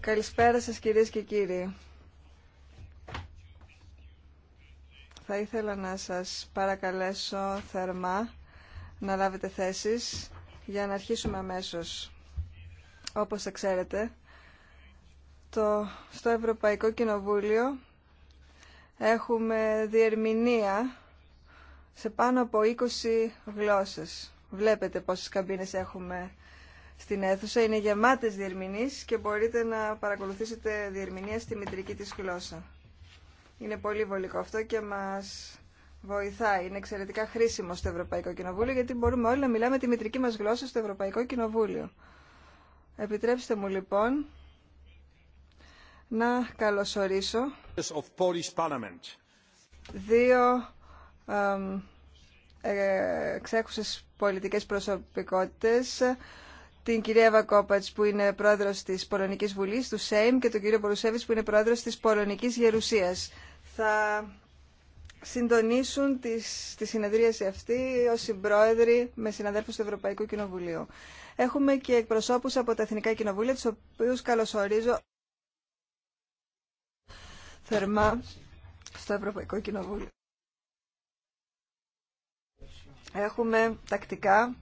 Καλησπέρα σας κυρίες και κύριοι. Θα ήθελα να σας παρακαλέσω θερμά να λάβετε θέσεις για να αρχίσουμε αμέσως. Όπως θα ξέρετε, το, στο Ευρωπαϊκό Κοινοβούλιο έχουμε διερμηνία σε πάνω από 20 γλώσσες. Βλέπετε πόσες καμπίνες έχουμε στην αίθουσα. Είναι γεμάτες διερμηνείς και μπορείτε να παρακολουθήσετε διερμηνία στη μητρική της γλώσσα. Είναι πολύ βολικό αυτό και μας βοηθάει. Είναι εξαιρετικά χρήσιμο στο Ευρωπαϊκό Κοινοβούλιο γιατί μπορούμε όλοι να μιλάμε τη μητρική μας γλώσσα στο Ευρωπαϊκό Κοινοβούλιο. Επιτρέψτε μου λοιπόν να καλωσορίσω δύο ε, εξέχουσες πολιτικές προσωπικότητες, την κυρία Εύα που είναι πρόεδρος της Πολωνικής Βουλής, του ΣΕΙΜ και τον κύριο Μπορουσέβης που είναι πρόεδρος της Πολωνικής Γερουσίας. Θα συντονίσουν τις, τη συνεδρίαση αυτή ως συμπρόεδροι με συναδέλφους του Ευρωπαϊκού Κοινοβουλίου. Έχουμε και εκπροσώπους από τα Εθνικά Κοινοβούλια, τους οποίους καλωσορίζω θερμά στο Ευρωπαϊκό Κοινοβούλιο έχουμε τακτικά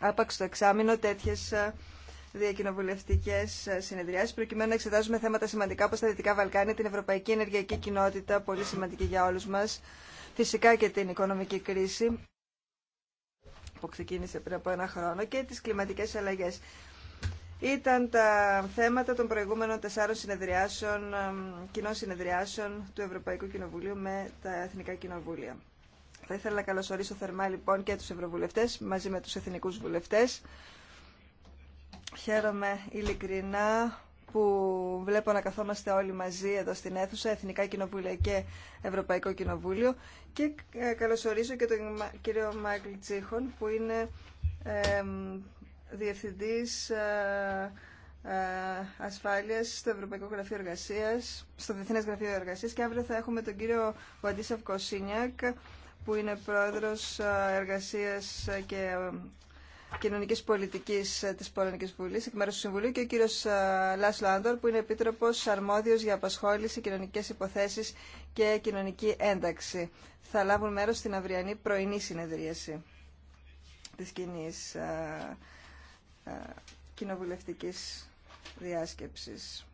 άπαξ το εξάμεινο τέτοιες ε, διακοινοβουλευτικέ ε, συνεδριάσει, προκειμένου να εξετάζουμε θέματα σημαντικά όπω τα Δυτικά Βαλκάνια, την Ευρωπαϊκή Ενεργειακή Κοινότητα, πολύ σημαντική για όλου μα, φυσικά και την οικονομική κρίση που ξεκίνησε πριν από ένα χρόνο και τις κλιματικές αλλαγές. Ήταν τα θέματα των προηγούμενων τεσσάρων συνεδριάσεων, ε, κοινών συνεδριάσεων του Ευρωπαϊκού Κοινοβουλίου με τα Εθνικά Κοινοβούλια. Θα ήθελα να καλωσορίσω θερμά λοιπόν και τους ευρωβουλευτές μαζί με τους εθνικούς βουλευτές. Χαίρομαι ειλικρινά που βλέπω να καθόμαστε όλοι μαζί εδώ στην αίθουσα, Εθνικά Κοινοβούλια και Ευρωπαϊκό Κοινοβούλιο. Και ε, καλωσορίζω και τον κύριο Μάικλ Τσίχον, που είναι ε, Διευθυντής Ασφάλειας στο Ευρωπαϊκό Γραφείο Εργασίας, στο Διεθνές Γραφείο Εργασίας και αύριο θα έχουμε τον κύριο Βαντίσαφ Κοσίνιακ, που είναι πρόεδρος ε, εργασίας ε, και ε, κοινωνικής πολιτικής της Πολωνικής Βουλής, εκ μέρους του Συμβουλίου, και ο κύριος Λάσλο Άντορ, που είναι επίτροπος αρμόδιος για απασχόληση, κοινωνικές υποθέσεις και κοινωνική ένταξη. Θα λάβουν μέρος στην αυριανή πρωινή συνεδρίαση της κοινή κοινοβουλευτικής διάσκεψης.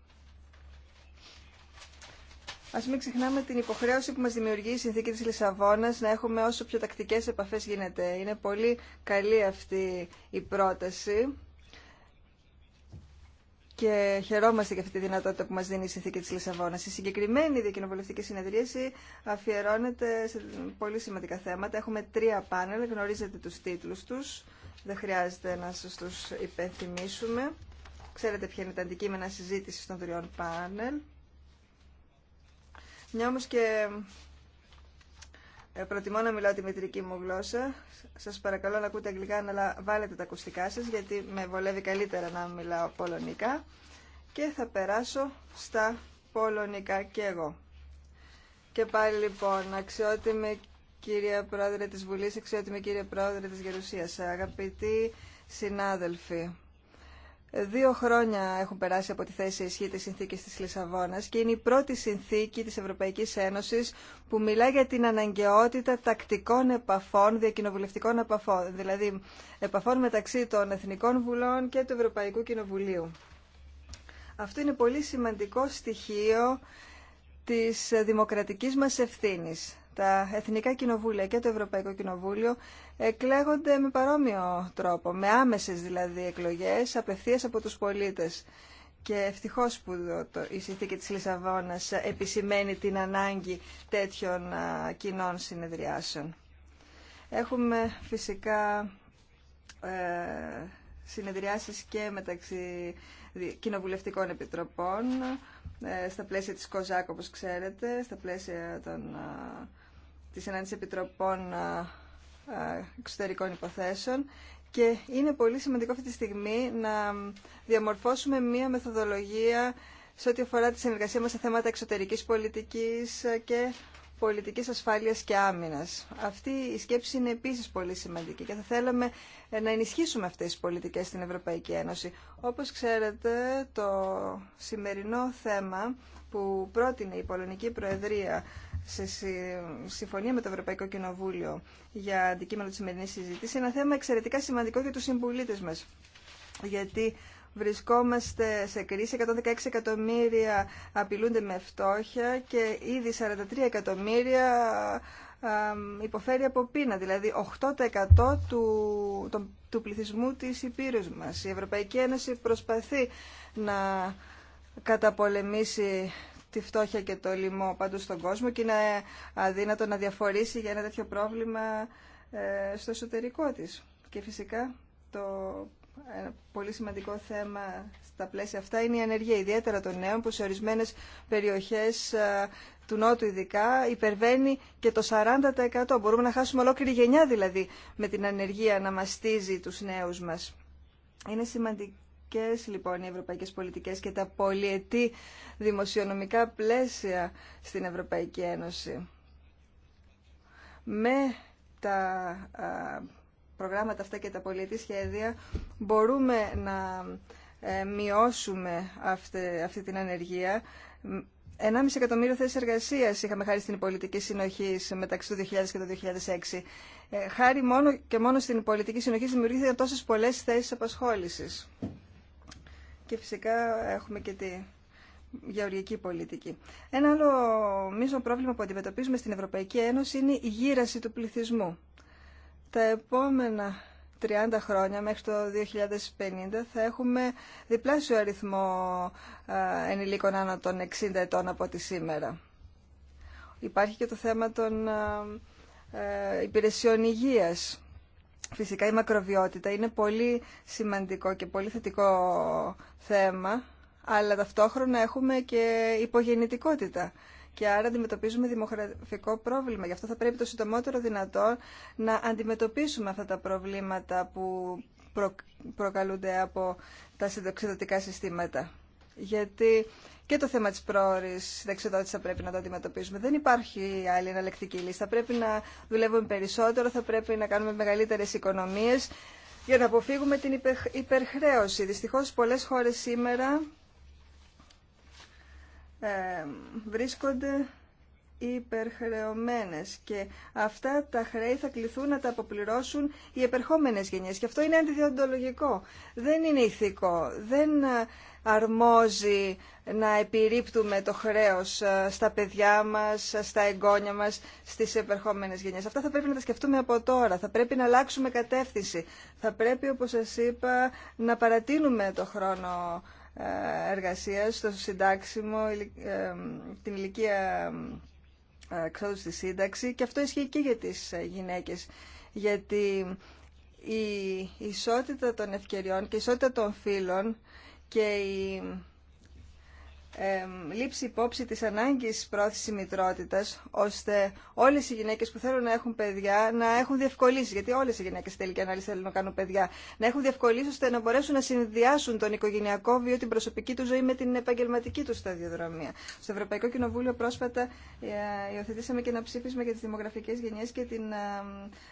Α μην ξεχνάμε την υποχρέωση που μα δημιουργεί η συνθήκη τη Λισαβόνα να έχουμε όσο πιο τακτικέ επαφέ γίνεται. Είναι πολύ καλή αυτή η πρόταση και χαιρόμαστε για αυτή τη δυνατότητα που μα δίνει η συνθήκη τη Λισαβόνα. Η συγκεκριμένη διακοινοβουλευτική συνεδρίαση αφιερώνεται σε πολύ σημαντικά θέματα. Έχουμε τρία πάνελ, γνωρίζετε του τίτλου του. δεν χρειάζεται να σα του υπενθυμίσουμε. Ξέρετε ποια είναι τα αντικείμενα συζήτηση των τριών πάνελ. Μια όμως και ε, προτιμώ να μιλάω τη μητρική μου γλώσσα. Σας παρακαλώ να ακούτε αγγλικά, αλλά βάλετε τα ακουστικά σας, γιατί με βολεύει καλύτερα να μιλάω πολωνικά. Και θα περάσω στα πολωνικά και εγώ. Και πάλι λοιπόν, αξιότιμη κυρία Πρόεδρε της Βουλής, αξιότιμη κύριε Πρόεδρε της Γερουσίας, αγαπητοί συνάδελφοι. Δύο χρόνια έχουν περάσει από τη θέση ισχύ τη συνθήκη τη Λισαβόνας και είναι η πρώτη συνθήκη της Ευρωπαϊκής Ένωσης που μιλά για την αναγκαιότητα τακτικών επαφών, διακοινοβουλευτικών επαφών, δηλαδή επαφών μεταξύ των Εθνικών Βουλών και του Ευρωπαϊκού Κοινοβουλίου. Αυτό είναι πολύ σημαντικό στοιχείο της δημοκρατικής μας ευθύνης τα Εθνικά Κοινοβούλια και το Ευρωπαϊκό Κοινοβούλιο εκλέγονται με παρόμοιο τρόπο, με άμεσες δηλαδή εκλογές, απευθείας από τους πολίτες. Και ευτυχώς που η συνθήκη της Λισαβόνας επισημαίνει την ανάγκη τέτοιων κοινών συνεδριάσεων. Έχουμε φυσικά ε, συνεδριάσεις και μεταξύ κοινοβουλευτικών επιτροπών, ε, στα πλαίσια της ΚΟΖΑΚ, όπως ξέρετε, στα πλαίσια των τη Ενάντησης Επιτροπών Εξωτερικών Υποθέσεων και είναι πολύ σημαντικό αυτή τη στιγμή να διαμορφώσουμε μία μεθοδολογία σε ό,τι αφορά τη συνεργασία μας σε θέματα εξωτερικής πολιτικής και πολιτικής ασφάλειας και άμυνας. Αυτή η σκέψη είναι επίσης πολύ σημαντική και θα θέλαμε ε, να ενισχύσουμε αυτές τις πολιτικές στην Ευρωπαϊκή Ένωση. Όπως ξέρετε, το σημερινό θέμα που πρότεινε η Πολωνική Προεδρία σε συμφωνία με το Ευρωπαϊκό Κοινοβούλιο για αντικείμενο της σημερινή συζήτηση ένα θέμα εξαιρετικά σημαντικό για τους συμπολίτε μας. Γιατί βρισκόμαστε σε κρίση, 116 εκατομμύρια απειλούνται με φτώχεια και ήδη 43 εκατομμύρια υποφέρει από πείνα, δηλαδή 8% του, του πληθυσμού της υπήρους μας. Η Ευρωπαϊκή Ένωση προσπαθεί να καταπολεμήσει τη φτώχεια και το λοιμό παντού στον κόσμο και είναι αδύνατο να διαφορήσει για ένα τέτοιο πρόβλημα ε, στο εσωτερικό της. Και φυσικά το ένα πολύ σημαντικό θέμα στα πλαίσια αυτά είναι η ανεργία, ιδιαίτερα των νέων, που σε ορισμένε περιοχέ ε, του Νότου ειδικά υπερβαίνει και το 40%. Μπορούμε να χάσουμε ολόκληρη γενιά δηλαδή με την ανεργία να μαστίζει τους νέους μας. Είναι σημαντικό λοιπόν οι ευρωπαϊκές πολιτικές και τα πολιετή δημοσιονομικά πλαίσια στην Ευρωπαϊκή Ένωση. Με τα προγράμματα αυτά και τα πολιετή σχέδια μπορούμε να ε, μειώσουμε αυτή, αυτή την ανεργία 1,5 εκατομμύριο θέσει εργασία είχαμε χάρη στην πολιτική συνοχή μεταξύ του 2000 και του 2006. Ε, χάρη μόνο και μόνο στην πολιτική συνοχή δημιουργήθηκαν τόσε πολλέ θέσει απασχόληση και φυσικά έχουμε και τη γεωργική πολιτική. Ένα άλλο μείζον πρόβλημα που αντιμετωπίζουμε στην Ευρωπαϊκή Ένωση είναι η γύραση του πληθυσμού. Τα επόμενα 30 χρόνια μέχρι το 2050 θα έχουμε διπλάσιο αριθμό ενηλίκων άνω των 60 ετών από τη σήμερα. Υπάρχει και το θέμα των ε, υπηρεσιών υγείας Φυσικά η μακροβιότητα είναι πολύ σημαντικό και πολύ θετικό θέμα, αλλά ταυτόχρονα έχουμε και υπογεννητικότητα και άρα αντιμετωπίζουμε δημογραφικό πρόβλημα. Γι' αυτό θα πρέπει το συντομότερο δυνατό να αντιμετωπίσουμε αυτά τα προβλήματα που προκαλούνται από τα συνδοξιδοτικά συστήματα. Γιατί και το θέμα της πρόορη δεξιδότησης θα πρέπει να το αντιμετωπίσουμε. Δεν υπάρχει άλλη εναλλεκτική λύση. Θα πρέπει να δουλεύουμε περισσότερο, θα πρέπει να κάνουμε μεγαλύτερες οικονομίες για να αποφύγουμε την υπερχρέωση. Δυστυχώ πολλέ χώρες σήμερα βρίσκονται υπερχρεωμένες και αυτά τα χρέη θα κληθούν να τα αποπληρώσουν οι επερχόμενες γενιές και αυτό είναι αντιδιοντολογικό. Δεν είναι ηθικό, δεν αρμόζει να επιρρύπτουμε το χρέος ε, στα παιδιά μας, ε, στα εγγόνια μας, στις επερχόμενες γενιές. Αυτά θα πρέπει να τα σκεφτούμε από τώρα. Θα πρέπει να αλλάξουμε κατεύθυνση. Θα πρέπει, όπως σας είπα, να παρατείνουμε το χρόνο ε, εργασίας, το συντάξιμο, την ηλικία εξόδου στη σύνταξη και αυτό ισχύει και για τις γυναίκες. Γιατί η ισότητα των ευκαιριών και η ισότητα των φίλων και η ε, υπόψη της ανάγκης πρόθεση μητρότητας, ώστε όλες οι γυναίκες που θέλουν να έχουν παιδιά να έχουν διευκολύνσει, γιατί όλες οι γυναίκες τελικά ανάλυση θέλουν να κάνουν παιδιά, να έχουν διευκολύνσει ώστε να μπορέσουν να συνδυάσουν τον οικογενειακό βίο, την προσωπική του ζωή με την επαγγελματική του σταδιοδρομία. Στο Ευρωπαϊκό Κοινοβούλιο πρόσφατα ε, υιοθετήσαμε και ένα ψήφισμα για τις δημογραφικές γενιές και την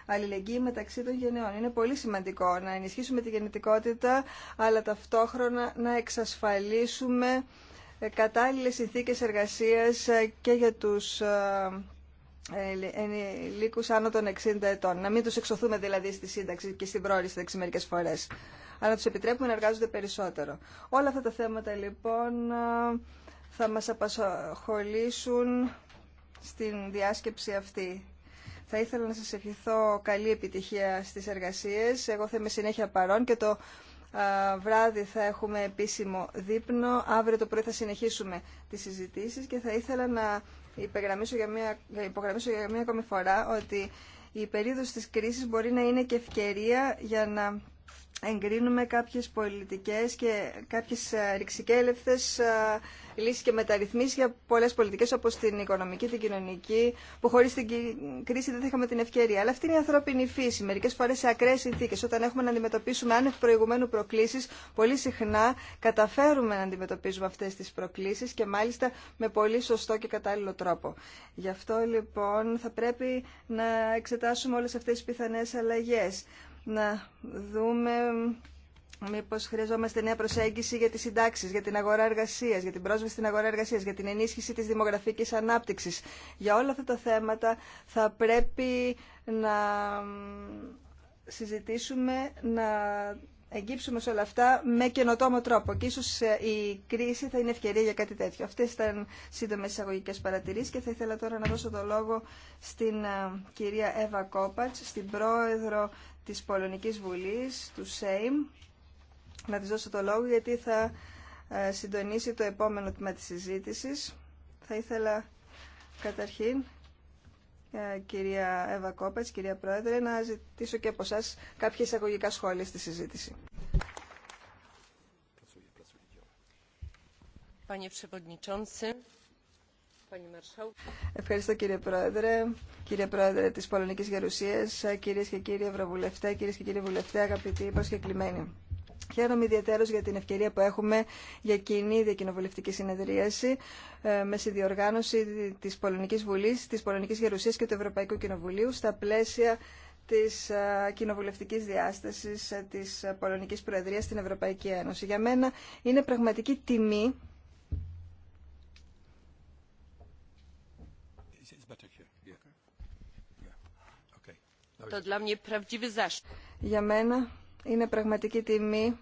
αλληλεγγύη μεταξύ των γενεών. Είναι πολύ σημαντικό να ενισχύσουμε τη γενετικότητα, αλλά ταυτόχρονα να εξασφαλίσουμε ε, κατάλληλες συνθήκες εργασίας ε, και για τους ε, ενηλίκους άνω των 60 ετών. Να μην τους εξωθούμε δηλαδή στη σύνταξη και στην πρόορη σύνταξη μερικές φορές. Αλλά να τους επιτρέπουμε να εργάζονται περισσότερο. Όλα αυτά τα θέματα λοιπόν θα μας απασχολήσουν στην διάσκεψη αυτή. Θα ήθελα να σας ευχηθώ καλή επιτυχία στις εργασίες. Εγώ θα είμαι συνέχεια παρόν και το βράδυ θα έχουμε επίσημο δείπνο. Αύριο το πρωί θα συνεχίσουμε τις συζητήσεις και θα ήθελα να υπογραμμίσω για μία, υπογραμμίσω για μία ακόμη φορά ότι η περίοδος της κρίσης μπορεί να είναι και ευκαιρία για να εγκρίνουμε κάποιες πολιτικές και κάποιες ε, ρηξικέλευθες ε, λύσεις και μεταρρυθμίσεις για πολλές πολιτικές όπως την οικονομική, την κοινωνική που χωρίς την κρίση δεν θα είχαμε την ευκαιρία. Αλλά αυτή είναι η ανθρώπινη φύση. Μερικές φορές σε ακραίες συνθήκες όταν έχουμε να αντιμετωπίσουμε άνευ προηγουμένου προκλήσεις πολύ συχνά καταφέρουμε να αντιμετωπίζουμε αυτές τις προκλήσεις και μάλιστα με πολύ σωστό και κατάλληλο τρόπο. Γι' αυτό λοιπόν θα πρέπει να εξετάσουμε όλες αυτές τις πιθανές αλλαγές να δούμε μήπως χρειαζόμαστε νέα προσέγγιση για τις συντάξεις, για την αγορά εργασίας, για την πρόσβαση στην αγορά εργασίας, για την ενίσχυση της δημογραφικής ανάπτυξης. Για όλα αυτά τα θέματα θα πρέπει να συζητήσουμε, να εγκύψουμε σε όλα αυτά με καινοτόμο τρόπο. Και ίσως ε, η κρίση θα είναι ευκαιρία για κάτι τέτοιο. Αυτές ήταν σύντομες εισαγωγικέ παρατηρήσεις και θα ήθελα τώρα να δώσω το λόγο στην ε, κυρία Εύα Κόπατς, στην πρόεδρο της Πολωνικής Βουλής, του ΣΕΙΜ, να της δώσω το λόγο γιατί θα ε, συντονίσει το επόμενο τμήμα της συζήτησης. Θα ήθελα καταρχήν, ε, κυρία Εύα Κόπετς, κυρία Πρόεδρε, να ζητήσω και από εσά κάποια εισαγωγικά σχόλια στη συζήτηση. Panie Ευχαριστώ κύριε Πρόεδρε, κύριε Πρόεδρε της Πολωνικής Γερουσίας, κυρίες και κύριοι Ευρωβουλευτέ, κύριε και κύριοι Βουλευτέ, αγαπητοί προσκεκλημένοι. Χαίρομαι ιδιαίτερω για την ευκαιρία που έχουμε για κοινή διακοινοβουλευτική συνεδρίαση ε, με συνδιοργάνωση της Πολωνικής Βουλής, της Πολωνικής Γερουσίας και του Ευρωπαϊκού Κοινοβουλίου στα πλαίσια της ε, κοινοβουλευτικής διάστασης ε, της Πολωνικής προεδρία στην Ευρωπαϊκή Ένωση. Για μένα είναι πραγματική τιμή Για μένα είναι πραγματική τιμή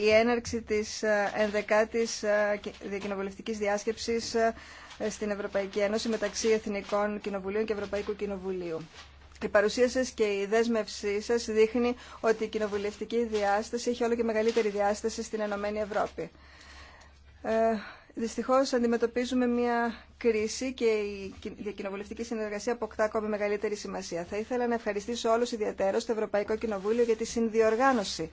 η έναρξη της 11 ε, ε, διακοινοβουλευτικής διάσκεψης ε, στην Ευρωπαϊκή Ένωση μεταξύ Εθνικών Κοινοβουλίων και Ευρωπαϊκού Κοινοβουλίου. Η παρουσία σα και η δέσμευσή σα δείχνει ότι η κοινοβουλευτική διάσταση έχει όλο και μεγαλύτερη διάσταση στην Ενωμένη Ευρώπη. Δυστυχώς αντιμετωπίζουμε μια κρίση και η διακοινοβουλευτική συνεργασία αποκτά ακόμη μεγαλύτερη σημασία. Θα ήθελα να ευχαριστήσω όλους ιδιαίτερα το Ευρωπαϊκό Κοινοβούλιο για τη συνδιοργάνωση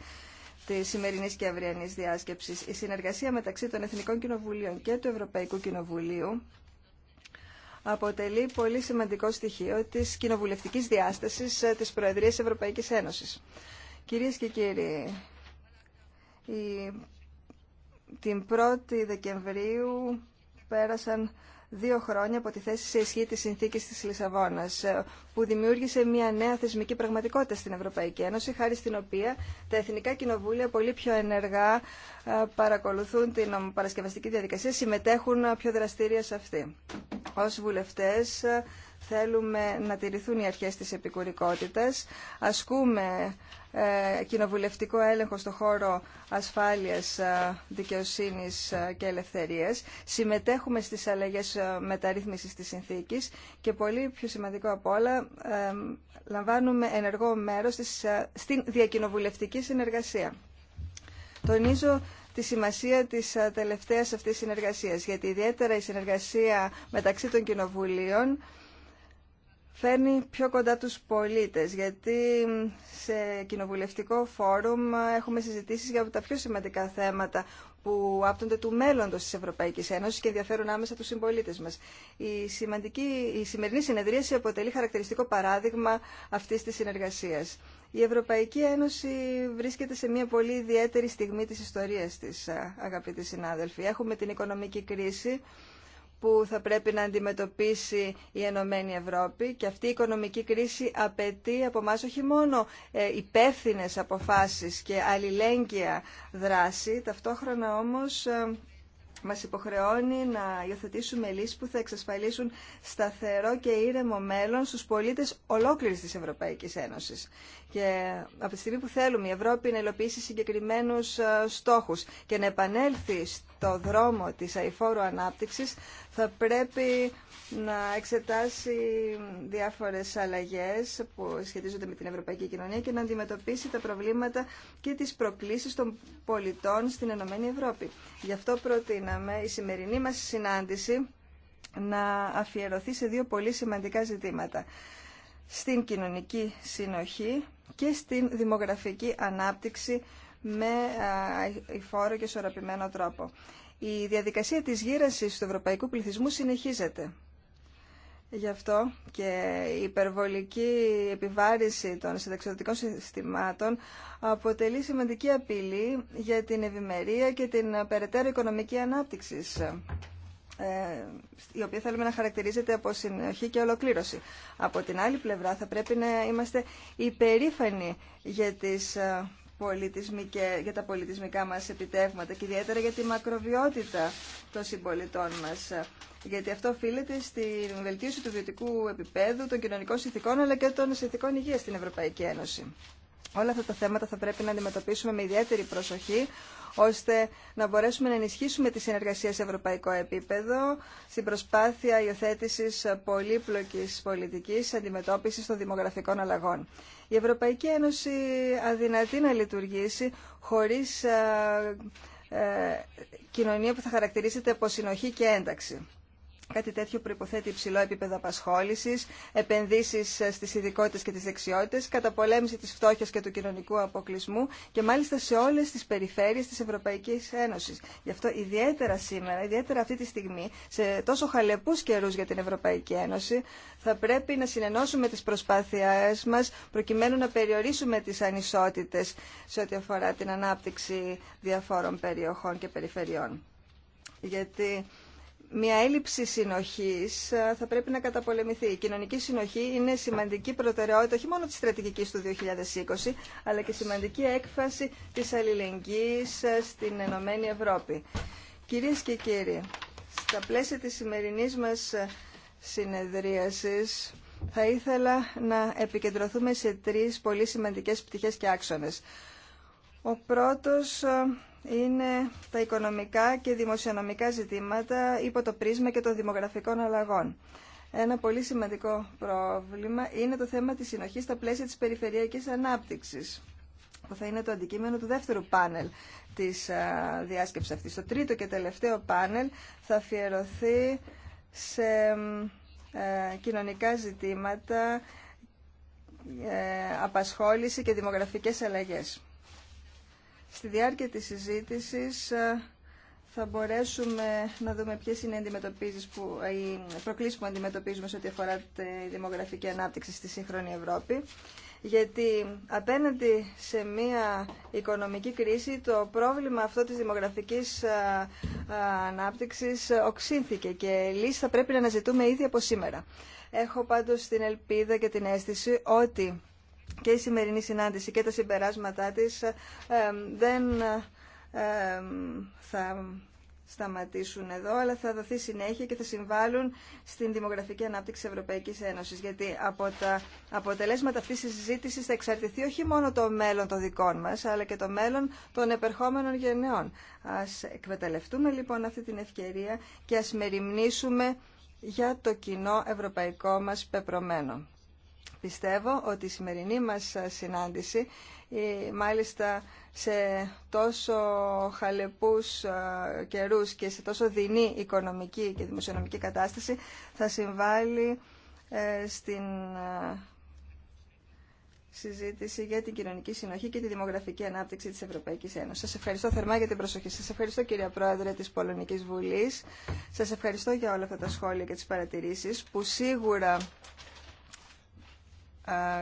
τη σημερινή και αυριανή διάσκεψη. Η συνεργασία μεταξύ των Εθνικών Κοινοβουλίων και του Ευρωπαϊκού Κοινοβουλίου αποτελεί πολύ σημαντικό στοιχείο τη κοινοβουλευτική διάσταση ε, τη Προεδρία Ευρωπαϊκή Ένωση Κυρίε και κύριοι, την 1η Δεκεμβρίου πέρασαν δύο χρόνια από τη θέση σε ισχύ της συνθήκης της Λισαβόνας, ε, που δημιούργησε μια νέα θεσμική πραγματικότητα στην Ευρωπαϊκή Ένωση, χάρη στην οποία τα εθνικά κοινοβούλια πολύ πιο ενεργά ε, παρακολουθούν την παρασκευαστική διαδικασία, συμμετέχουν ε, πιο δραστήρια σε αυτή. Ως θέλουμε να τηρηθούν οι αρχές της επικουρικότητας, ασκούμε ε, κοινοβουλευτικό έλεγχο στο χώρο ασφάλειας, ε, δικαιοσύνης ε, και ελευθερίας, συμμετέχουμε στις αλλαγές μεταρρύθμισης της συνθήκης και πολύ πιο σημαντικό από όλα λαμβάνουμε ενεργό μέρος στην διακοινοβουλευτική συνεργασία. Τονίζω τη σημασία της τελευταίας αυτής συνεργασίας, γιατί ιδιαίτερα η συνεργασία μεταξύ των κοινοβουλίων φέρνει πιο κοντά τους πολίτες, γιατί σε κοινοβουλευτικό φόρουμ έχουμε συζητήσεις για τα πιο σημαντικά θέματα που άπτονται του μέλλοντος της Ευρωπαϊκής Ένωσης και ενδιαφέρουν άμεσα τους συμπολίτε μας. Η, σημαντική, η σημερινή συνεδρίαση αποτελεί χαρακτηριστικό παράδειγμα αυτής της συνεργασίας. Η Ευρωπαϊκή Ένωση βρίσκεται σε μια πολύ ιδιαίτερη στιγμή της ιστορίας της, αγαπητοί συνάδελφοι. Έχουμε την οικονομική κρίση που θα πρέπει να αντιμετωπίσει η Ενωμένη Ευρώπη και αυτή η οικονομική κρίση απαιτεί από εμά όχι μόνο ε, υπεύθυνε αποφάσεις και αλληλέγγυα δράση, ταυτόχρονα όμως ε, μας υποχρεώνει να υιοθετήσουμε λύσεις που θα εξασφαλίσουν σταθερό και ήρεμο μέλλον στους πολίτες ολόκληρης της Ευρωπαϊκής Ένωσης. Και από τη στιγμή που θέλουμε η Ευρώπη να υλοποιήσει συγκεκριμένους ε, στόχους και να επανέλθει στο δρόμο της αηφόρου ανάπτυξης, θα πρέπει να εξετάσει διάφορες αλλαγές που σχετίζονται με την ευρωπαϊκή κοινωνία και να αντιμετωπίσει τα προβλήματα και τις προκλήσεις των πολιτών στην Ενωμένη ΕΕ. Ευρώπη. Γι' αυτό προτείναμε η σημερινή μας συνάντηση να αφιερωθεί σε δύο πολύ σημαντικά ζητήματα. Στην κοινωνική συνοχή και στην δημογραφική ανάπτυξη με υφόρο και ισορροπημένο τρόπο η διαδικασία της γύρασης του ευρωπαϊκού πληθυσμού συνεχίζεται. Γι' αυτό και η υπερβολική επιβάρηση των συνταξιδοτικών συστημάτων αποτελεί σημαντική απειλή για την ευημερία και την περαιτέρω οικονομική ανάπτυξη, ε, η οποία θέλουμε να χαρακτηρίζεται από συνοχή και ολοκλήρωση. Από την άλλη πλευρά θα πρέπει να είμαστε υπερήφανοι για τις ε, για τα πολιτισμικά μας επιτεύγματα και ιδιαίτερα για τη μακροβιότητα των συμπολιτών μας. Γιατί αυτό οφείλεται στην βελτίωση του βιωτικού επίπεδου, των κοινωνικών συνθηκών αλλά και των συνθηκών υγείας στην Ευρωπαϊκή Ένωση. Όλα αυτά τα θέματα θα πρέπει να αντιμετωπίσουμε με ιδιαίτερη προσοχή, ώστε να μπορέσουμε να ενισχύσουμε τη συνεργασία σε ευρωπαϊκό επίπεδο στην προσπάθεια υιοθέτηση πολύπλοκη πολιτική αντιμετώπιση των δημογραφικών αλλαγών. Η Ευρωπαϊκή Ένωση αδυνατεί να λειτουργήσει χωρί ε, ε, κοινωνία που θα χαρακτηρίζεται από συνοχή και ένταξη. Κάτι τέτοιο προποθέτει υψηλό επίπεδο απασχόληση, επενδύσει στι ειδικότητε και τι δεξιότητε, καταπολέμηση τη φτώχεια και του κοινωνικού αποκλεισμού και μάλιστα σε όλε τι περιφέρειε τη Ευρωπαϊκή Ένωση. Γι' αυτό ιδιαίτερα σήμερα, ιδιαίτερα αυτή τη στιγμή, σε τόσο χαλεπού καιρού για την Ευρωπαϊκή Ένωση, θα πρέπει να συνενώσουμε τι προσπάθειέ μα προκειμένου να περιορίσουμε τι ανισότητε σε ό,τι αφορά την ανάπτυξη διαφόρων περιοχών και περιφερειών. Γιατί μια έλλειψη συνοχής ε, θα πρέπει να καταπολεμηθεί. Η κοινωνική συνοχή είναι σημαντική προτεραιότητα όχι μόνο της στρατηγική του 2020, αλλά και σημαντική έκφαση της αλληλεγγύης ε, στην Ενωμένη Ευρώπη. Κυρίες και κύριοι, στα πλαίσια της σημερινής μας ε, συνεδρίασης θα ήθελα να επικεντρωθούμε σε τρεις πολύ σημαντικές πτυχές και άξονες. Ο πρώτος είναι τα οικονομικά και δημοσιονομικά ζητήματα υπό το πρίσμα και των δημογραφικών αλλαγών. Ένα πολύ σημαντικό πρόβλημα είναι το θέμα της συνοχής στα πλαίσια της περιφερειακής ανάπτυξης που θα είναι το αντικείμενο του δεύτερου πάνελ της διάσκεψης αυτής. Το τρίτο και τελευταίο πάνελ θα αφιερωθεί σε ε, κοινωνικά ζητήματα, ε, απασχόληση και δημογραφικές αλλαγές. Στη διάρκεια της συζήτησης ε, θα μπορέσουμε να δούμε ποιες είναι οι, που, ε, οι προκλήσεις που αντιμετωπίζουμε σε ό,τι αφορά τη δημογραφική ανάπτυξη στη σύγχρονη Ευρώπη. Γιατί απέναντι σε μια οικονομική κρίση το πρόβλημα αυτό της δημογραφικής ε, ανάπτυξης οξύνθηκε και λύση θα πρέπει να αναζητούμε ήδη από σήμερα. Έχω πάντως την ελπίδα και την αίσθηση ότι και η σημερινή συνάντηση και τα συμπεράσματά της ε, δεν ε, θα σταματήσουν εδώ, αλλά θα δοθεί συνέχεια και θα συμβάλλουν στην δημογραφική ανάπτυξη της Ευρωπαϊκής Ένωσης. Γιατί από τα αποτελέσματα αυτής της συζήτησης θα εξαρτηθεί όχι μόνο το μέλλον των δικών μας, αλλά και το μέλλον των επερχόμενων γενναιών. Ας εκμεταλλευτούμε λοιπόν αυτή την ευκαιρία και ας μεριμνήσουμε για το κοινό ευρωπαϊκό μας πεπρωμένο. Πιστεύω ότι η σημερινή μας συνάντηση, ε, μάλιστα σε τόσο χαλεπούς ε, καιρούς και σε τόσο δεινή οικονομική και δημοσιονομική κατάσταση, θα συμβάλλει ε, στην συζήτηση για την κοινωνική συνοχή και τη δημογραφική ανάπτυξη της Ευρωπαϊκής Ένωσης. Σας ευχαριστώ θερμά για την προσοχή. Σας ευχαριστώ κυρία Πρόεδρε της Πολωνικής Βουλής. Σας ευχαριστώ για όλα αυτά τα σχόλια και τις παρατηρήσεις που σίγουρα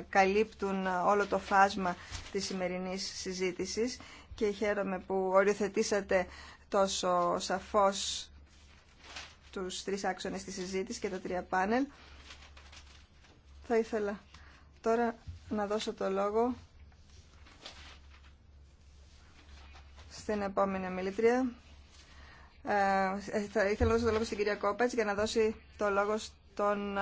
καλύπτουν όλο το φάσμα της σημερινής συζήτησης και χαίρομαι που οριοθετήσατε τόσο σαφώς τους τρεις άξονες της συζήτησης και τα τρία πάνελ. Θα ήθελα τώρα να δώσω το λόγο στην επόμενη μιλήτρια. Ε, θα ήθελα να δώσω το λόγο στην κυρία Κόπετς για να δώσει το λόγο στον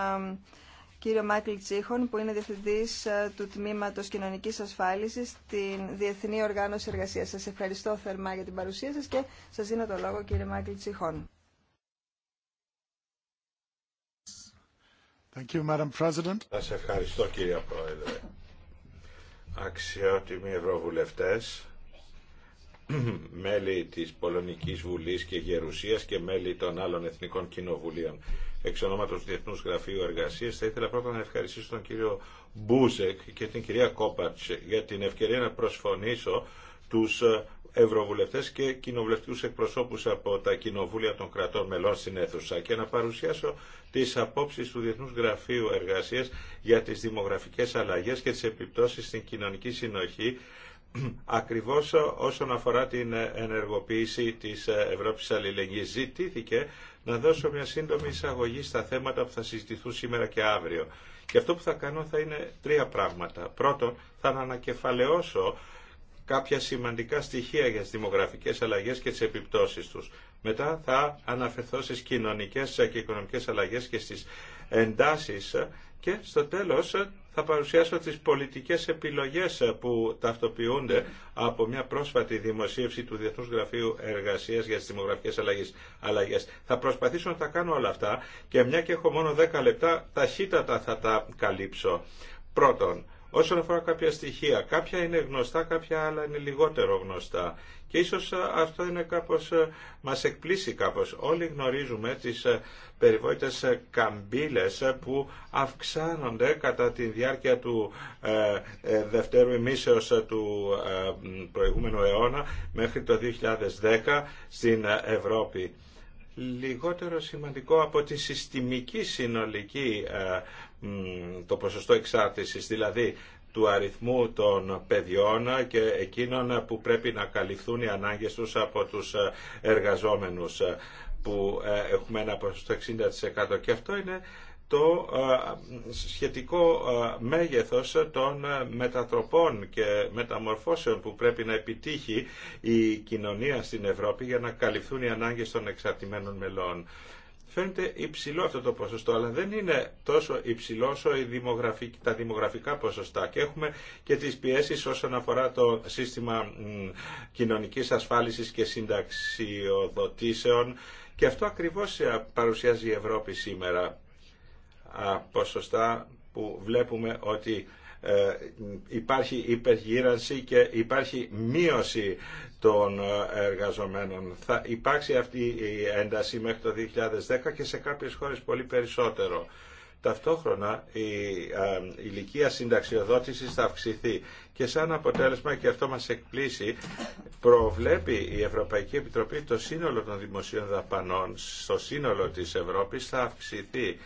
κύριο Μάικλ Τσίχων, που είναι διευθυντή ε, του Τμήματος Κοινωνικής Ασφάλισης στην Διεθνή Οργάνωση Εργασίας. Σα ευχαριστώ θερμά για την παρουσία σα και σας δίνω το λόγο, κύριε Μάικλ Τσίχων. Thank you, Madam President. Σας ευχαριστώ, κύριε Πρόεδρε. Αξιότιμοι ευρωβουλευτέ, μέλη της Πολωνικής Βουλής και Γερουσίας και μέλη των άλλων Εθνικών Κοινοβουλίων εξ ονόματο Διεθνού Γραφείου Εργασία. Θα ήθελα πρώτα να ευχαριστήσω τον κύριο Μπούζεκ και την κυρία Κόπατ για την ευκαιρία να προσφωνήσω του ε, ευρωβουλευτέ και κοινοβουλευτικού εκπροσώπου από τα κοινοβούλια των κρατών μελών στην αίθουσα και να παρουσιάσω τι απόψει του Διεθνού Γραφείου Εργασία για τι δημογραφικέ αλλαγέ και τι επιπτώσει στην κοινωνική συνοχή ακριβώς όσον αφορά την ενεργοποίηση της ε, Ευρώπη Αλληλεγγύης. Ζητήθηκε να δώσω μια σύντομη εισαγωγή στα θέματα που θα συζητηθούν σήμερα και αύριο. Και αυτό που θα κάνω θα είναι τρία πράγματα. Πρώτον, θα ανακεφαλαιώσω κάποια σημαντικά στοιχεία για τις δημογραφικές αλλαγές και τις επιπτώσεις τους. Μετά θα αναφερθώ στις κοινωνικές και οικονομικές αλλαγές και στις εντάσεις και στο τέλος θα παρουσιάσω τις πολιτικές επιλογές που ταυτοποιούνται από μια πρόσφατη δημοσίευση του Διεθνούς Γραφείου Εργασίας για τις Δημογραφικές Αλλαγές. Θα προσπαθήσω να τα κάνω όλα αυτά και μια και έχω μόνο 10 λεπτά ταχύτατα θα τα καλύψω. Πρώτον, Όσον αφορά κάποια στοιχεία, κάποια είναι γνωστά, κάποια άλλα είναι λιγότερο γνωστά. Και ίσως ε, αυτό είναι κάπως, ε, μας εκπλήσει κάπως. Όλοι γνωρίζουμε τις ε, περιβόητες καμπύλες που αυξάνονται κατά τη διάρκεια του δευτέρου ημίσεως του προηγούμενου αιώνα μέχρι το 2010 στην Ευρώπη λιγότερο σημαντικό από τη συστημική συνολική το ποσοστό εξάρτησης, δηλαδή του αριθμού των παιδιών και εκείνων που πρέπει να καλυφθούν οι ανάγκες τους από τους ε, εργαζόμενους ε, που ε, έχουμε ένα ποσοστό 60% και αυτό είναι το σχετικό μέγεθος των μετατροπών και μεταμορφώσεων που πρέπει να επιτύχει η κοινωνία στην Ευρώπη για να καλυφθούν οι ανάγκες των εξαρτημένων μελών. Φαίνεται υψηλό αυτό το ποσοστό, αλλά δεν είναι τόσο υψηλό όσο τα δημογραφικά ποσοστά. Και έχουμε και τις πιέσεις όσον αφορά το σύστημα κοινωνικής ασφάλισης και συνταξιοδοτήσεων. Και αυτό ακριβώς ε, παρουσιάζει η Ευρώπη σήμερα. ποσοστά που βλέπουμε ότι ε, υπάρχει υπεργύρανση και υπάρχει μείωση των ε, εργαζομένων. Θα υπάρξει αυτή η ένταση μέχρι το 2010 και σε κάποιες χώρες πολύ περισσότερο. Ταυτόχρονα η ε, ηλικία συνταξιοδότησης θα αυξηθεί και σαν αποτέλεσμα, και αυτό μας εκπλήσει, προβλέπει η Ευρωπαϊκή Επιτροπή το σύνολο των δημοσίων δαπανών στο σύνολο της Ευρώπης θα αυξηθεί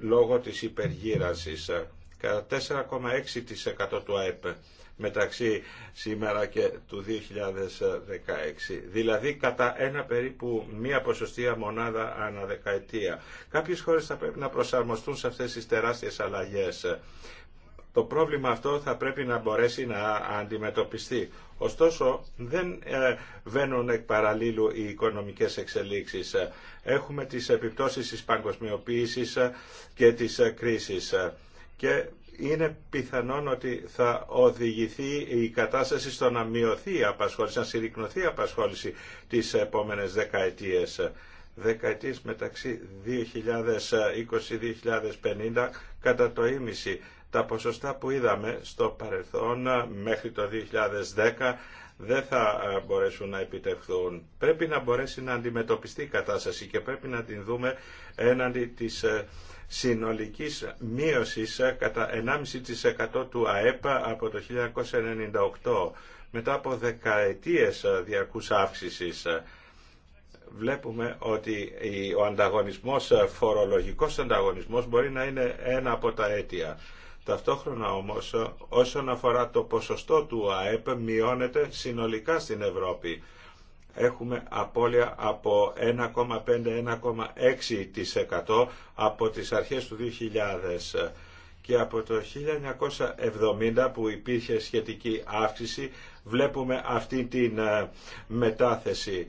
λόγω της υπεργύρασης κατά 4,6% του ΑΕΠ μεταξύ σήμερα και του 2016. Δηλαδή κατά ένα περίπου μία ποσοστία μονάδα ανά δεκαετία. Κάποιες χώρες θα πρέπει να προσαρμοστούν σε αυτές τις τεράστιες αλλαγές. Το πρόβλημα αυτό θα πρέπει να μπορέσει να αντιμετωπιστεί. Ωστόσο, δεν ε, βαίνουν εκ παραλίλου οι οικονομικές εξελίξεις. Έχουμε τις επιπτώσεις της παγκοσμιοποίησης και της ε, κρίσης και είναι πιθανόν ότι θα οδηγηθεί η κατάσταση στο να μειωθεί η απασχόληση, να συρρυκνωθεί η απασχόληση τις επόμενες δεκαετίες. Δεκαετίες μεταξύ 2020-2050 κατά το ίμιση. Τα ποσοστά που είδαμε στο παρελθόν μέχρι το 2010 δεν θα ε, μπορέσουν να επιτευχθούν. Πρέπει να μπορέσει να αντιμετωπιστεί η κατάσταση και πρέπει να την δούμε έναντι της ε, συνολικής μείωσης κατά 1,5% του ΑΕΠ από το 1998 μετά από δεκαετίες διαρκούς αύξησης βλέπουμε ότι ο ανταγωνισμός, φορολογικός ανταγωνισμός μπορεί να είναι ένα από τα αίτια. Ταυτόχρονα όμως όσον αφορά το ποσοστό του ΑΕΠ μειώνεται συνολικά στην Ευρώπη έχουμε απώλεια από 1,5-1,6% από τις αρχές του 2000 και από το 1970 που υπήρχε σχετική αύξηση βλέπουμε αυτή την ε, μετάθεση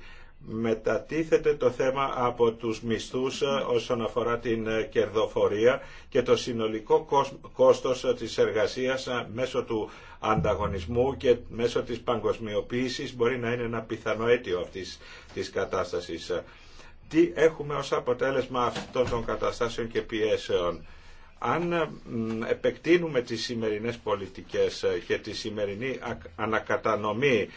μετατίθεται το θέμα από τους μισθούς ε, όσον αφορά την ε, κερδοφορία και το συνολικό κόστος ε, της εργασίας μέσω του ανταγωνισμού και μέσω της παγκοσμιοποίησης μπορεί να είναι ένα πιθανό αίτιο αυτής της κατάστασης. Τι έχουμε ως αποτέλεσμα αυτών των καταστάσεων και πιέσεων. Αν επεκτείνουμε τις σημερινές πολιτικές και τη σημερινή ανακατανομή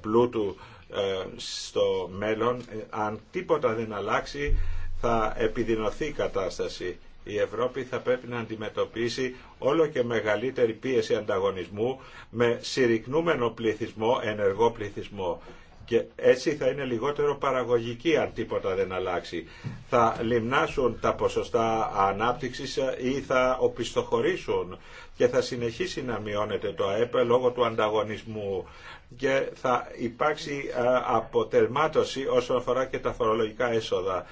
πλούτου ε, στο μέλλον, ε, αν τίποτα δεν αλλάξει, θα επιδεινωθεί η κατάσταση. Η Ευρώπη θα πρέπει να αντιμετωπίσει όλο και μεγαλύτερη πίεση ανταγωνισμού με συρρυκνούμενο πληθυσμό, ενεργό πληθυσμό. Και έτσι θα είναι λιγότερο παραγωγική αν τίποτα δεν αλλάξει. Θα λιμνάσουν τα ποσοστά ανάπτυξης ε, ή θα οπισθοχωρήσουν και θα συνεχίσει να μειώνεται το ΑΕΠ λόγω του ανταγωνισμού και θα υπάρξει ε, αποτελμάτωση όσον αφορά και τα φορολογικά έσοδα.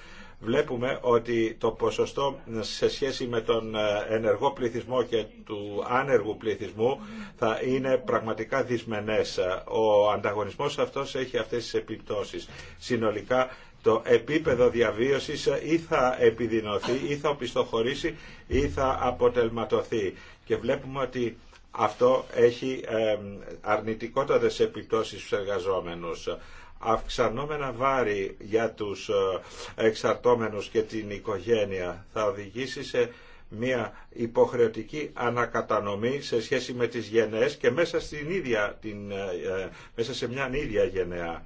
Βλέπουμε ότι το ποσοστό ε, σε σχέση με τον ε, ενεργό πληθυσμό και του άνεργου πληθυσμού θα είναι πραγματικά δυσμενές. Ο ανταγωνισμός αυτός έχει αυτές τις επιπτώσεις. Συνολικά το επίπεδο διαβίωσης ή θα επιδεινωθεί ή θα οπισθοχωρήσει ή θα αποτελματωθεί. Και βλέπουμε ότι αυτό έχει αρνητικότατες επιπτώσεις στους εργαζόμενους αυξανόμενα βάρη για τους ε, εξαρτώμενους και την οικογένεια θα οδηγήσει σε μια υποχρεωτική ανακατανομή σε σχέση με τις γενναίες και μέσα, στην ίδια, την, ε, ε, μέσα σε μια ίδια γενναία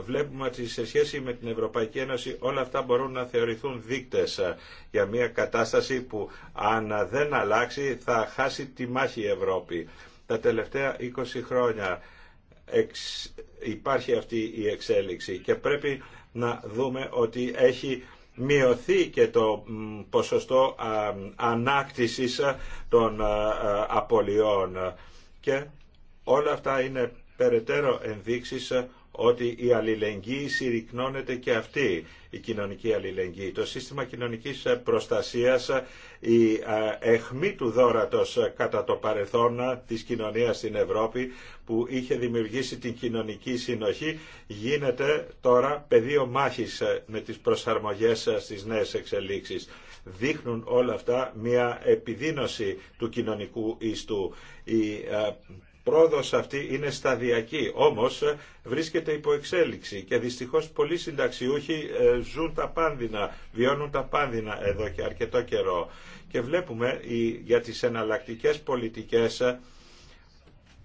βλέπουμε ότι σε σχέση με την Ευρωπαϊκή Ένωση όλα αυτά μπορούν να θεωρηθούν δείκτες ε, για μια κατάσταση που αν δεν αλλάξει θα χάσει τη μάχη η Ευρώπη. Τα τελευταία 20 χρόνια υπάρχει αυτή η εξέλιξη και πρέπει να δούμε ότι έχει μειωθεί και το ποσοστό ανάκτησης των απολειών και όλα αυτά είναι περαιτέρω ενδείξεις ότι η αλληλεγγύη συρρυκνώνεται και αυτή η κοινωνική αλληλεγγύη. Το σύστημα κοινωνικής προστασίας, η εχμή του δόρατος κατά το παρελθόν της κοινωνίας στην Ευρώπη που είχε δημιουργήσει την κοινωνική συνοχή γίνεται τώρα πεδίο μάχης με τις προσαρμογές στις νέες εξελίξεις. Δείχνουν όλα αυτά μια επιδίνωση του κοινωνικού ιστού. Η πρόοδος αυτή είναι σταδιακή, όμως ε, βρίσκεται υπό εξέλιξη και δυστυχώς πολλοί συνταξιούχοι ε, ζουν τα πάνδυνα, βιώνουν τα πάνδυνα εδώ και αρκετό καιρό. Και βλέπουμε για τις εναλλακτικέ πολιτικές ε,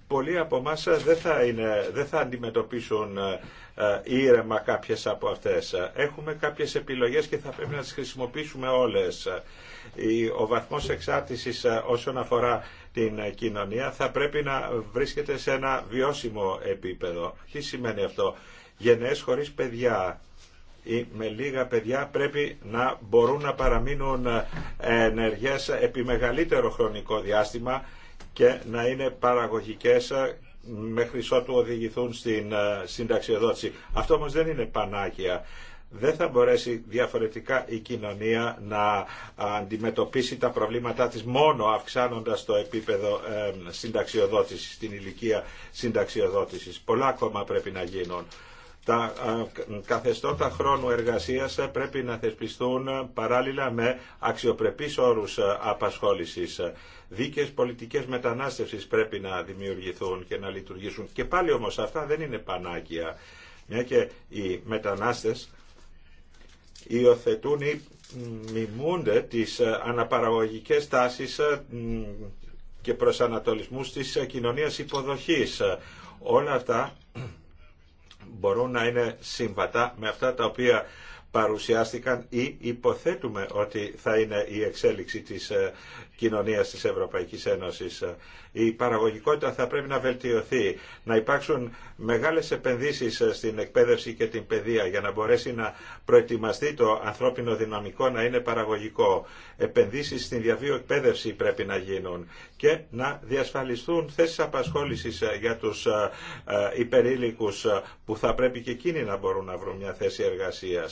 πολλοί από εμά δεν, θα δεν θα αντιμετωπίσουν ήρεμα κάποιες από αυτές. Έχουμε κάποιες επιλογές και θα πρέπει να τις χρησιμοποιήσουμε όλες. Ο βαθμός εξάρτησης όσον αφορά την κοινωνία θα πρέπει να βρίσκεται σε ένα βιώσιμο επίπεδο. Τι σημαίνει αυτό. Γενναίες χωρίς παιδιά ή με λίγα παιδιά πρέπει να μπορούν να παραμείνουν ενεργές επί μεγαλύτερο χρονικό διάστημα και να είναι παραγωγικές μέχρι ότου οδηγηθούν στην ε, συνταξιοδότηση. Αυτό όμως δεν είναι πανάκια δεν θα μπορέσει διαφορετικά η κοινωνία να αντιμετωπίσει τα προβλήματά της μόνο αυξάνοντας το επίπεδο ε, συνταξιοδότησης, την ηλικία συνταξιοδότησης. Πολλά ακόμα πρέπει να γίνουν. Τα καθεστώτα χρόνου εργασίας πρέπει να θεσπιστούν παράλληλα με αξιοπρεπείς όρους ε, απασχόλησης. Δίκαιες πολιτικές μετανάστευσης πρέπει να δημιουργηθούν και να λειτουργήσουν. Και πάλι όμως αυτά δεν είναι πανάκια. και οι υιοθετούν ή μιμούνται τις ε, αναπαραγωγικές τάσεις ε, και προσανατολισμούς της ε, κοινωνίας υποδοχής. Όλα αυτά μπορούν να είναι συμβατά με αυτά τα οποία παρουσιάστηκαν ή υποθέτουμε ότι θα είναι η εξέλιξη της κοινωνία τη Ευρωπαϊκή Ένωση. Η παραγωγικότητα θα πρέπει να βελτιωθεί, να υπάρξουν μεγάλε επενδύσει στην εκπαίδευση και την παιδεία για να μπορέσει να προετοιμαστεί το ανθρώπινο δυναμικό να είναι παραγωγικό. Επενδύσεις στην διαβίω εκπαίδευση πρέπει να γίνουν και να διασφαλιστούν θέσει απασχόληση για του ε, ε, υπερήλικου που θα πρέπει και εκείνοι να μπορούν να βρουν μια θέση εργασία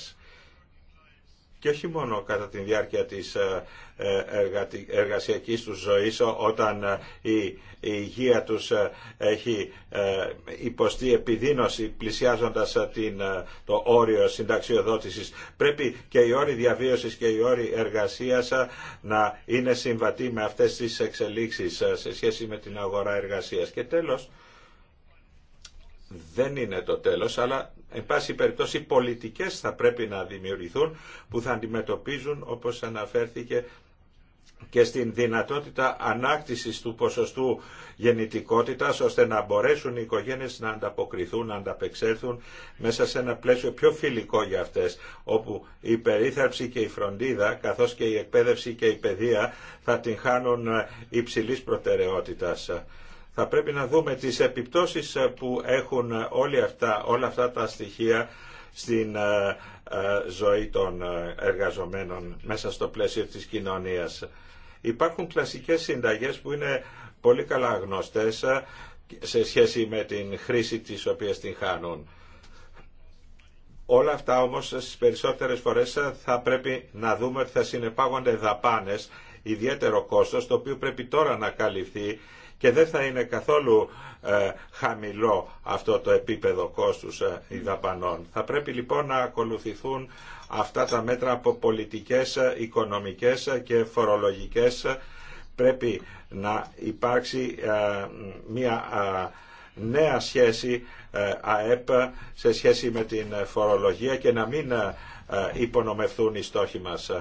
και όχι μόνο κατά τη διάρκεια της ε, ε, εργασιακής τους ζωής όταν ε, η υγεία τους έχει υποστεί επιδείνωση πλησιάζοντας την, το όριο συνταξιοδότησης. Πρέπει και οι όροι διαβίωσης και οι όροι εργασίας να είναι συμβατοί με αυτές τις εξελίξεις σε σχέση με την αγορά εργασίας. Και τέλος, δεν είναι το τέλος, αλλά εν πάση περιπτώσει πολιτικές θα πρέπει να δημιουργηθούν που θα αντιμετωπίζουν όπως αναφέρθηκε και στην δυνατότητα ανάκτησης του ποσοστού γεννητικότητας ώστε να μπορέσουν οι οικογένειες να ανταποκριθούν, να ανταπεξέλθουν μέσα σε ένα πλαίσιο πιο φιλικό για αυτές όπου η περίθαλψη και η φροντίδα καθώς και η εκπαίδευση και η παιδεία θα την χάνουν υψηλής προτεραιότητας θα πρέπει να δούμε τις επιπτώσεις ε, που έχουν ε, όλοι αυτά, όλα αυτά τα στοιχεία στην ε, ζωή των εργαζομένων μέσα στο πλαίσιο της κοινωνίας. Υπάρχουν κλασικές συνταγές που είναι πολύ καλά γνωστές σε σχέση με την χρήση της οποίας την χάνουν. Όλα αυτά όμως στις περισσότερες φορές θα πρέπει να δούμε ότι θα συνεπάγονται δαπάνες, ιδιαίτερο κόστος, το οποίο πρέπει τώρα να καλυφθεί και δεν θα είναι καθόλου ε, χαμηλό αυτό το επίπεδο κόστους ε, οι δαπανών. Θα πρέπει λοιπόν να ακολουθηθούν αυτά τα μέτρα από πολιτικές, ε, οικονομικές και φορολογικές. Πρέπει να υπάρξει μια νέα σχέση ΑΕΠ σε σχέση με την φορολογία και να μην υπονομευθούν οι στόχοι μας.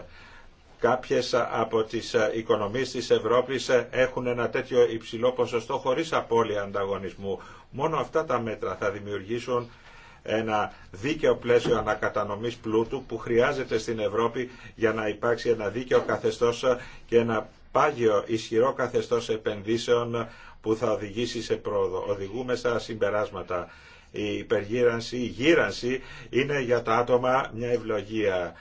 Κάποιες ε, από τις ε, οικονομίες της Ευρώπης ε, έχουν ένα τέτοιο υψηλό ποσοστό χωρίς απώλεια ανταγωνισμού. Μόνο αυτά τα μέτρα θα δημιουργήσουν ένα δίκαιο πλαίσιο ανακατανομής πλούτου που χρειάζεται στην Ευρώπη για να υπάρξει ένα δίκαιο καθεστώς και ένα πάγιο ισχυρό καθεστώς επενδύσεων που θα οδηγήσει σε πρόοδο. Οδηγούμε στα συμπεράσματα. Η υπεργύρανση, η γύρανση είναι για τα άτομα μια ευλογία.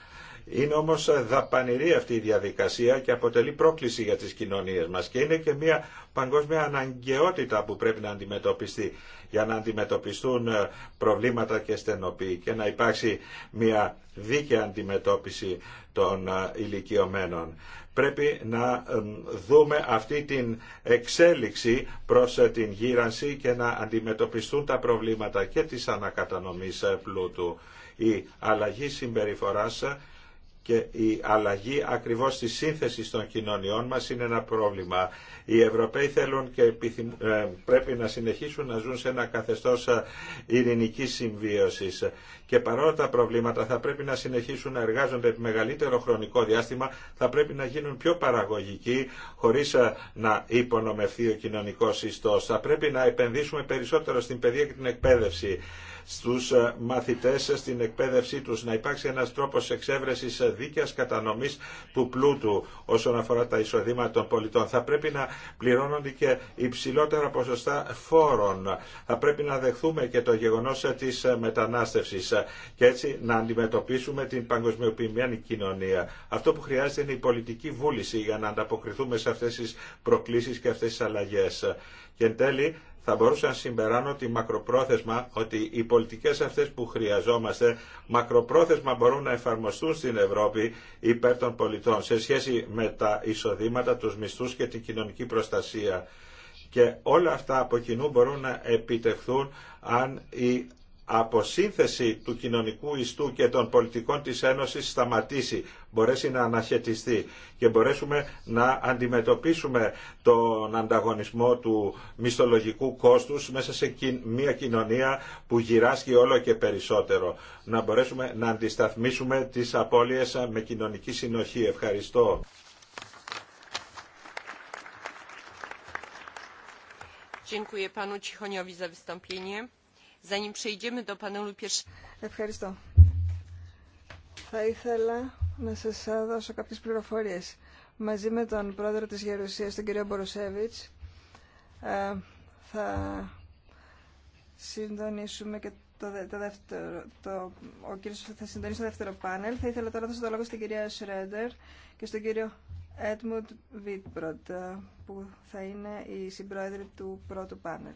Είναι όμως δαπανηρή αυτή η διαδικασία και αποτελεί πρόκληση για τις κοινωνίες μας και είναι και μια παγκόσμια αναγκαιότητα που πρέπει να αντιμετωπιστεί για να αντιμετωπιστούν ε, προβλήματα και στενοποί και να υπάρξει μια δίκαιη αντιμετώπιση των ε, ηλικιωμένων. Πρέπει να ε, δούμε αυτή την εξέλιξη προς την γύρανση και να αντιμετωπιστούν τα προβλήματα και της ανακατανομής πλούτου. Η αλλαγή συμπεριφοράς και η αλλαγή ακριβώς της σύνθεσης των κοινωνιών μας είναι ένα πρόβλημα. Οι Ευρωπαίοι θέλουν και ε, πρέπει να συνεχίσουν να ζουν σε ένα καθεστώς ε, ειρηνικής συμβίωσης. Και παρόλα τα προβλήματα θα πρέπει να συνεχίσουν να εργάζονται μεγαλύτερο χρονικό διάστημα, θα πρέπει να γίνουν πιο παραγωγικοί χωρίς ε, να υπονομευθεί ο κοινωνικός ιστός. Θα πρέπει να επενδύσουμε περισσότερο στην παιδεία και την εκπαίδευση στους ε, μαθητές στην εκπαίδευσή τους, να υπάρξει ένας τρόπος εξέβρεσης δίκαιας κατανομής του πλούτου όσον αφορά τα εισοδήματα των πολιτών. Θα πρέπει να πληρώνονται και υψηλότερα ποσοστά φόρων. Θα πρέπει να δεχθούμε και το γεγονός της μετανάστευσης και έτσι να αντιμετωπίσουμε την παγκοσμιοποιημένη κοινωνία. Αυτό που χρειάζεται είναι η πολιτική βούληση για να ανταποκριθούμε σε αυτές τις προκλήσεις και αυτές τις αλλαγές. Και εν τέλει θα μπορούσα να συμπεράνω ότι μακροπρόθεσμα, ότι οι πολιτικές αυτές που χρειαζόμαστε μακροπρόθεσμα μπορούν να εφαρμοστούν στην Ευρώπη υπέρ των πολιτών σε σχέση με τα εισοδήματα, τους μισθούς και την κοινωνική προστασία. Και όλα αυτά από κοινού μπορούν να επιτευχθούν αν οι σύνθεση του κοινωνικού ιστού και των πολιτικών της Ένωσης σταματήσει, μπορέσει να αναχαιτιστεί και μπορέσουμε να αντιμετωπίσουμε τον ανταγωνισμό του μισθολογικού κόστους μέσα σε μια κοινωνία που γυράσκει όλο και περισσότερο. Να μπορέσουμε να αντισταθμίσουμε τις απώλειες με κοινωνική συνοχή. Ευχαριστώ. Dziękuję panu Cichoniowi za wystąpienie. Ευχαριστώ. Θα ήθελα να σας δώσω κάποιες πληροφορίες. Μαζί με τον πρόεδρο της Γερουσίας, τον κύριο Μποροσέβιτς, ε, θα συντονίσουμε και το, δεύτερο, θα συντονίσει το δεύτερο πάνελ. Θα ήθελα τώρα να δώσω το λόγο στην κυρία Σρέντερ και στον κύριο Έτμουντ Βίτπροντ, ε, που θα είναι η συμπρόεδρη του πρώτου πάνελ.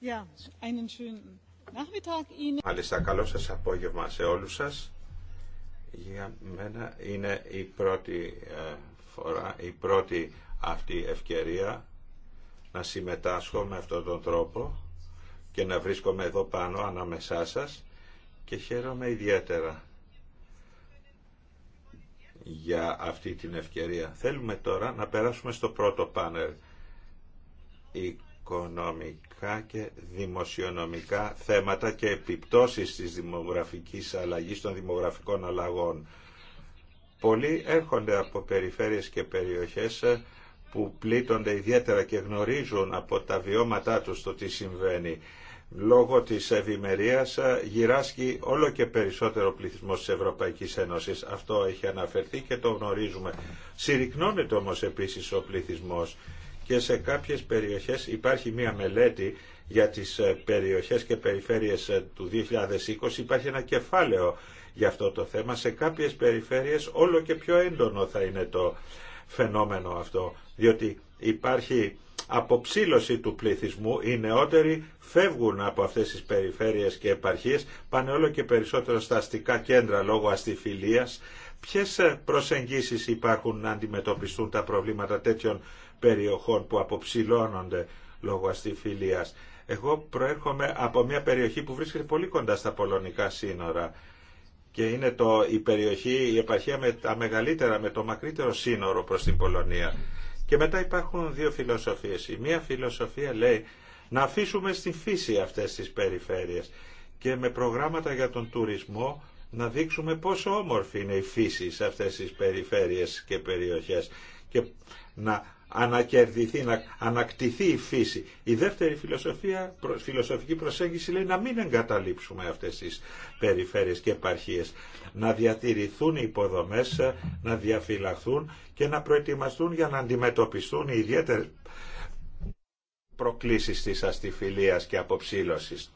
Ja, einen schönen Μάλιστα, καλό σας απόγευμα σε όλους σας. Για μένα είναι η πρώτη ε, φορά, η πρώτη αυτή ευκαιρία να συμμετάσχω με αυτόν τον τρόπο και να βρίσκομαι εδώ πάνω ανάμεσά σας και χαίρομαι ιδιαίτερα για αυτή την ευκαιρία. Θέλουμε τώρα να περάσουμε στο πρώτο πάνελ οικονομικά και δημοσιονομικά θέματα και επιπτώσεις της δημογραφικής αλλαγής των δημογραφικών αλλαγών. Πολλοί έρχονται από περιφέρειες και περιοχές ε, που πλήττονται ιδιαίτερα και γνωρίζουν από τα βιώματά τους το τι συμβαίνει. Λόγω της ευημερία ε, γυράσκει όλο και περισσότερο πληθυσμό της Ευρωπαϊκής Ένωσης. Αυτό έχει αναφερθεί και το γνωρίζουμε. Συρρυκνώνεται όμως επίσης ο πληθυσμός και σε κάποιες περιοχές υπάρχει μία μελέτη για τις ε, περιοχές και περιφέρειες ε, του 2020 υπάρχει ένα κεφάλαιο για αυτό το θέμα. Σε κάποιες περιφέρειες όλο και πιο έντονο θα είναι το φαινόμενο αυτό, διότι υπάρχει αποψήλωση του πληθυσμού, οι νεότεροι φεύγουν από αυτές τις περιφέρειες και επαρχίες, πάνε όλο και περισσότερο στα αστικά κέντρα λόγω αστιφιλίας. Ποιες ε, προσεγγίσεις υπάρχουν να αντιμετωπιστούν τα προβλήματα τέτοιων περιοχών που αποψηλώνονται λόγω αστιφιλίας. Εγώ προέρχομαι από μια περιοχή που βρίσκεται πολύ κοντά στα πολωνικά σύνορα και είναι το, η περιοχή, η επαρχία με τα μεγαλύτερα, με το μακρύτερο σύνορο προς την Πολωνία. Και μετά υπάρχουν δύο φιλοσοφίες. Η μία φιλοσοφία λέει να αφήσουμε στη φύση αυτές τις περιφέρειες και με προγράμματα για τον τουρισμό να δείξουμε πόσο όμορφη είναι η φύση σε αυτές τις περιφέρειες και περιοχές και να ανακερδιθεί, να ανακτηθεί η φύση. Η δεύτερη φιλοσοφία, φιλοσοφική προσέγγιση λέει να μην εγκαταλείψουμε αυτές τις περιφέρειες και επαρχίες, να διατηρηθούν οι υποδομές, ε, να διαφυλαχθούν και να προετοιμαστούν για να αντιμετωπιστούν οι ιδιαίτερες προκλήσεις της αστιφιλίας και αποψήλωσης.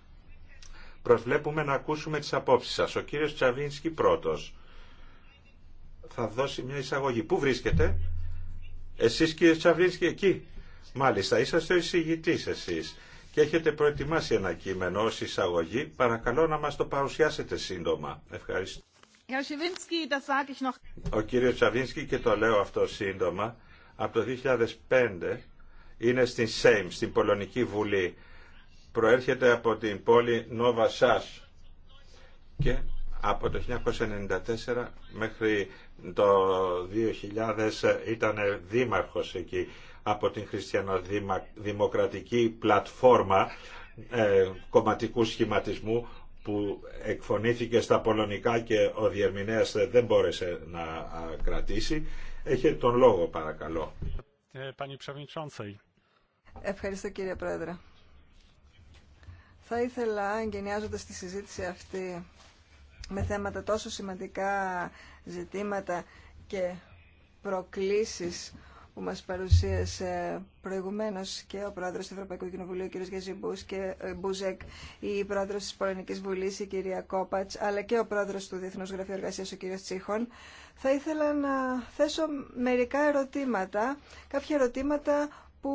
Προσβλέπουμε να ακούσουμε τις απόψεις σας. Ο κύριος Τσαβίνσκι πρώτος θα δώσει μια εισαγωγή. Πού βρίσκεται? Εσείς κύριε Τσαβίνσκι εκεί. Μάλιστα, είσαστε ο εισηγητής εσείς και έχετε προετοιμάσει ένα κείμενο ως εισαγωγή. Παρακαλώ να μας το παρουσιάσετε σύντομα. Ευχαριστώ. Ο κύριος Τσαβίνσκι και το λέω αυτό σύντομα, από το 2005 είναι στην ΣΕΙΜ, στην Πολωνική Βουλή. Προέρχεται από την πόλη Νόβα Σάς και από το 1994 μέχρι το 2000 ήταν δήμαρχος εκεί από την χριστιανοδημοκρατική πλατφόρμα ε, κομματικού σχηματισμού που εκφωνήθηκε στα πολωνικά και ο διερμηνέας δεν μπόρεσε να κρατήσει. έχει τον λόγο παρακαλώ. Ε, Ευχαριστώ κύριε Πρόεδρε. Θα ήθελα, εγκαινιάζοντας τη συζήτηση αυτή με θέματα τόσο σημαντικά ζητήματα και προκλήσεις που μας παρουσίασε προηγουμένως και ο Πρόεδρος του Ευρωπαϊκού Κοινοβουλίου, ο κ. Γεζιμπούς και ε, Μπουζέκ, η Πρόεδρος της Πολωνικής Βουλής, η κυρία Κόπατς, αλλά και ο Πρόεδρος του Διεθνούς Γραφείου Εργασίας, ο κ. Τσίχων, θα ήθελα να θέσω μερικά ερωτήματα, κάποια ερωτήματα που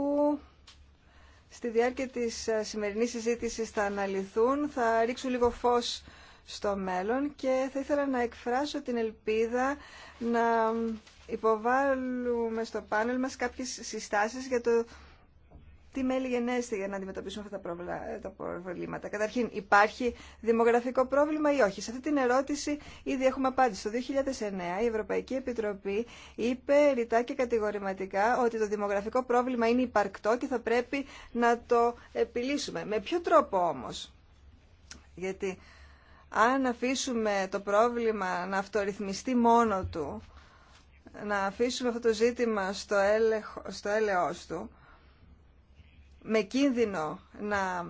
στη διάρκεια της ε, σημερινής συζήτησης θα αναλυθούν, θα ρίξουν λίγο φως στο μέλλον και θα ήθελα να εκφράσω την ελπίδα να υποβάλουμε στο πάνελ μας κάποιες συστάσεις για το τι μέλη γενέστε για να αντιμετωπίσουμε αυτά τα προβλήματα. Καταρχήν, υπάρχει δημογραφικό πρόβλημα ή όχι. Σε αυτή την ερώτηση ήδη έχουμε απάντηση. Το 2009 η Ευρωπαϊκή Επιτροπή είπε ρητά και κατηγορηματικά ότι το δημογραφικό πρόβλημα είναι υπαρκτό και θα πρέπει να το επιλύσουμε. Με ποιο τρόπο όμως. Γιατί αν αφήσουμε το πρόβλημα να αυτορυθμιστεί μόνο του, να αφήσουμε αυτό το ζήτημα στο, στο έλεος του, με κίνδυνο να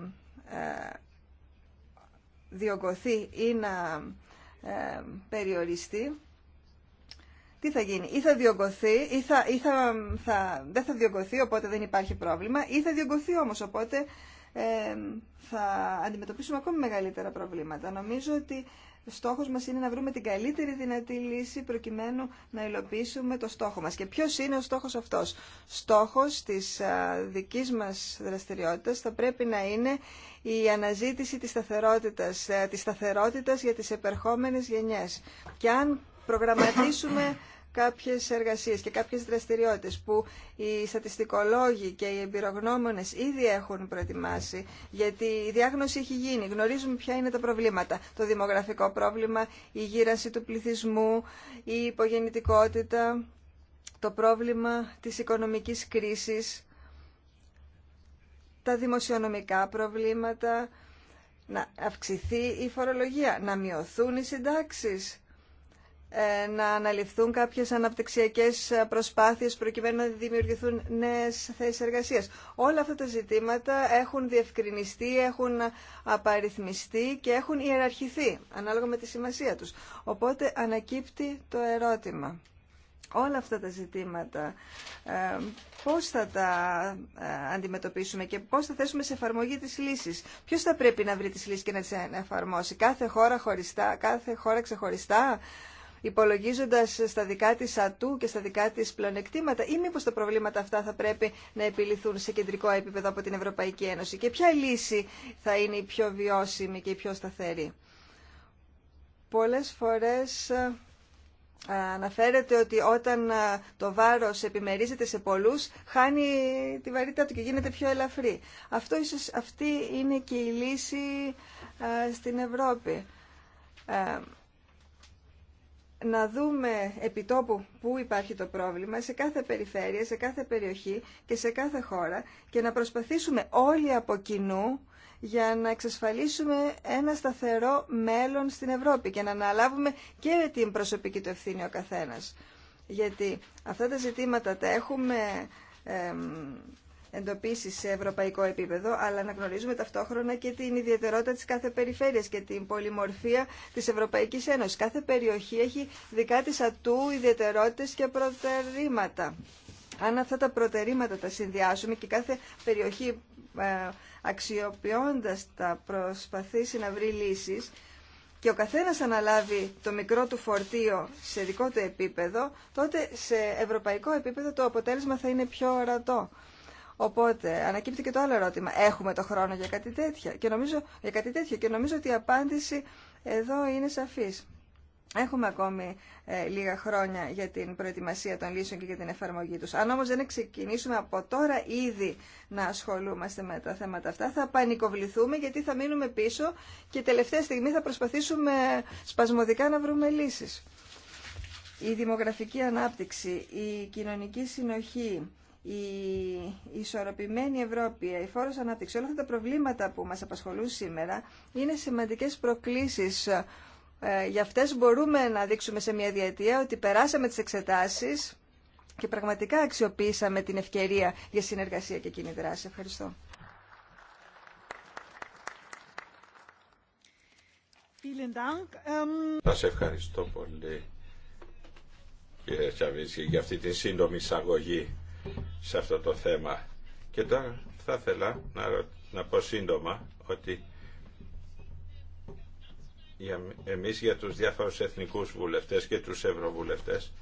ε, ή να ε, περιοριστεί, τι θα γίνει, ή θα διωγκωθεί, ή, θα, δεν θα διωγκωθεί, οπότε δεν υπάρχει πρόβλημα, ή θα διωγκωθεί όμως, οπότε θα αντιμετωπίσουμε ακόμη μεγαλύτερα προβλήματα. Νομίζω ότι στόχος μας είναι να βρούμε την καλύτερη δυνατή λύση προκειμένου να υλοποιήσουμε το στόχο μας. Και ποιος είναι ο στόχος αυτός. Στόχος της δικής μας δραστηριότητας θα πρέπει να είναι η αναζήτηση της σταθερότητας, ε, της σταθερότητας για τις επερχόμενες γενιές. Και αν προγραμματίσουμε κάποιες εργασίες και κάποιες δραστηριότητες που οι στατιστικολόγοι και οι εμπειρογνώμονες ήδη έχουν προετοιμάσει, γιατί η διάγνωση έχει γίνει, γνωρίζουμε ποια είναι τα προβλήματα. Το δημογραφικό πρόβλημα, η γύραση του πληθυσμού, η υπογεννητικότητα, το πρόβλημα της οικονομικής κρίσης, τα δημοσιονομικά προβλήματα, να αυξηθεί η φορολογία, να μειωθούν οι συντάξεις ε, να αναλυφθούν κάποιες αναπτυξιακές προσπάθειες προκειμένου να δημιουργηθούν νέες θέσεις εργασίας. Όλα αυτά τα ζητήματα έχουν διευκρινιστεί, έχουν απαριθμιστεί και έχουν ιεραρχηθεί ανάλογα με τη σημασία τους. Οπότε ανακύπτει το ερώτημα. Όλα αυτά τα ζητήματα ε, πώς θα τα ε, αντιμετωπίσουμε και πώς θα θέσουμε σε εφαρμογή τις λύσεις. Ποιος θα πρέπει να βρει τις λύσεις και να τις εφαρμόσει. Κάθε χώρα χωριστά, κάθε χώρα ξεχωριστά υπολογίζοντας στα δικά της ατού και στα δικά της πλονεκτήματα ή μήπως τα προβλήματα αυτά θα πρέπει να επιληθούν σε κεντρικό επίπεδο από την Ευρωπαϊκή Ένωση και ποια λύση θα είναι η πιο βιώσιμη και η πιο σταθερή. Πολλές φορές ε, αναφέρεται ότι όταν ε, το βάρος επιμερίζεται σε πολλούς χάνει τη βαρύτητα του και γίνεται πιο ελαφρύ. Αυτό ίσως αυτή είναι και η λύση ε, στην Ευρώπη να δούμε επιτόπου πού υπάρχει το πρόβλημα σε κάθε περιφέρεια, σε κάθε περιοχή και σε κάθε χώρα και να προσπαθήσουμε όλοι από κοινού για να εξασφαλίσουμε ένα σταθερό μέλλον στην Ευρώπη και να αναλάβουμε και την προσωπική του ευθύνη ο καθένας. Γιατί αυτά τα ζητήματα τα έχουμε εντοπίσει σε ευρωπαϊκό επίπεδο, αλλά να γνωρίζουμε ταυτόχρονα και την ιδιαιτερότητα τη κάθε περιφέρειας και την πολυμορφία τη Ευρωπαϊκή Ένωση. Κάθε περιοχή έχει δικά τη ατού ιδιαιτερότητε και προτερήματα. Αν αυτά τα προτερήματα τα συνδυάσουμε και κάθε περιοχή ε, αξιοποιώντας τα προσπαθήσει να βρει λύσεις, και ο καθένας αναλάβει το μικρό του φορτίο σε δικό του επίπεδο, τότε σε ευρωπαϊκό επίπεδο το αποτέλεσμα θα είναι πιο ορατό. Οπότε ανακύπτει και το άλλο ερώτημα. Έχουμε το χρόνο για κάτι, νομίζω, για κάτι τέτοιο. Και νομίζω ότι η απάντηση εδώ είναι σαφής. Έχουμε ακόμη ε, λίγα χρόνια για την προετοιμασία των λύσεων και για την εφαρμογή τους. Αν όμως δεν ξεκινήσουμε από τώρα ήδη να ασχολούμαστε με τα θέματα αυτά, θα πανικοβληθούμε γιατί θα μείνουμε πίσω και τελευταία στιγμή θα προσπαθήσουμε σπασμωδικά να βρούμε λύσεις. Η δημογραφική ανάπτυξη, η κοινωνική συνοχή, η ισορροπημένη Ευρώπη, η φόρος ανάπτυξη, όλα αυτά τα προβλήματα που μας απασχολούν σήμερα είναι σημαντικές προκλήσεις. Ε, για αυτές μπορούμε να δείξουμε σε μια διετία ότι περάσαμε τις εξετάσεις και πραγματικά αξιοποίησαμε την ευκαιρία για συνεργασία και κοινή δράση. Ευχαριστώ. Ähm, Σα ευχαριστώ πολύ κύριε Τσαβίσκη για αυτή τη σύντομη εισαγωγή σε αυτό το θέμα. Και τώρα θα ήθελα να, να πω σύντομα ότι για, εμείς για τους διάφορους εθνικούς βουλευτές και τους ευρωβουλευτές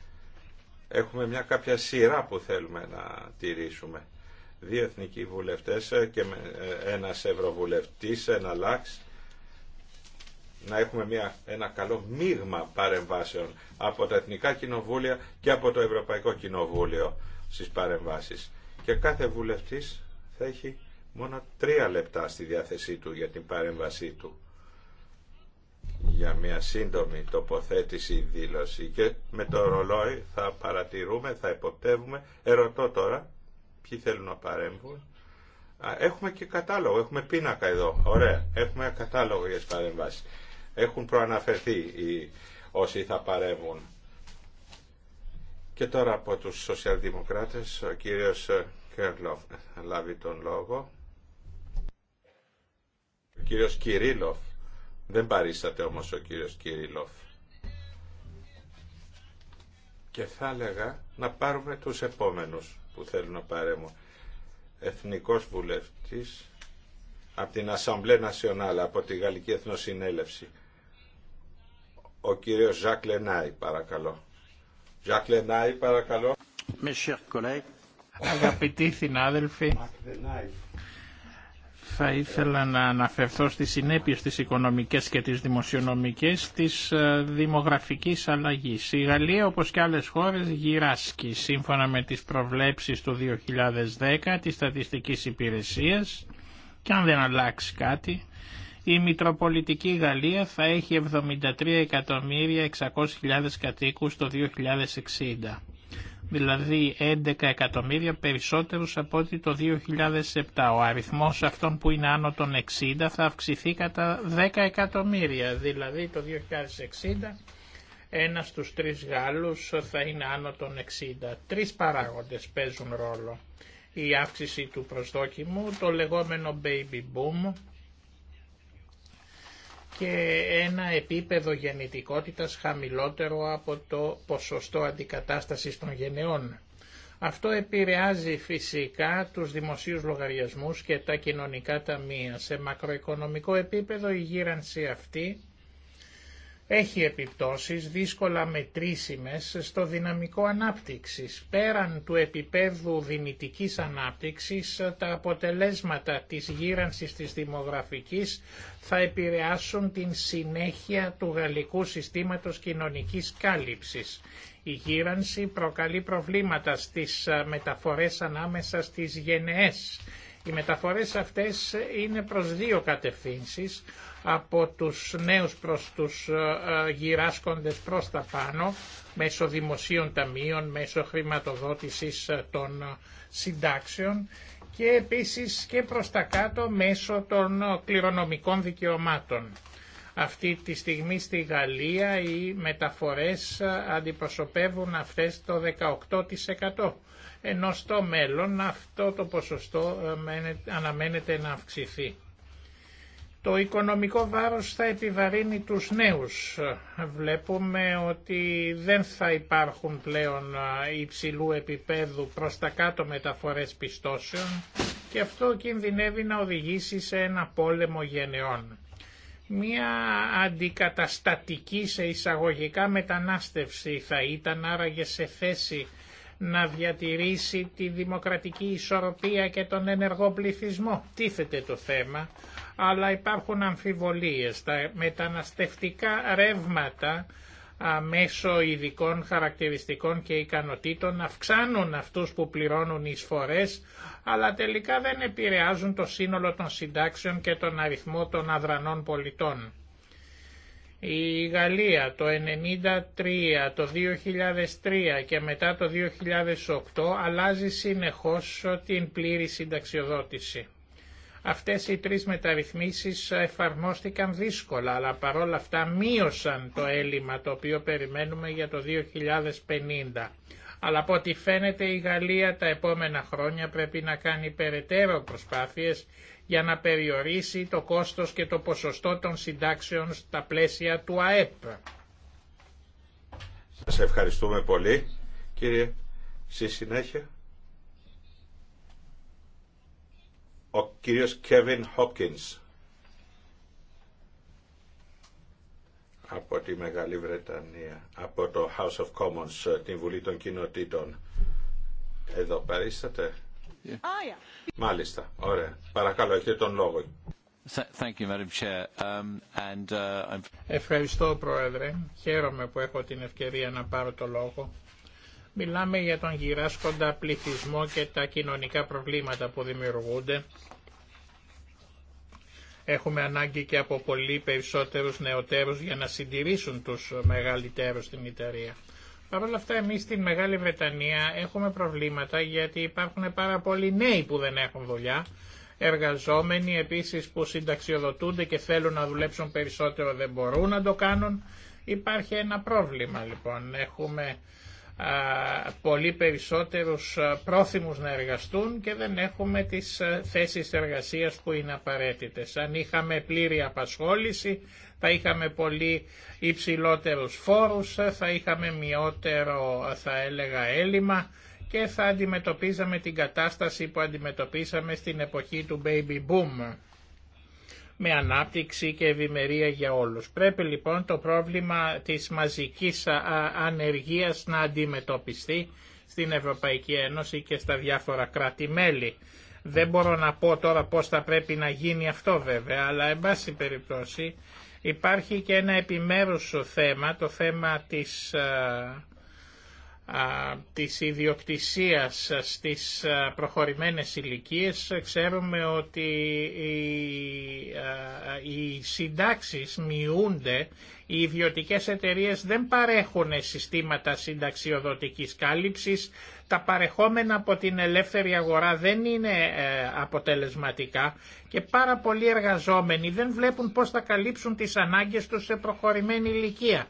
έχουμε μια κάποια σειρά που θέλουμε να τηρήσουμε. Δύο εθνικοί βουλευτές ε, και ε, ένας ευρωβουλευτής, ένα λάξ, να έχουμε μια, ένα καλό μείγμα παρεμβάσεων από τα Εθνικά Κοινοβούλια και από το Ευρωπαϊκό Κοινοβούλιο στις παρεμβάσεις και κάθε βουλευτής θα έχει μόνο τρία λεπτά στη διάθεσή του για την παρέμβασή του για μια σύντομη τοποθέτηση δήλωση και με το ρολόι θα παρατηρούμε, θα υποπτεύουμε ερωτώ τώρα ποιοι θέλουν να παρέμβουν έχουμε και κατάλογο, έχουμε πίνακα εδώ ωραία, έχουμε κατάλογο για τις παρεμβάσεις έχουν προαναφερθεί οι, όσοι θα παρέμβουν και τώρα από τους σοσιαλδημοκράτες ο κύριος Κέρλοφ θα λάβει τον λόγο. Ο κύριος Κυρίλοφ. Δεν παρήσατε όμως ο κύριος Κυρίλοφ. Και θα έλεγα να πάρουμε τους επόμενους που θέλουν να παρέμουν. Εθνικός βουλευτής από την Assemblée Nationale, από τη Γαλλική Εθνοσυνέλευση. Ο κύριος Ζακ Λενάη, παρακαλώ. Αγαπητοί συνάδελφοι, θα ήθελα να αναφερθώ στις συνέπειες της οικονομικής και της δημοσιονομικής της δημογραφικής αλλαγής. Η Γαλλία όπως και άλλες χώρες γυράσκει σύμφωνα με τις προβλέψεις του 2010 της στατιστικής υπηρεσίας και αν δεν αλλάξει κάτι η Μητροπολιτική Γαλλία θα έχει 73.600.000 κατοίκους το 2060, δηλαδή 11 εκατομμύρια περισσότερους από ότι το 2007. Ο αριθμός αυτών που είναι άνω των 60 θα αυξηθεί κατά 10 εκατομμύρια, δηλαδή το 2060 ένα στους τρεις Γάλλους θα είναι άνω των 60. Τρεις παράγοντες παίζουν ρόλο. Η αύξηση του προσδόκιμου, το λεγόμενο baby boom, και ένα επίπεδο γεννητικότητας χαμηλότερο από το ποσοστό αντικατάστασης των γενεών. Αυτό επηρεάζει φυσικά τους δημοσίους λογαριασμούς και τα κοινωνικά ταμεία. Σε μακροοικονομικό επίπεδο η γύρανση αυτή έχει επιπτώσεις δύσκολα μετρήσιμες στο δυναμικό ανάπτυξης. Πέραν του επίπεδου δυνητικής ανάπτυξης, τα αποτελέσματα της γύρανσης της δημογραφικής θα επηρεάσουν την συνέχεια του γαλλικού συστήματος κοινωνικής κάλυψης. Η γύρανση προκαλεί προβλήματα στις ε, μεταφορές ανάμεσα στις γενναίες. Οι μεταφορές αυτές είναι προς δύο κατευθύνσεις, από τους νέους προς τους ε, ε, γυράσκοντες προς τα πάνω, μέσω δημοσίων ταμείων, μέσω χρηματοδότησης ε, των συντάξεων και επίσης και προς τα κάτω μέσω των κληρονομικών δικαιωμάτων. Αυτή τη στιγμή στη Γαλλία οι μεταφορές αντιπροσωπεύουν αυτές το 18%. Ενώ στο μέλλον αυτό το ποσοστό αναμένεται να αυξηθεί. Το οικονομικό βάρος θα επιβαρύνει τους νέους. Βλέπουμε ότι δεν θα υπάρχουν πλέον υψηλού επίπεδου προς τα κάτω μεταφορές πιστώσεων και αυτό κινδυνεύει να οδηγήσει σε ένα πόλεμο γενεών. Μία αντικαταστατική σε εισαγωγικά μετανάστευση θα ήταν άραγε σε θέση να διατηρήσει τη δημοκρατική ισορροπία και τον ενεργό πληθυσμό. Τίθεται το θέμα αλλά υπάρχουν αμφιβολίες. Τα μεταναστευτικά ρεύματα μέσω ειδικών χαρακτηριστικών και ικανοτήτων αυξάνουν αυτούς που πληρώνουν εισφορές, αλλά τελικά δεν επηρεάζουν το σύνολο των συντάξεων και τον αριθμό των αδρανών πολιτών. Η Γαλλία το 1993, το 2003 και μετά το 2008 αλλάζει συνεχώς την πλήρη συνταξιοδότηση. Αυτές οι τρεις μεταρρυθμίσεις εφαρμόστηκαν δύσκολα, αλλά παρόλα αυτά μείωσαν το έλλειμμα το οποίο περιμένουμε για το 2050. Αλλά από ό,τι φαίνεται η Γαλλία τα επόμενα χρόνια πρέπει να κάνει περαιτέρω προσπάθειες για να περιορίσει το κόστος και το ποσοστό των συντάξεων στα πλαίσια του ΑΕΠ. Σας ευχαριστούμε πολύ κύριε. Στη συνέχεια Ο κύριος Κέβιν Χόπκινς από τη Μεγάλη Βρετανία, από το House of Commons, την Βουλή των Κοινοτήτων. Εδώ παρίσταται. Yeah. Μάλιστα. Ωραία. Παρακαλώ, έχετε τον λόγο. Thank you, Madam Chair. Um, and, uh, Ευχαριστώ, Πρόεδρε. Χαίρομαι που έχω την ευκαιρία να πάρω το λόγο Μιλάμε για τον γυράσκοντα πληθυσμό και τα κοινωνικά προβλήματα που δημιουργούνται. Έχουμε ανάγκη και από πολύ περισσότερους νεοτέρους για να συντηρήσουν τους μεγαλύτερους στην Ιταλία. Παρ' όλα αυτά εμείς στην Μεγάλη Βρετανία έχουμε προβλήματα γιατί υπάρχουν πάρα πολλοί νέοι που δεν έχουν δουλειά, εργαζόμενοι επίσης που συνταξιοδοτούνται και θέλουν να δουλέψουν περισσότερο δεν μπορούν να το κάνουν. Υπάρχει ένα πρόβλημα λοιπόν. Έχουμε πολύ περισσότερους πρόθυμους να εργαστούν και δεν έχουμε τις θέσεις εργασίας που είναι απαραίτητες. Αν είχαμε πλήρη απασχόληση θα είχαμε πολύ υψηλότερους φόρους, θα είχαμε μειότερο θα έλεγα έλλειμμα και θα αντιμετωπίζαμε την κατάσταση που αντιμετωπίσαμε στην εποχή του baby boom με ανάπτυξη και ευημερία για όλους. Πρέπει λοιπόν το πρόβλημα της μαζικής ανεργίας να αντιμετωπιστεί στην Ευρωπαϊκή Ένωση και στα διάφορα κράτη-μέλη. Δεν μπορώ να πω τώρα πώς θα πρέπει να γίνει αυτό βέβαια, αλλά εν πάση περιπτώσει υπάρχει και ένα επιμέρους θέμα, το θέμα της της ιδιοκτησίας στις προχωρημένες ηλικίε ξέρουμε ότι οι συντάξεις μειούνται, οι ιδιωτικές εταιρείες δεν παρέχουν συστήματα συνταξιοδοτικής κάλυψης, τα παρεχόμενα από την ελεύθερη αγορά δεν είναι ε, αποτελεσματικά και πάρα πολλοί εργαζόμενοι δεν βλέπουν πώς θα καλύψουν τις ανάγκες τους σε προχωρημένη ηλικία.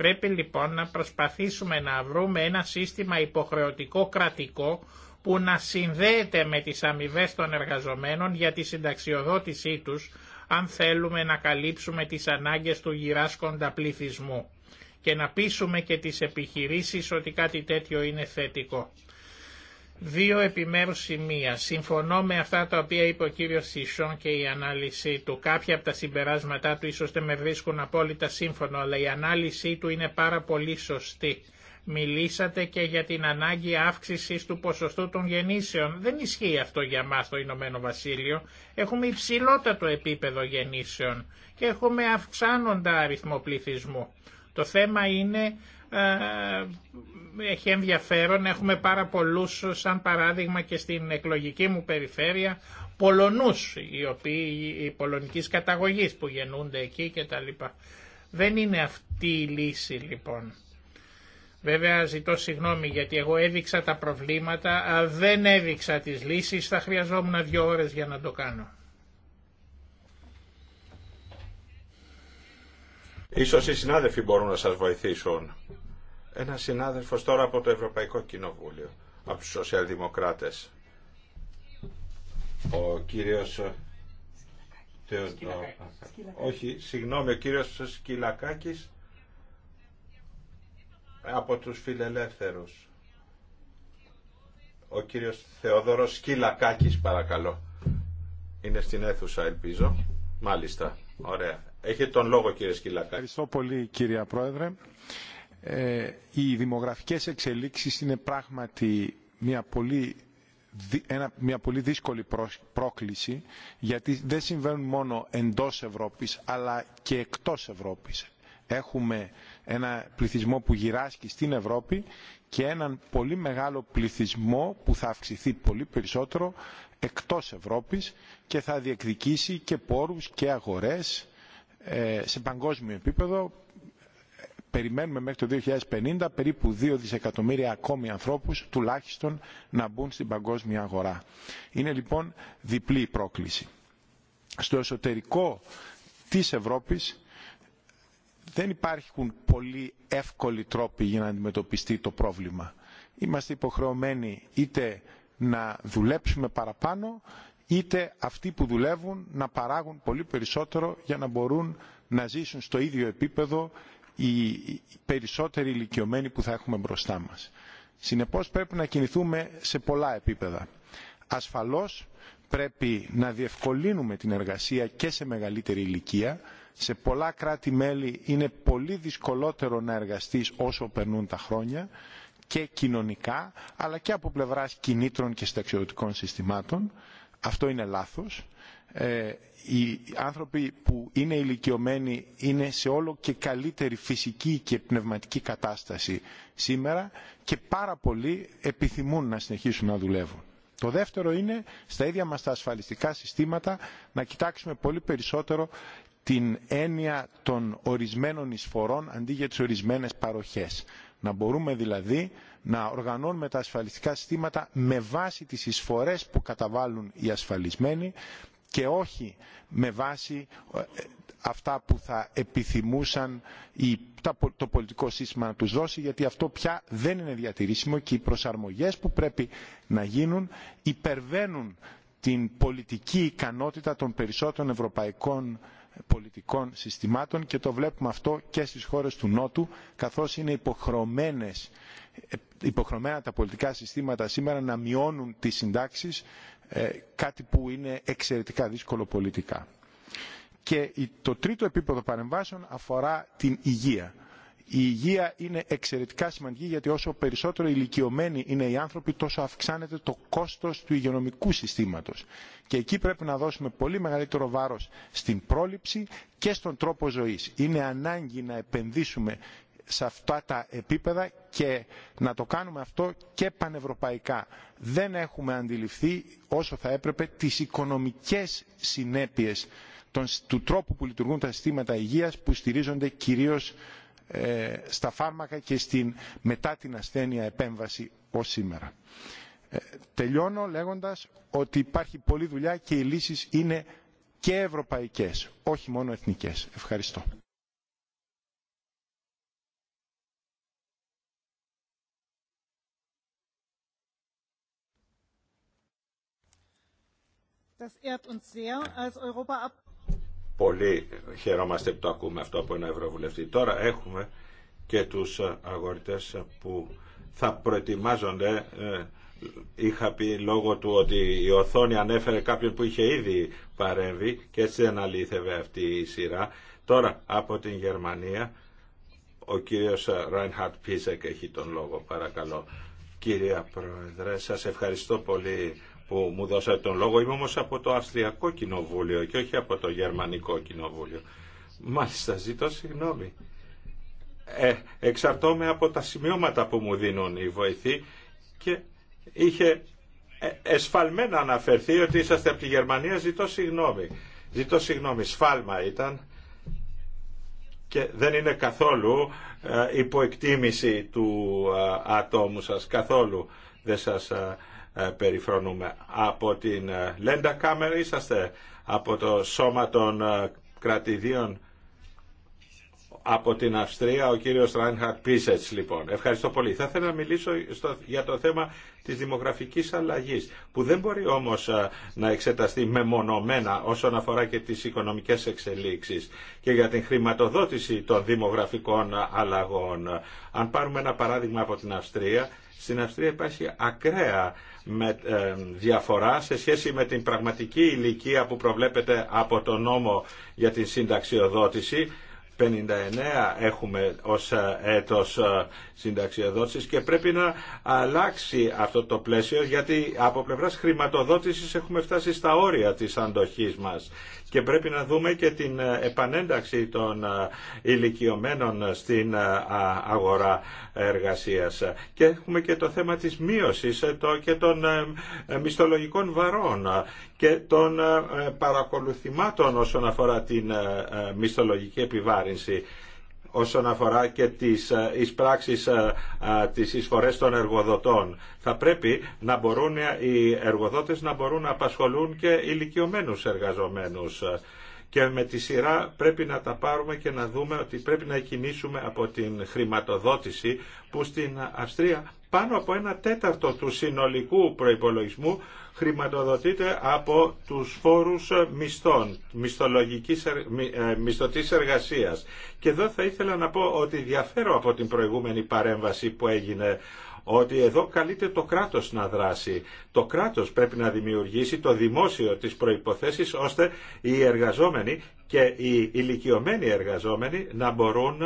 Πρέπει λοιπόν να προσπαθήσουμε να βρούμε ένα σύστημα υποχρεωτικό κρατικό που να συνδέεται με τις αμοιβέ των εργαζομένων για τη συνταξιοδότησή τους αν θέλουμε να καλύψουμε τις ανάγκες του γυράσκοντα πληθυσμού και να πείσουμε και τις επιχειρήσεις ότι κάτι τέτοιο είναι θετικό. Δύο επιμέρους σημεία. Συμφωνώ με αυτά τα οποία είπε ο κύριος Σισόν και η ανάλυση του. Κάποια από τα συμπεράσματά του ίσως δεν με βρίσκουν απόλυτα σύμφωνο, αλλά η ανάλυση του είναι πάρα πολύ σωστή. Μιλήσατε και για την ανάγκη αύξησης του ποσοστού των γεννήσεων. Δεν ισχύει αυτό για μας το Ηνωμένο Βασίλειο. Έχουμε υψηλότατο επίπεδο γεννήσεων και έχουμε αυξάνοντα αριθμό πληθυσμού. Το θέμα είναι ε, έχει ενδιαφέρον. Έχουμε πάρα πολλούς, σαν παράδειγμα και στην εκλογική μου περιφέρεια, Πολωνούς, οι οποίοι οι πολωνικής καταγωγής που γεννούνται εκεί και κτλ. Δεν είναι αυτή η λύση λοιπόν. Βέβαια ζητώ συγγνώμη γιατί εγώ έδειξα τα προβλήματα, δεν έδειξα τις λύσεις, θα χρειαζόμουν δύο ώρες για να το κάνω. Ίσως οι συνάδελφοι μπορούν να σας βοηθήσουν. Ένα συνάδελφος τώρα από το Ευρωπαϊκό Κοινοβούλιο, από τους σοσιαλδημοκράτες. Ο κύριος... Σκυλακάκης. Όχι, συγγνώμη, ο κύριος Σκυλακάκης από τους φιλελεύθερους. Ο κύριος Θεοδωρός Σκυλακάκης, παρακαλώ. Είναι στην αίθουσα, ελπίζω. Μάλιστα. Ωραία. Έχετε τον λόγο κύριε Σκυλακά. Ευχαριστώ πολύ κύριε Πρόεδρε. Ε, οι δημογραφικές εξελίξεις είναι πράγματι μια πολύ μια πολύ δύσκολη πρόκληση γιατί δεν συμβαίνουν μόνο εντός Ευρώπης αλλά και εκτός Ευρώπης. Έχουμε ένα πληθυσμό που γυράσκει στην Ευρώπη και έναν πολύ μεγάλο πληθυσμό που θα αυξηθεί πολύ περισσότερο εκτός Ευρώπης και θα διεκδικήσει και πόρους και αγορές ε, σε παγκόσμιο επίπεδο περιμένουμε μέχρι το 2050 περίπου 2 δισεκατομμύρια ακόμη ανθρώπους τουλάχιστον να μπουν στην παγκόσμια αγορά. Είναι λοιπόν διπλή η πρόκληση. Στο εσωτερικό της Ευρώπης δεν υπάρχουν πολύ εύκολοι τρόποι για να αντιμετωπιστεί το πρόβλημα. Είμαστε υποχρεωμένοι είτε να δουλέψουμε παραπάνω είτε αυτοί που δουλεύουν να παράγουν πολύ περισσότερο για να μπορούν να ζήσουν στο ίδιο επίπεδο οι περισσότεροι ηλικιωμένοι που θα έχουμε μπροστά μας. Συνεπώς πρέπει να κινηθούμε σε πολλά επίπεδα. Ασφαλώς πρέπει να διευκολύνουμε την εργασία και σε μεγαλύτερη ηλικία. Σε πολλά κράτη-μέλη είναι πολύ δυσκολότερο να εργαστείς όσο περνούν τα χρόνια και κοινωνικά αλλά και από πλευράς κινήτρων και συνταξιδοτικών συστημάτων αυτό είναι λάθος. Ε, οι άνθρωποι που είναι ηλικιωμένοι είναι σε όλο και καλύτερη φυσική και πνευματική κατάσταση σήμερα και πάρα πολλοί επιθυμούν να συνεχίσουν να δουλεύουν. Το δεύτερο είναι στα ίδια μας τα ασφαλιστικά συστήματα να κοιτάξουμε πολύ περισσότερο την έννοια των ορισμένων εισφορών αντί για τις ορισμένες παροχές. Να μπορούμε δηλαδή να οργανώνουμε τα ασφαλιστικά συστήματα με βάση τις εισφορές που καταβάλουν οι ασφαλισμένοι και όχι με βάση ε, αυτά που θα επιθυμούσαν το πολιτικό σύστημα να τους δώσει γιατί αυτό πια δεν είναι διατηρήσιμο και οι προσαρμογές που πρέπει να γίνουν υπερβαίνουν την πολιτική ικανότητα των περισσότερων ευρωπαϊκών πολιτικών συστημάτων και το βλέπουμε αυτό και στις χώρες του Νότου καθώς είναι υποχρεωμένες υποχρεωμένα τα πολιτικά συστήματα σήμερα να μειώνουν τις συντάξεις, ε, κάτι που είναι εξαιρετικά δύσκολο πολιτικά. Και το τρίτο επίπεδο παρεμβάσεων αφορά την υγεία. Η υγεία είναι εξαιρετικά σημαντική γιατί όσο περισσότερο ηλικιωμένοι είναι οι άνθρωποι τόσο αυξάνεται το κόστος του υγειονομικού συστήματος. Και εκεί πρέπει να δώσουμε πολύ μεγαλύτερο βάρος στην πρόληψη και στον τρόπο ζωής. Είναι ανάγκη να επενδύσουμε σε αυτά τα επίπεδα και να το κάνουμε αυτό και πανευρωπαϊκά. Δεν έχουμε αντιληφθεί όσο θα έπρεπε τις οικονομικές συνέπειες του τρόπου που λειτουργούν τα συστήματα υγείας που στηρίζονται κυρίως ε, στα φάρμακα και στην μετά την ασθένεια επέμβαση ως σήμερα. Ε, τελειώνω λέγοντας ότι υπάρχει πολλή δουλειά και οι λύσεις είναι και ευρωπαϊκές, όχι μόνο εθνικές. Ευχαριστώ. Πολύ χαιρόμαστε που το ακούμε αυτό από ένα Ευρωβουλευτή. Τώρα έχουμε και τους ε, αγορητές που θα προετοιμάζονται ε, είχα πει λόγω του ότι η οθόνη ανέφερε κάποιον που είχε ήδη παρέμβει και έτσι δεν αλήθευε αυτή η σειρά. Τώρα από την Γερμανία ο κύριος Ράινχαρτ ε, Πίζεκ έχει τον λόγο παρακαλώ. Κύριε Πρόεδρε, σας ευχαριστώ πολύ που μου δώσατε τον λόγο. Είμαι όμως από το Αυστριακό Κοινοβούλιο και όχι από το Γερμανικό Κοινοβούλιο. Μάλιστα, ζητώ συγγνώμη. Ε, εξαρτώμαι από τα σημειώματα που μου δίνουν οι βοηθοί και είχε ε, εσφαλμένα αναφερθεί ότι είσαστε από τη Γερμανία, ζητώ συγγνώμη. Ζητώ συγγνώμη, σφάλμα ήταν και δεν είναι καθόλου ε, υποεκτίμηση του ε, ατόμου σας, καθόλου δεν σας ε, περιφρονούμε. Από την Λέντα ε, Κάμερ είσαστε, από το σώμα των ε, κρατηδίων από την Αυστρία ο κύριος Ράινχαρτ Πίσετς λοιπόν. Ευχαριστώ πολύ. Θα ήθελα να μιλήσω για το θέμα της δημογραφικής αλλαγής που δεν μπορεί όμως να εξεταστεί μεμονωμένα όσον αφορά και τις οικονομικές εξελίξεις και για την χρηματοδότηση των δημογραφικών αλλαγών. Αν πάρουμε ένα παράδειγμα από την Αυστρία, στην Αυστρία υπάρχει ακραία με, ε, διαφορά σε σχέση με την πραγματική ηλικία που προβλέπεται από τον νόμο για την συνταξιοδότηση 59 έχουμε ως ε, έτος ε, συνταξιοδότησης και πρέπει να αλλάξει αυτό το πλαίσιο γιατί από πλευράς χρηματοδότησης έχουμε φτάσει στα όρια της αντοχής μας και πρέπει να δούμε και την ε, επανένταξη των ε, ηλικιωμένων στην ε, αγορά εργασίας. Και έχουμε και το θέμα της μείωσης και των μισθολογικών βαρών και των παρακολουθημάτων όσον αφορά την μισθολογική επιβάρυνση όσον αφορά και τις ε, εισπράξεις, ε, ε, τις εισφορές των εργοδοτών. Θα πρέπει να μπορούν οι εργοδότες να μπορούν να απασχολούν και ηλικιωμένους εργαζομένους. Και με τη σειρά πρέπει να τα πάρουμε και να δούμε ότι πρέπει να κινήσουμε από την χρηματοδότηση που στην Αυστρία πάνω από ένα τέταρτο του συνολικού προϋπολογισμού χρηματοδοτείται από τους φόρους μισθών, μισθολογικής, ε, μισθωτής εργασίας. Και εδώ θα ήθελα να πω ότι διαφέρω από την προηγούμενη παρέμβαση που έγινε ότι εδώ καλείται το κράτος να δράσει. Το κράτος πρέπει να δημιουργήσει το δημόσιο της προϋποθέσεις ώστε οι εργαζόμενοι και οι ηλικιωμένοι εργαζόμενοι να μπορούν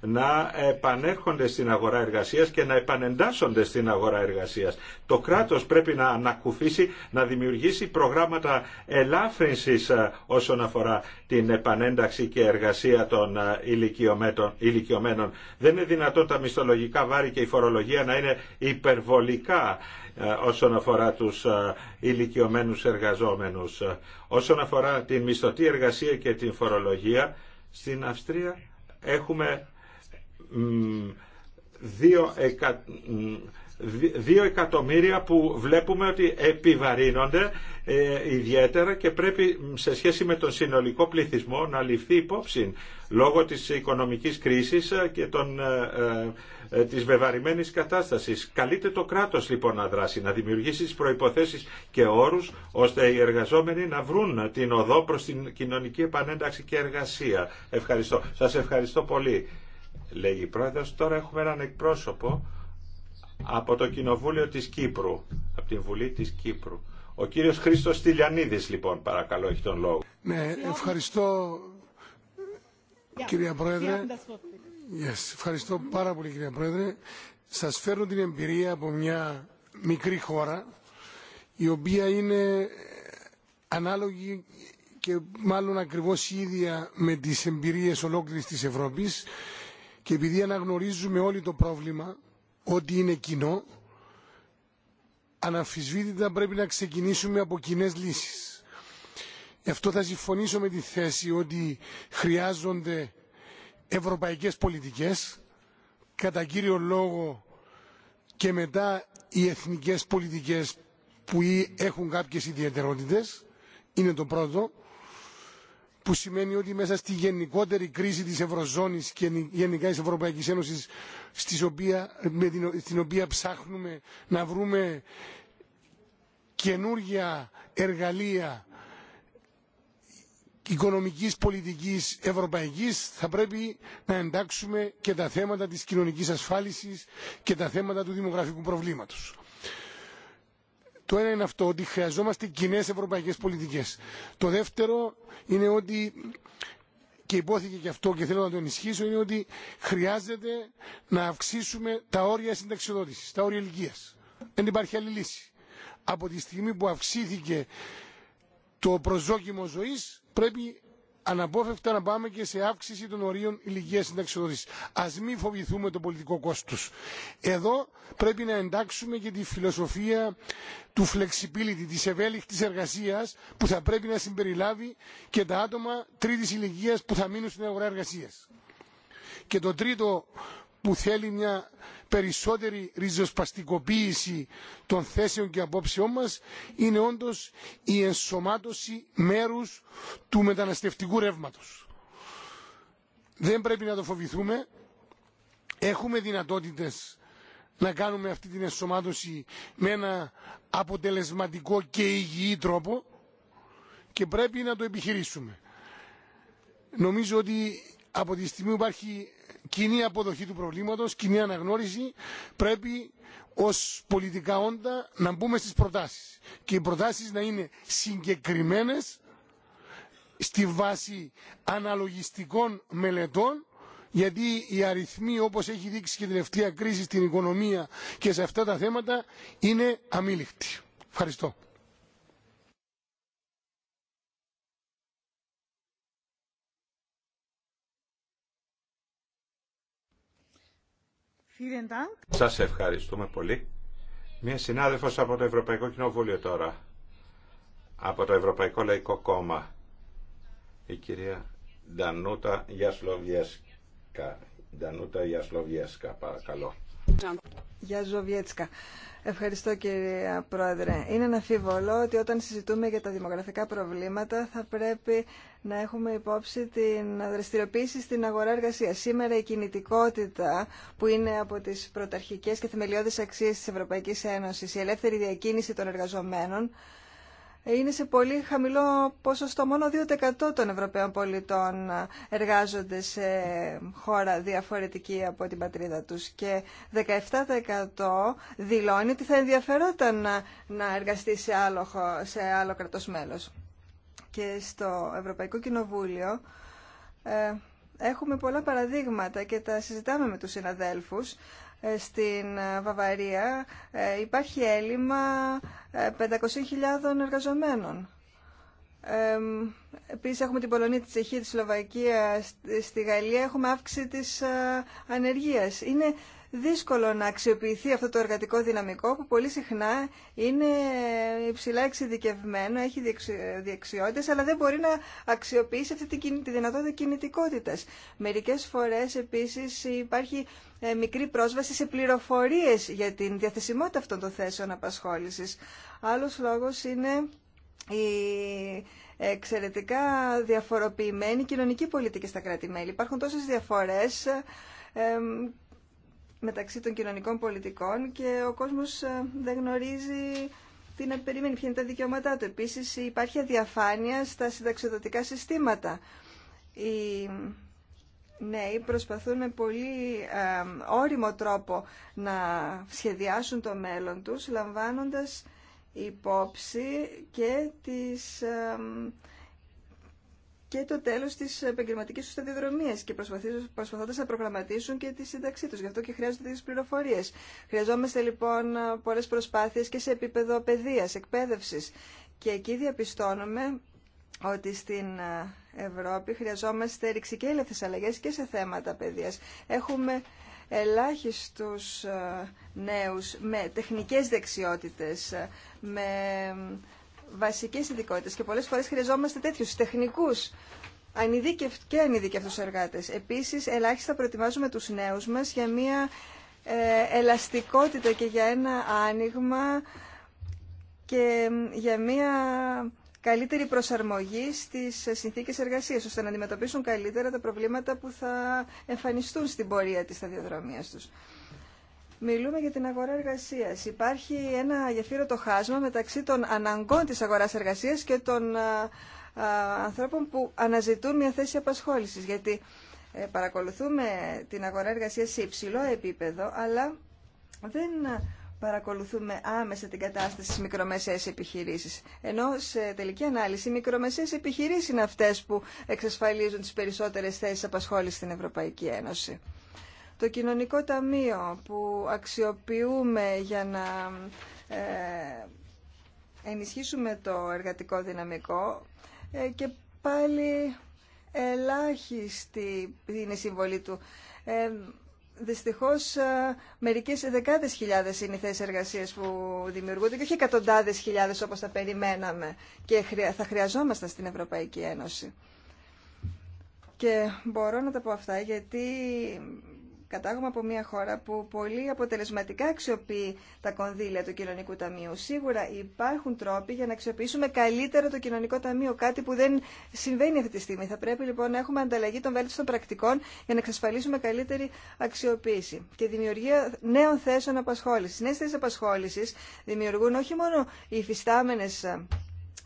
να επανέρχονται στην αγορά εργασίας και να επανεντάσσονται στην αγορά εργασίας. Το κράτος πρέπει να ανακουφίσει, να δημιουργήσει προγράμματα ελάφρυνσης ε, όσον αφορά την επανένταξη και εργασία των ε, ηλικιωμένων. Δεν είναι δυνατόν τα μισθολογικά βάρη και η φορολογία να είναι υπερβολικά ε, όσον αφορά τους ε, ηλικιωμένους εργαζόμενους. Ε, όσον αφορά την μισθωτή εργασία και την φορολογία, στην Αυστρία έχουμε δύο, εκατομμύρια που βλέπουμε ότι επιβαρύνονται ιδιαίτερα και πρέπει σε σχέση με τον συνολικό πληθυσμό να ληφθεί υπόψη λόγω της οικονομικής κρίσης και των ε, Τη βεβαρημένη κατάστασης. Καλείται το κράτος λοιπόν να δράσει, να δημιουργήσει τι προϋποθέσεις και όρου ώστε οι εργαζόμενοι να βρουν την οδό προς την κοινωνική επανένταξη και εργασία. Ευχαριστώ. Σας ευχαριστώ πολύ. Λέγει η πρόεδρο, τώρα έχουμε έναν εκπρόσωπο από το Κοινοβούλιο της Κύπρου, από την Βουλή της Κύπρου. Ο κύριος Χρήστος Τηλιανίδη, λοιπόν παρακαλώ έχει τον λόγο. Ναι, ευχαριστώ κυρία Πρόεδρε. Yes. Ευχαριστώ πάρα πολύ κύριε Πρόεδρε. Σας φέρνω την εμπειρία από μια μικρή χώρα η οποία είναι ανάλογη και μάλλον ακριβώς ίδια με τις εμπειρίες ολόκληρης της Ευρώπης και επειδή αναγνωρίζουμε όλοι το πρόβλημα ότι είναι κοινό αναμφισβήτητα πρέπει να ξεκινήσουμε από κοινέ λύσεις. Γι' αυτό θα συμφωνήσω με τη θέση ότι χρειάζονται ευρωπαϊκές πολιτικές, κατά κύριο λόγο και μετά οι εθνικές πολιτικές που έχουν κάποιες ιδιαιτερότητες, είναι το πρώτο, που σημαίνει ότι μέσα στη γενικότερη κρίση της Ευρωζώνης και γενικά της Ευρωπαϊκής Ένωσης στις οποία, με την, στην οποία ψάχνουμε να βρούμε καινούργια εργαλεία οικονομικής πολιτικής ευρωπαϊκής θα πρέπει να εντάξουμε και τα θέματα της κοινωνικής ασφάλισης και τα θέματα του δημογραφικού προβλήματος. Το ένα είναι αυτό, ότι χρειαζόμαστε κοινές ευρωπαϊκές πολιτικές. Το δεύτερο είναι ότι, και υπόθηκε και αυτό και θέλω να το ενισχύσω, είναι ότι χρειάζεται να αυξήσουμε τα όρια συνταξιοδότησης, τα όρια ηλικία. Δεν υπάρχει άλλη λύση. Από τη στιγμή που αυξήθηκε το προσδόκιμο ζωής, πρέπει αναπόφευκτα να πάμε και σε αύξηση των ορίων ηλικία συνταξιοδότηση. Α μην φοβηθούμε το πολιτικό κόστο. Εδώ πρέπει να εντάξουμε και τη φιλοσοφία του flexibility, τη ευέλικτη εργασία που θα πρέπει να συμπεριλάβει και τα άτομα τρίτη ηλικία που θα μείνουν στην αγορά εργασία. Και το τρίτο που θέλει μια περισσότερη ριζοσπαστικοποίηση των θέσεων και απόψεών μας είναι όντως η ενσωμάτωση μέρους του μεταναστευτικού ρεύματος. Δεν πρέπει να το φοβηθούμε. Έχουμε δυνατότητες να κάνουμε αυτή την ενσωμάτωση με ένα αποτελεσματικό και υγιή τρόπο και πρέπει να το επιχειρήσουμε. Νομίζω ότι από τη στιγμή που υπάρχει κοινή αποδοχή του προβλήματος, κοινή αναγνώριση, πρέπει ως πολιτικά όντα να μπούμε στις προτάσεις. Και οι προτάσεις να είναι συγκεκριμένες στη βάση αναλογιστικών μελετών γιατί η αριθμοί όπως έχει δείξει και την τελευταία κρίση στην οικονομία και σε αυτά τα θέματα είναι αμήλικτοι. Ευχαριστώ. Σας ευχαριστούμε πολύ. Μία συνάδελφος από το Ευρωπαϊκό Κοινοβούλιο τώρα. Από το Ευρωπαϊκό Λαϊκό Κόμμα. Η κυρία Ντανούτα Γιασλοβιέσκα. Ντανούτα Γιασλοβιέσκα, παρακαλώ. Ζοβιέτσκα. Ευχαριστώ κυρία Πρόεδρε. Είναι αναφιβολό ότι όταν συζητούμε για τα δημογραφικά προβλήματα θα πρέπει να έχουμε υπόψη την δραστηριοποίηση στην αγορά εργασίας. Σήμερα η κινητικότητα που είναι από τις πρωταρχικέ και θεμελιώδεις αξίες της Ευρωπαϊκής Ένωσης, η ελεύθερη διακίνηση των εργαζομένων, είναι σε πολύ χαμηλό ποσοστό. Μόνο 2% των Ευρωπαίων πολιτών εργάζονται σε χώρα διαφορετική από την πατρίδα τους και 17% δηλώνει ότι θα ενδιαφερόταν να εργαστεί σε άλλο, σε άλλο κρατός μέλος και στο Ευρωπαϊκό Κοινοβούλιο ε, έχουμε πολλά παραδείγματα και τα συζητάμε με τους συναδέλφους. Ε, στην ε, Βαβαρία υπάρχει έλλειμμα 500.000 εργαζομένων. Ε, Επίση έχουμε την Πολωνία, τη Τσεχία, τη Σλοβακία, στη Γαλλία έχουμε αύξηση της ανεργίας. Είναι δύσκολο να αξιοποιηθεί αυτό το εργατικό δυναμικό που πολύ συχνά είναι υψηλά εξειδικευμένο, έχει διεξιότητες, αλλά δεν μπορεί να αξιοποιήσει αυτή τη δυνατότητα κινητικότητας. Μερικές φορές επίσης υπάρχει ε, μικρή πρόσβαση σε πληροφορίες για την διαθεσιμότητα αυτών των θέσεων απασχόλησης. Άλλος λόγος είναι η εξαιρετικά διαφοροποιημένη κοινωνική πολιτική στα κράτη-μέλη. Υπάρχουν τόσες διαφορές ε, μεταξύ των κοινωνικών πολιτικών και ο κόσμος ε, δεν γνωρίζει τι να περιμένει, ποια είναι τα δικαιώματά του. Επίσης υπάρχει αδιαφάνεια στα συνταξιδοτικά συστήματα. Οι νέοι προσπαθούν με πολύ ε, όριμο τρόπο να σχεδιάσουν το μέλλον τους, λαμβάνοντας υπόψη και τις ε, και το τέλος τη επαγγελματική του σταδιοδρομία και προσπαθώντα να προγραμματίσουν και τη σύνταξή του. Γι' αυτό και χρειάζονται τις πληροφορίες. Χρειαζόμαστε λοιπόν πολλές προσπάθειες και σε επίπεδο παιδεία, εκπαίδευση. Και εκεί διαπιστώνουμε ότι στην ε, Ευρώπη χρειαζόμαστε ρηξικέλευθες αλλαγέ και σε θέματα παιδεία. Έχουμε ελάχιστου ε, νέου με τεχνικέ δεξιότητε. με βασικές ειδικότητες και πολλές φορές χρειαζόμαστε τέτοιους τεχνικούς και ανειδικευτούς εργάτες. Επίσης, ελάχιστα προετοιμάζουμε τους νέους μας για μια ε, ελαστικότητα και για ένα άνοιγμα και για μια καλύτερη προσαρμογή στις συνθήκες εργασίας, ώστε να αντιμετωπίσουν καλύτερα τα προβλήματα που θα εμφανιστούν στην πορεία της σταδιοδρομίας τους. Μιλούμε για την αγορά εργασίας. Υπάρχει ένα γεφύρωτο χάσμα μεταξύ των αναγκών της αγοράς εργασίας και των ε, ε, ανθρώπων που αναζητούν μια θέση απασχόλησης. Γιατί ε, παρακολουθούμε την αγορά εργασίας σε υψηλό επίπεδο, αλλά δεν παρακολουθούμε άμεσα την κατάσταση στις μικρομεσαίες επιχειρήσεις. Ενώ σε τελική ανάλυση οι μικρομεσαίες επιχειρήσεις είναι αυτές που εξασφαλίζουν τις περισσότερες θέσεις απασχόλησης στην Ευρωπαϊκή Ένωση το κοινωνικό ταμείο που αξιοποιούμε για να ε, ενισχύσουμε το εργατικό δυναμικό ε, και πάλι ελάχιστη είναι η συμβολή του. Ε, δυστυχώς ε, μερικές δεκάδες χιλιάδες είναι οι θέσεις εργασίας που δημιουργούνται και όχι εκατοντάδες χιλιάδες όπως τα περιμέναμε και θα χρειαζόμασταν στην Ευρωπαϊκή Ένωση. Και μπορώ να τα πω αυτά γιατί κατάγομαι από μια χώρα που πολύ αποτελεσματικά αξιοποιεί τα κονδύλια του κοινωνικού ταμείου. Σίγουρα υπάρχουν τρόποι για να αξιοποιήσουμε καλύτερα το κοινωνικό ταμείο, κάτι που δεν συμβαίνει αυτή τη στιγμή. Θα πρέπει λοιπόν να έχουμε ανταλλαγή των βέλτιστων πρακτικών για να εξασφαλίσουμε καλύτερη αξιοποίηση. Και δημιουργία νέων θέσεων απασχόληση. Νέε θέσει απασχόληση δημιουργούν όχι μόνο οι υφιστάμενε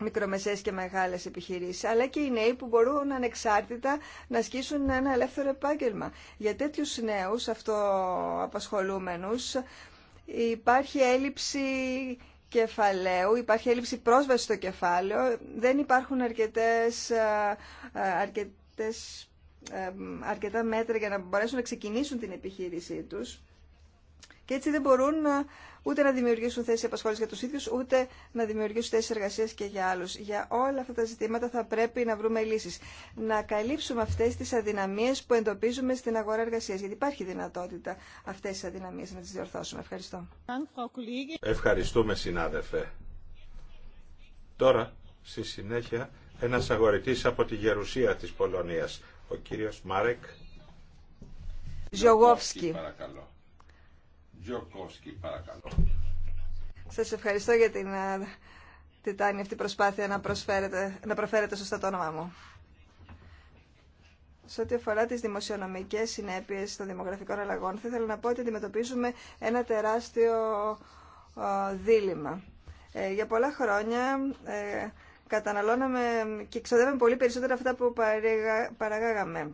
μικρομεσαίες και μεγάλες επιχειρήσεις, αλλά και οι νέοι που μπορούν ανεξάρτητα να ασκήσουν ένα ελεύθερο επάγγελμα. Για τέτοιους νέους αυτοαπασχολούμενους υπάρχει έλλειψη κεφαλαίου, υπάρχει έλλειψη πρόσβαση στο κεφάλαιο, δεν υπάρχουν αρκετές, ε, ε, αρκετές, ε, αρκετά μέτρα για να μπορέσουν να ξεκινήσουν την επιχείρησή τους και έτσι δεν μπορούν να ούτε να δημιουργήσουν θέσει απασχόληση για του ίδιου, ούτε να δημιουργήσουν θέσει εργασία και για άλλου. Για όλα αυτά τα ζητήματα θα πρέπει να βρούμε λύσει. Να καλύψουμε αυτέ τι αδυναμίε που εντοπίζουμε στην αγορά εργασία. Γιατί υπάρχει δυνατότητα αυτέ τι αδυναμίε να τι διορθώσουμε. Ευχαριστώ. Ευχαριστούμε, συνάδελφε. Τώρα, στη συνέχεια, ένα αγορητή από τη Γερουσία τη Πολωνία, ο κύριο Μάρεκ Ζιογόφσκι. Παρακαλώ. Σα Σας ευχαριστώ για την ε, τιτάνια αυτή προσπάθεια να, προσφέρετε, να προφέρετε σωστά το όνομά μου. Σε ό,τι αφορά τι δημοσιονομικέ συνέπειε των δημογραφικών αλλαγών, θα ήθελα να πω ότι αντιμετωπίζουμε ένα τεράστιο ε, δίλημα. Ε, για πολλά χρόνια καταναλώναμε και ξοδεύαμε πολύ περισσότερα αυτά που παραγάγαμε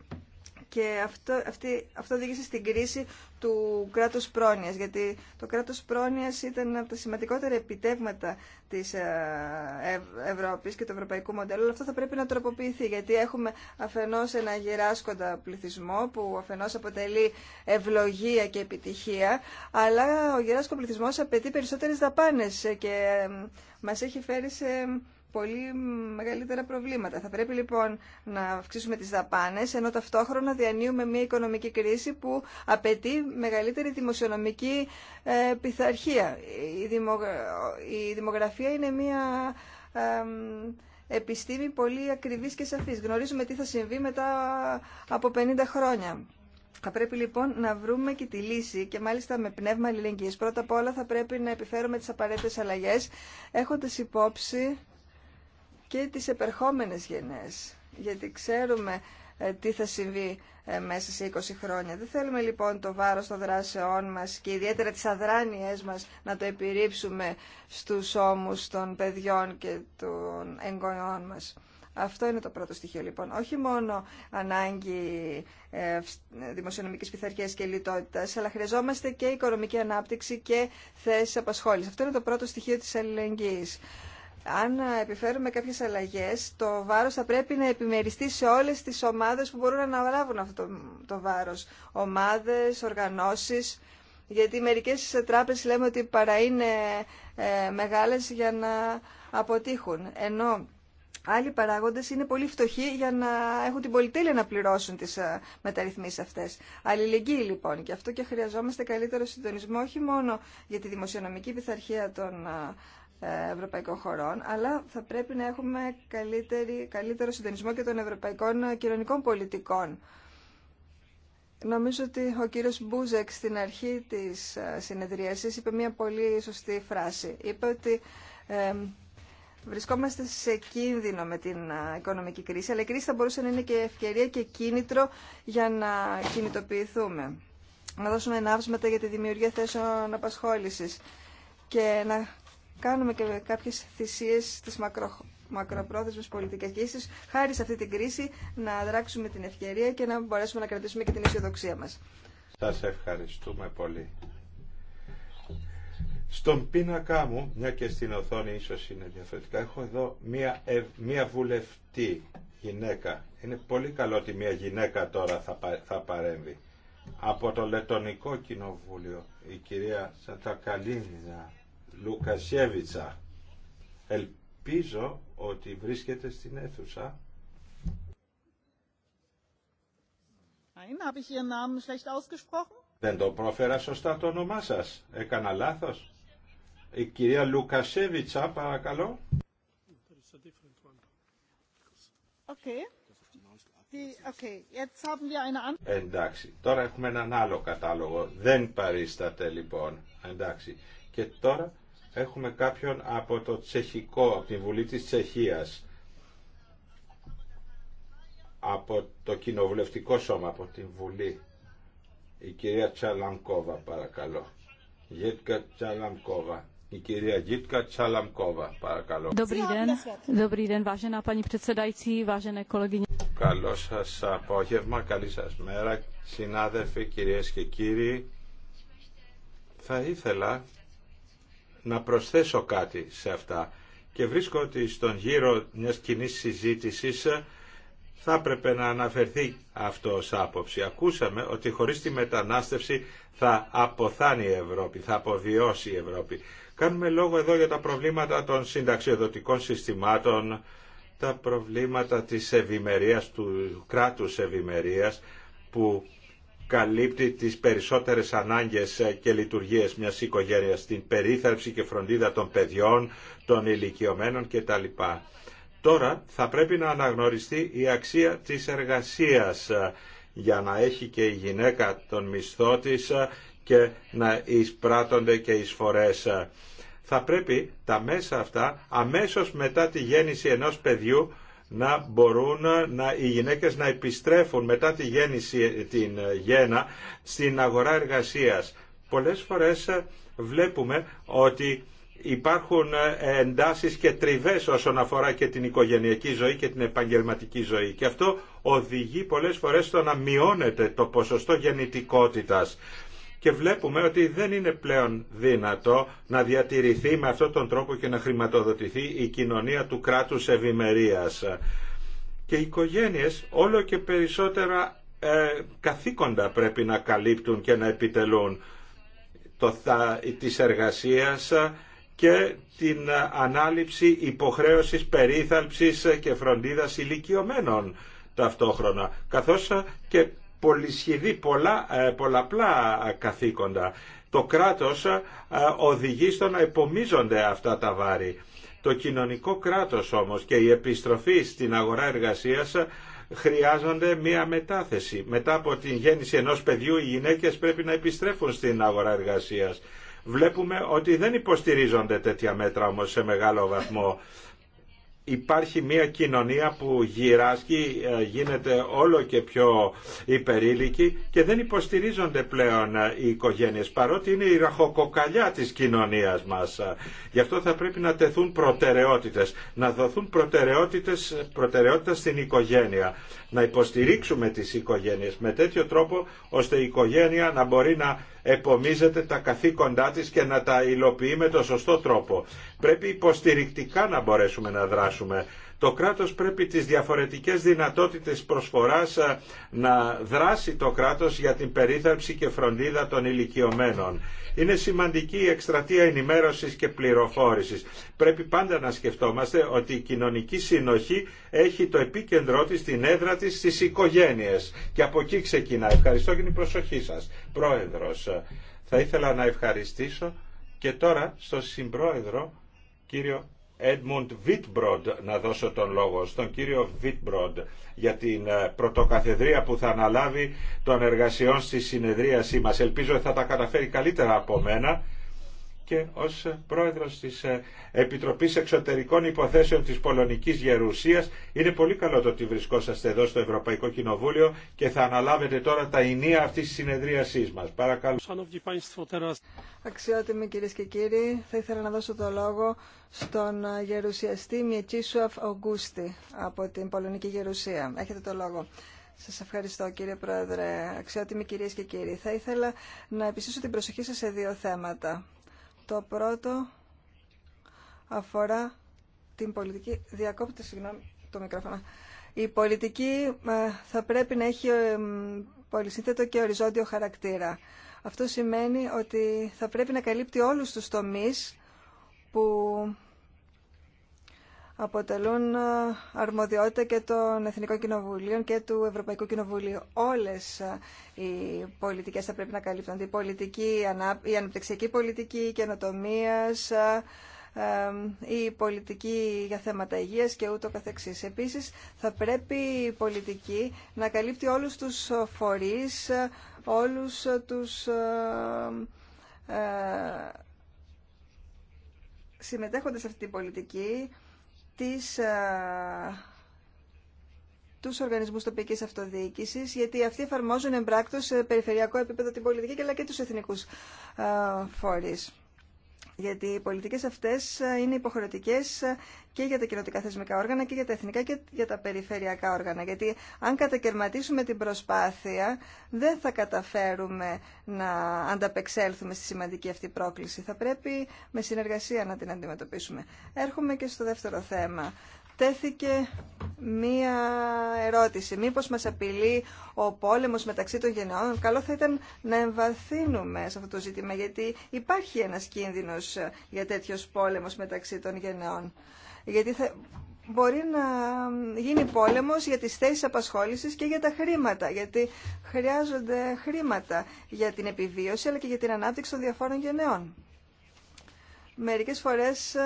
και αυτό, αυτή, αυτό οδήγησε στην κρίση του κράτους πρόνοιας, γιατί το κράτος πρόνοιας ήταν από τα σημαντικότερα επιτεύγματα της ε, Ευρώπης και του ευρωπαϊκού μοντέλου, αλλά αυτό θα πρέπει να τροποποιηθεί, γιατί έχουμε αφενός ένα γεράσκοντα πληθυσμό, που αφενός αποτελεί ευλογία και επιτυχία, αλλά ο γεράσκοντα πληθυσμός απαιτεί περισσότερες δαπάνες και ε, μας έχει φέρει σε πολύ μεγαλύτερα προβλήματα. Θα πρέπει λοιπόν να αυξήσουμε τις δαπάνες, ενώ ταυτόχρονα διανύουμε μια οικονομική κρίση που απαιτεί μεγαλύτερη δημοσιονομική ε, πειθαρχία. Η, η δημογραφία είναι μια επιστήμη πολύ ακριβής και σαφής. Γνωρίζουμε τι θα συμβεί μετά από 50 χρόνια. Θα πρέπει λοιπόν να βρούμε και τη λύση και μάλιστα με πνεύμα αλληλεγγύης. Πρώτα απ' όλα θα πρέπει να επιφέρουμε τις απαραίτητες αλλαγές έχοντας υπόψη και τις επερχόμενες γενές, γιατί ξέρουμε ε, τι θα συμβεί ε, μέσα σε 20 χρόνια. Δεν θέλουμε λοιπόν το βάρος των δράσεών μας και ιδιαίτερα τις αδράνειές μας να το επιρρύψουμε στους ώμους των παιδιών και των εγγονιών μας. Αυτό είναι το πρώτο στοιχείο λοιπόν. Όχι μόνο ανάγκη ε, δημοσιονομική πειθαρχία και λιτότητας, αλλά χρειαζόμαστε και οικονομική ανάπτυξη και θέσεις απασχόλησης. Αυτό είναι το πρώτο στοιχείο της αλληλεγγύης αν επιφέρουμε κάποιες αλλαγές, το βάρος θα πρέπει να επιμεριστεί σε όλες τις ομάδες που μπορούν να αναλάβουν αυτό το, βάρος. Ομάδες, οργανώσεις, γιατί μερικές τράπεζες λέμε ότι παρά είναι ε, μεγάλες για να αποτύχουν. Ενώ άλλοι παράγοντες είναι πολύ φτωχοί για να έχουν την πολυτέλεια να πληρώσουν τις ε, μεταρρυθμίσεις αυτές. Αλληλεγγύη λοιπόν και αυτό και χρειαζόμαστε καλύτερο συντονισμό όχι μόνο για τη δημοσιονομική πειθαρχία των ε, ε, ευρωπαϊκών χωρών, αλλά θα πρέπει να έχουμε καλύτερη, καλύτερο συντονισμό και των ευρωπαϊκών κοινωνικών πολιτικών. Νομίζω ότι ο κύριος Μπούζεκ στην αρχή της ε, συνεδρίασης είπε μια πολύ σωστή φράση. Είπε ότι ε, βρισκόμαστε σε κίνδυνο με την οικονομική κρίση, αλλά η κρίση θα μπορούσε να είναι και ευκαιρία και κίνητρο για να κινητοποιηθούμε. Να δώσουμε ενάψματα για τη δημιουργία θέσεων απασχόλησης και να κάνουμε και κάποιες θυσίες στις μακρο, μακροπρόθεσμες πολιτικές και χάρη σε αυτή την κρίση να δράξουμε την ευκαιρία και να μπορέσουμε να κρατήσουμε και την αισιοδοξία μας. Σας ευχαριστούμε πολύ. Στον πίνακά μου, μια και στην οθόνη ίσως είναι διαφορετικά, έχω εδώ μια, μια βουλευτή γυναίκα. Είναι πολύ καλό ότι μια γυναίκα τώρα θα, θα παρέμβει. Από το Λετωνικό Κοινοβούλιο, η κυρία Σατακαλίνιδα. Λουκασιέβιτσα. Ελπίζω ότι βρίσκεται στην αίθουσα. Δεν το πρόφερα σωστά το όνομά σα. Έκανα λάθο. Η κυρία Λουκασέβιτσα, παρακαλώ. Εντάξει, τώρα έχουμε έναν άλλο κατάλογο. Δεν παρίσταται λοιπόν. Εντάξει. Και τώρα έχουμε κάποιον από το Τσεχικό, από την Βουλή της Τσεχίας, από το Κοινοβουλευτικό Σώμα, από την Βουλή. Η κυρία Τσαλαμκόβα, παρακαλώ. Γιτκα Τσαλαμκόβα. Η κυρία Γίτκα Τσαλαμκόβα, παρακαλώ. Καλό σα απόγευμα, καλή σα μέρα, συνάδελφοι, κυρίες και κύριοι. Θα ήθελα να προσθέσω κάτι σε αυτά και βρίσκω ότι στον γύρο μιας κοινή συζήτησης θα έπρεπε να αναφερθεί αυτό ως άποψη. Ακούσαμε ότι χωρίς τη μετανάστευση θα αποθάνει η Ευρώπη, θα αποβιώσει η Ευρώπη. Κάνουμε λόγο εδώ για τα προβλήματα των συνταξιοδοτικών συστημάτων, τα προβλήματα της ευημερίας, του κράτους ευημερίας, που καλύπτει τις περισσότερες ανάγκες και λειτουργίες μιας οικογένειας, την περίθαλψη και φροντίδα των παιδιών, των ηλικιωμένων κτλ. Τώρα θα πρέπει να αναγνωριστεί η αξία της εργασίας για να έχει και η γυναίκα τον μισθό της και να εισπράττονται και εισφορές. Θα πρέπει τα μέσα αυτά αμέσως μετά τη γέννηση ενός παιδιού να μπορούν να, οι γυναίκες να επιστρέφουν μετά τη γέννηση, την γένα στην αγορά εργασίας. Πολλές φορές ε, βλέπουμε ότι υπάρχουν ε, εντάσεις και τριβές όσον αφορά και την οικογενειακή ζωή και την επαγγελματική ζωή και αυτό οδηγεί πολλές φορές στο να μειώνεται το ποσοστό γεννητικότητας και βλέπουμε ότι δεν είναι πλέον δυνατό να διατηρηθεί με αυτόν τον τρόπο και να χρηματοδοτηθεί η κοινωνία του κράτους ευημερία. Και οι οικογένειες όλο και περισσότερα ε, καθήκοντα πρέπει να καλύπτουν και να επιτελούν το, θα, της εργασίας και την ανάληψη υποχρέωσης περίθαλψης και φροντίδας ηλικιωμένων ταυτόχρονα, καθώς και πολυσχηδεί πολλά, ε, πολλαπλά καθήκοντα. Το κράτος ε, οδηγεί στο να επομίζονται αυτά τα βάρη. Το κοινωνικό κράτος όμως και η επιστροφή στην αγορά εργασίας ε, χρειάζονται μία μετάθεση. Μετά από την γέννηση ενός παιδιού οι γυναίκες πρέπει να επιστρέφουν στην αγορά εργασίας. Βλέπουμε ότι δεν υποστηρίζονται τέτοια μέτρα όμως σε μεγάλο βαθμό υπάρχει μια κοινωνία που γυράσκει, ε, γίνεται όλο και πιο υπερήλικη και δεν υποστηρίζονται πλέον ε, οι οικογένειες παρότι είναι η ραχοκοκαλιά της κοινωνίας μας. Γι' αυτό θα πρέπει να τεθούν προτεραιότητες, να δοθούν προτεραιότητες, προτεραιότητα στην οικογένεια, να υποστηρίξουμε τις οικογένειες με τέτοιο τρόπο ώστε η οικογένεια να μπορεί να επομίζεται τα καθήκοντά της και να τα υλοποιεί με το σωστό τρόπο. Πρέπει υποστηρικτικά να μπορέσουμε να δράσουμε το κράτος πρέπει τις διαφορετικές δυνατότητες προσφοράς ε, να δράσει το κράτος για την περίθαλψη και φροντίδα των ηλικιωμένων. Είναι σημαντική η εκστρατεία ενημέρωσης και πληροφόρησης. Πρέπει πάντα να σκεφτόμαστε ότι η κοινωνική συνοχή έχει το επίκεντρό της, την έδρα της στις οικογένειες. Και από εκεί ξεκινά. Ευχαριστώ για την προσοχή σας. Πρόεδρος, θα ήθελα να ευχαριστήσω και τώρα στον συμπρόεδρο κύριο Edmund Wittbrod να δώσω τον λόγο στον κύριο Wittbrod για την ε, πρωτοκαθεδρία που θα αναλάβει των εργασιών στη συνεδρίασή μας. Ελπίζω θα τα καταφέρει καλύτερα από μένα και ως πρόεδρος της ε, Επιτροπής Εξωτερικών Υποθέσεων της Πολωνικής Γερουσίας. Είναι πολύ καλό το ότι βρισκόσαστε εδώ στο Ευρωπαϊκό Κοινοβούλιο και θα αναλάβετε τώρα τα ενία αυτής της συνεδρίασής μας. Παρακαλώ. Αξιότιμοι κυρίες και κύριοι, θα ήθελα να δώσω το λόγο στον ε, γερουσιαστή Μιετσίσουαφ Ογκούστη από την Πολωνική Γερουσία. Έχετε το λόγο. Σας ευχαριστώ κύριε Πρόεδρε, αξιότιμοι κυρίες και κύριοι. Θα ήθελα να επιστήσω την προσοχή σας σε δύο θέματα. Το πρώτο αφορά την πολιτική... Διακόπτε, συγγνώμη, το μικρόφωνο. Η πολιτική ε, θα πρέπει να έχει ε, πολυσύνθετο και οριζόντιο χαρακτήρα. Αυτό σημαίνει ότι θα πρέπει να καλύπτει όλους τους τομείς που αποτελούν ε, αρμοδιότητα και των Εθνικών Κοινοβουλίων και του Ευρωπαϊκού Κοινοβουλίου. Όλες ε, οι πολιτικές θα πρέπει να καλύπτονται. Η, πολιτική, η αναπτυξιακή πολιτική, η καινοτομία... Ε, η πολιτική για θέματα υγείας και ούτω καθεξής. Επίσης, θα πρέπει η πολιτική να καλύπτει όλους τους φορείς, όλους τους συμμετέχοντες σε αυτή την πολιτική, τις, α, τους οργανισμούς τοπικής αυτοδιοίκησης, γιατί αυτοί εφαρμόζουν εμπράκτως σε περιφερειακό επίπεδο την πολιτική αλλά και τους εθνικούς α, φορείς. Γιατί οι πολιτικές αυτές ε, είναι υποχρεωτικές ε, και για τα κοινωτικά θεσμικά όργανα και για τα εθνικά και για τα περιφερειακά όργανα. Γιατί αν κατακαιρματίσουμε την προσπάθεια δεν θα καταφέρουμε να ανταπεξέλθουμε στη σημαντική αυτή πρόκληση. Θα πρέπει με συνεργασία να την αντιμετωπίσουμε. Έρχομαι και στο δεύτερο θέμα τέθηκε μία ερώτηση. Μήπως μας απειλεί ο πόλεμος μεταξύ των γενεών. Καλό θα ήταν να εμβαθύνουμε σε αυτό το ζήτημα, γιατί υπάρχει ένας κίνδυνος για τέτοιος πόλεμος μεταξύ των γενεών. Γιατί θα... μπορεί να γίνει πόλεμος για τις θέσεις απασχόλησης και για τα χρήματα, γιατί χρειάζονται χρήματα για την επιβίωση, αλλά και για την ανάπτυξη των διαφόρων γενεών. Μερικές φορές ε,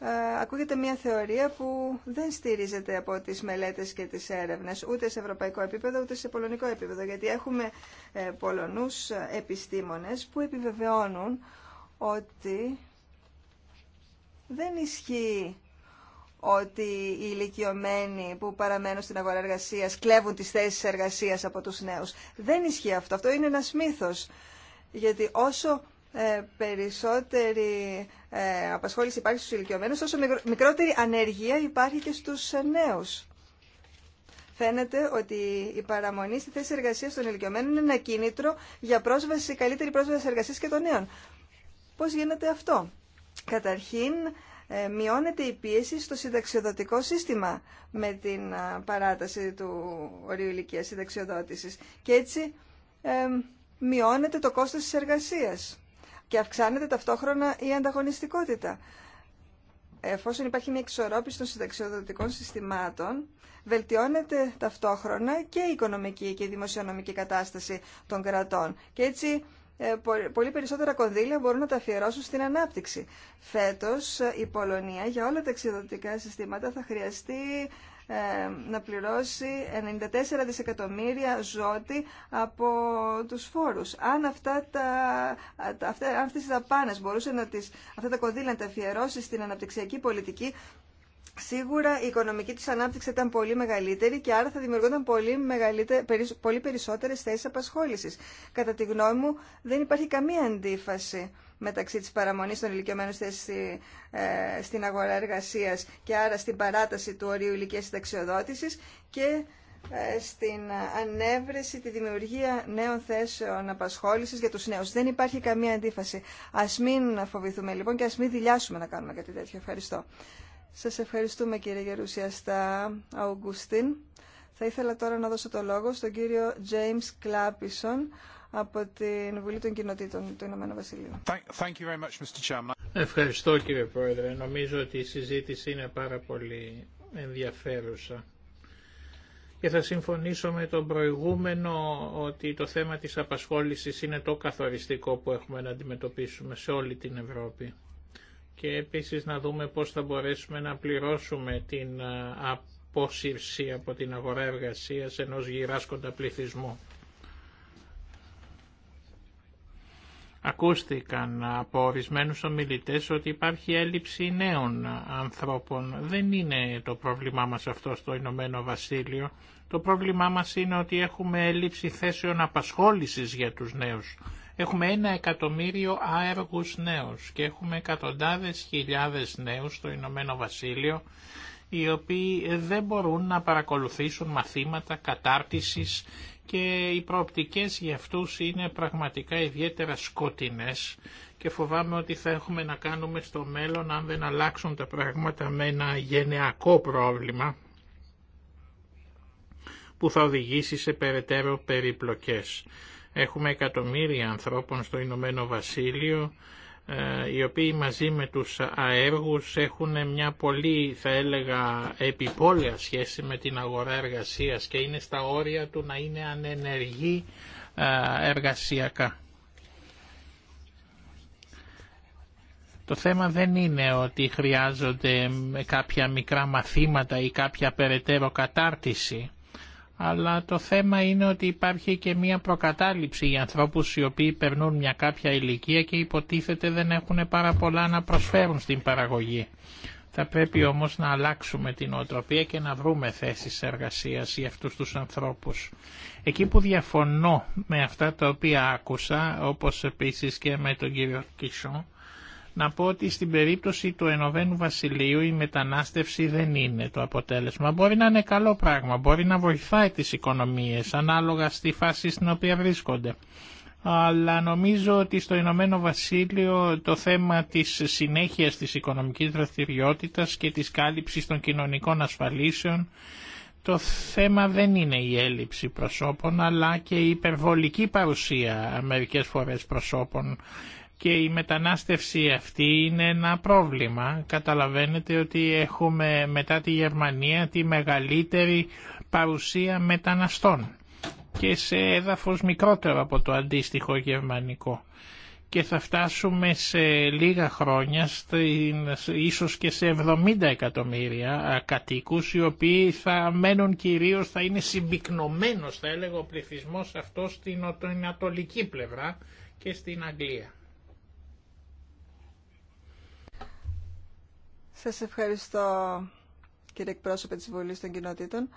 ε, ακούγεται μια θεωρία που δεν στηρίζεται από τις μελέτες και τις έρευνες ούτε σε ευρωπαϊκό επίπεδο ούτε σε πολωνικό επίπεδο γιατί έχουμε ε, πολωνούς ε, επιστήμονες που επιβεβαιώνουν ότι δεν ισχύει ότι οι ηλικιωμένοι που παραμένουν στην αγορά εργασίας κλέβουν τις θέσεις εργασίας από τους νέους. Δεν ισχύει αυτό. Αυτό είναι ένας μύθος. Γιατί όσο ε, περισσότερη ε, απασχόληση υπάρχει στους ηλικιωμένους, τόσο μικρότερη ανεργία υπάρχει και στους ε, νέους. Φαίνεται ότι η παραμονή στη θέση εργασίας των ηλικιωμένων είναι ένα κίνητρο για πρόσβαση, καλύτερη πρόσβαση εργασίας και των νέων. Πώς γίνεται αυτό. Καταρχήν, μειώνεται η πίεση στο συνταξιοδοτικό σύστημα με την παράταση του ορίου ηλικίας συνταξιοδότησης. Και έτσι μειώνεται το κόστος της εργασίας και αυξάνεται ταυτόχρονα η ανταγωνιστικότητα. Εφόσον υπάρχει μια εξορρόπηση των συνταξιοδοτικών συστημάτων, βελτιώνεται ταυτόχρονα και η οικονομική και η δημοσιονομική κατάσταση των κρατών. Και έτσι ε, πολύ περισσότερα κονδύλια μπορούν να τα αφιερώσουν στην ανάπτυξη. Φέτος ε, η Πολωνία για όλα τα εξοδοτικά συστήματα θα χρειαστεί ε, να πληρώσει 94 δισεκατομμύρια ζώτη από τους φόρους. Αν, αυτά τα, αυτά, αυτές τις δαπάνες μπορούσε να τις, αυτά τα κονδύλια να τα αφιερώσει στην αναπτυξιακή πολιτική, Σίγουρα η οικονομική της ανάπτυξη ήταν πολύ μεγαλύτερη και άρα θα δημιουργούνταν πολύ, πολύ περισσότερες θέσεις απασχόλησης. Κατά τη γνώμη μου δεν υπάρχει καμία αντίφαση μεταξύ της παραμονής των ηλικιωμένων στη, ε, στην αγορά εργασίας και άρα στην παράταση του ορίου ηλικίας συνταξιοδότησης και ε, στην ανέβρεση, τη δημιουργία νέων θέσεων απασχόλησης για τους νέους. Δεν υπάρχει καμία αντίφαση. Ας μην φοβηθούμε λοιπόν και ας μην δηλιάσουμε να κάνουμε κάτι τέτοιο. Ευχαριστώ. Σας ευχαριστούμε κύριε Γερουσιαστά Αουγκουστίν. Θα ήθελα τώρα να δώσω το λόγο στον κύριο James Κλάπισον από την Βουλή των Κοινοτήτων του Ηνωμένου Βασιλείου. Ευχαριστώ κύριε Πρόεδρε. Νομίζω ότι η συζήτηση είναι πάρα πολύ ενδιαφέρουσα. Και θα συμφωνήσω με τον προηγούμενο ότι το θέμα της απασχόλησης είναι το καθοριστικό που έχουμε να αντιμετωπίσουμε σε όλη την Ευρώπη και επίσης να δούμε πώς θα μπορέσουμε να πληρώσουμε την ε, απόσυρση από την αγορά εργασίας ενός γυράσκοντα πληθυσμού. Ακούστηκαν από ορισμένου ομιλητέ ότι υπάρχει έλλειψη νέων ανθρώπων. Δεν είναι το πρόβλημά μας αυτό στο Ηνωμένο Βασίλειο. Το πρόβλημά μας είναι ότι έχουμε έλλειψη θέσεων απασχόλησης για του νέους. Έχουμε ένα εκατομμύριο άεργους νέους και έχουμε εκατοντάδες χιλιάδες νέους στο Ηνωμένο Βασίλειο οι οποίοι δεν μπορούν να παρακολουθήσουν μαθήματα κατάρτισης και οι προοπτικές για αυτούς είναι πραγματικά ιδιαίτερα σκοτεινές και φοβάμαι ότι θα έχουμε να κάνουμε στο μέλλον αν δεν αλλάξουν τα πράγματα με ένα γενεακό πρόβλημα που θα οδηγήσει σε περαιτέρω περιπλοκές. Έχουμε εκατομμύρια ανθρώπων στο Ηνωμένο Βασίλειο ε, οι οποίοι μαζί με τους αέργους έχουν μια πολύ θα έλεγα επιπόλαια σχέση με την αγορά εργασίας και είναι στα όρια του να είναι ανενεργοί ε, εργασιακά. Το θέμα δεν είναι ότι χρειάζονται κάποια μικρά μαθήματα ή κάποια περαιτέρω κατάρτιση αλλά το θέμα είναι ότι υπάρχει και μια προκατάληψη για ανθρώπους οι οποίοι περνούν μια κάποια ηλικία και υποτίθεται δεν έχουν πάρα πολλά να προσφέρουν στην παραγωγή. Θα πρέπει όμως να αλλάξουμε την οτροπία και να βρούμε θέσεις εργασίας για αυτούς τους ανθρώπους. Εκεί που διαφωνώ με αυτά τα οποία άκουσα, όπως επίσης και με τον κύριο Κισό, να πω ότι στην περίπτωση του Ενωμένου Βασιλείου η μετανάστευση δεν είναι το αποτέλεσμα. Μπορεί να είναι καλό πράγμα, μπορεί να βοηθάει τις οικονομίες ανάλογα στη φάση στην οποία βρίσκονται. Αλλά νομίζω ότι στο Ηνωμένο Βασίλειο το θέμα της συνέχειας της οικονομικής δραστηριότητας και της κάλυψης των κοινωνικών ασφαλίσεων το θέμα δεν είναι η έλλειψη προσώπων αλλά και η υπερβολική παρουσία μερικές φορές προσώπων και η μετανάστευση αυτή είναι ένα πρόβλημα. Καταλαβαίνετε ότι έχουμε μετά τη Γερμανία τη μεγαλύτερη παρουσία μεταναστών και σε έδαφος μικρότερο από το αντίστοιχο γερμανικό. Και θα φτάσουμε σε λίγα χρόνια, ίσως και σε 70 εκατομμύρια κατοίκους, οι οποίοι θα μένουν κυρίως, θα είναι συμπυκνωμένος, θα έλεγα, ο πληθυσμός αυτό στην ανατολική πλευρά και στην Αγγλία. Σας ευχαριστώ κύριε εκπρόσωπε της Βουλής των Κοινοτήτων.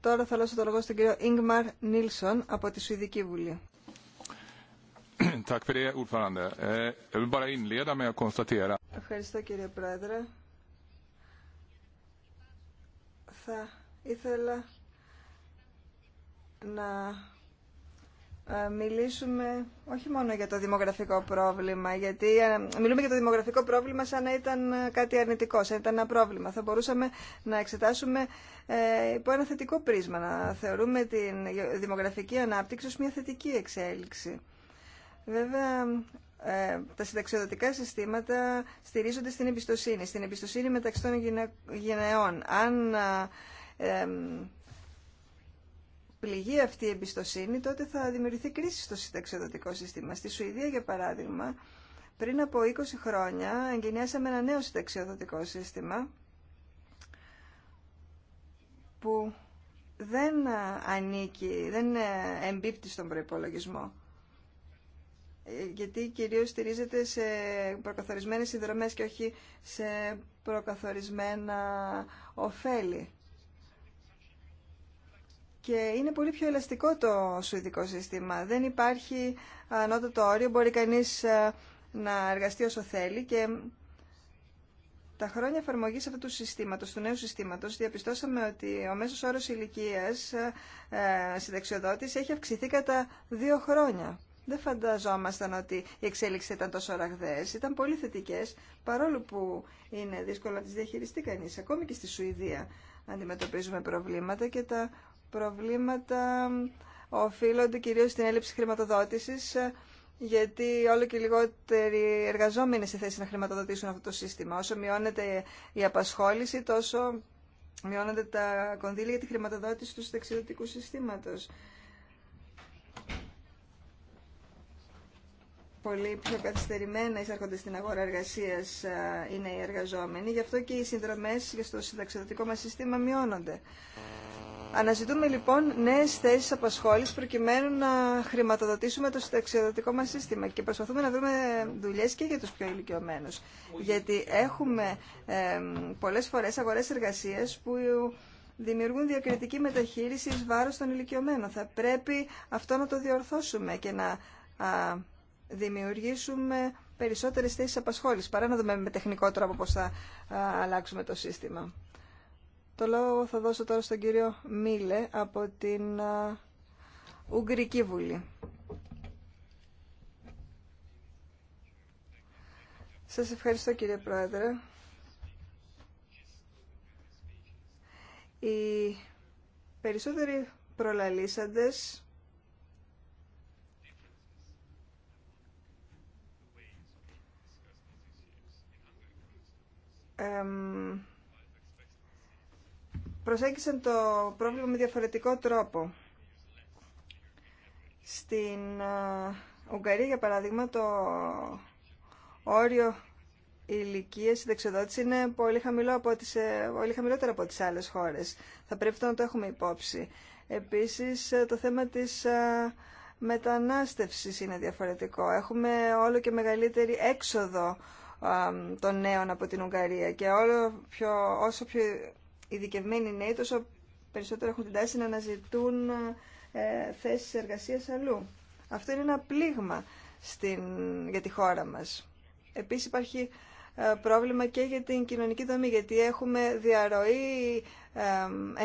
Τώρα θα λάσω το λόγο στον κύριο Ίγμαρ Νίλσον από τη Σουηδική Βουλή. Ευχαριστώ κύριε Πρόεδρε. Θα ήθελα να ε, μιλήσουμε όχι μόνο για το δημογραφικό πρόβλημα, γιατί ε, μιλούμε για το δημογραφικό πρόβλημα σαν να ήταν ε, κάτι αρνητικό, σαν να ήταν ένα πρόβλημα. Θα μπορούσαμε να εξετάσουμε υπό ένα θετικό πρίσμα, να θεωρούμε τη δημογραφική ανάπτυξη ως μια θετική εξέλιξη. Βέβαια, τα συνταξιοδοτικά συστήματα στηρίζονται στην εμπιστοσύνη, στην εμπιστοσύνη μεταξύ των γυναιών. Αν πληγεί αυτή η εμπιστοσύνη, τότε θα δημιουργηθεί κρίση στο συνταξιοδοτικό σύστημα. Στη Σουηδία, για παράδειγμα, πριν από 20 χρόνια εγκαινιάσαμε ένα νέο συνταξιοδοτικό σύστημα που δεν ανήκει, δεν εμπίπτει στον προϋπολογισμό γιατί κυρίως στηρίζεται σε προκαθορισμένες συνδρομές και όχι σε προκαθορισμένα ωφέλη. Και είναι πολύ πιο ελαστικό το σουηδικό σύστημα. Δεν υπάρχει ανώτατο όριο, μπορεί κανείς ε, να εργαστεί όσο θέλει και τα χρόνια εφαρμογή αυτού του συστήματο, του νέου συστήματο, διαπιστώσαμε ότι ο μέσο όρο ηλικία ε, συνταξιοδότηση έχει αυξηθεί κατά δύο χρόνια. Δεν φανταζόμασταν ότι η εξέλιξη ήταν τόσο ραγδαίε. Ήταν πολύ θετικέ, παρόλο που είναι δύσκολο να τι διαχειριστεί κανεί. Ακόμη και στη Σουηδία αντιμετωπίζουμε προβλήματα και τα προβλήματα οφείλονται κυρίως στην έλλειψη χρηματοδότησης γιατί όλο και λιγότεροι εργαζόμενοι είναι σε θέση να χρηματοδοτήσουν αυτό το σύστημα. Όσο μειώνεται η απασχόληση, τόσο μειώνονται τα κονδύλια για τη χρηματοδότηση του συνταξιδοτικού συστήματος. Πολύ πιο καθυστερημένα εισέρχονται στην αγορά εργασίας είναι οι εργαζόμενοι, γι' αυτό και οι συνδρομές στο συνταξιδοτικό μας σύστημα μειώνονται. Αναζητούμε λοιπόν νέε θέσει απασχόληση προκειμένου να χρηματοδοτήσουμε το συνταξιοδοτικό μα σύστημα και προσπαθούμε να δούμε δουλειέ και για του πιο ηλικιωμένου. Γιατί έχουμε ε, πολλέ φορέ αγορέ εργασία που δημιουργούν διακριτική μεταχείριση ει βάρο των ηλικιωμένων. Θα πρέπει αυτό να το διορθώσουμε και να δημιουργήσουμε περισσότερες θέσεις απασχόλησης, παρά να δούμε με τεχνικό τρόπο πώς θα αλλάξουμε το σύστημα. Το λόγο θα δώσω τώρα στον κύριο Μίλε από την Ουγγρική Βουλή. Σας ευχαριστώ κύριε Πρόεδρε. Οι περισσότεροι προλαλήσαντες εμ, προσέγγισαν το πρόβλημα με διαφορετικό τρόπο. Στην Ουγγαρία, για παράδειγμα, το όριο ηλικία η δεξιοδότηση είναι πολύ, χαμηλό από τις, ε, πολύ χαμηλότερο από τις άλλες χώρες. Θα πρέπει να το έχουμε υπόψη. Επίσης, ε, το θέμα της μετανάστευσης είναι διαφορετικό. Έχουμε όλο και μεγαλύτερη έξοδο των νέων από την Ουγγαρία και όλο πιο, όσο πιο ειδικευμένοι νέοι, τόσο περισσότερο έχουν την τάση να αναζητούν ε, θέσεις εργασίας αλλού. Αυτό είναι ένα πλήγμα στην, για τη χώρα μας. Επίσης υπάρχει ε, πρόβλημα και για την κοινωνική δομή, γιατί έχουμε διαρροή ε,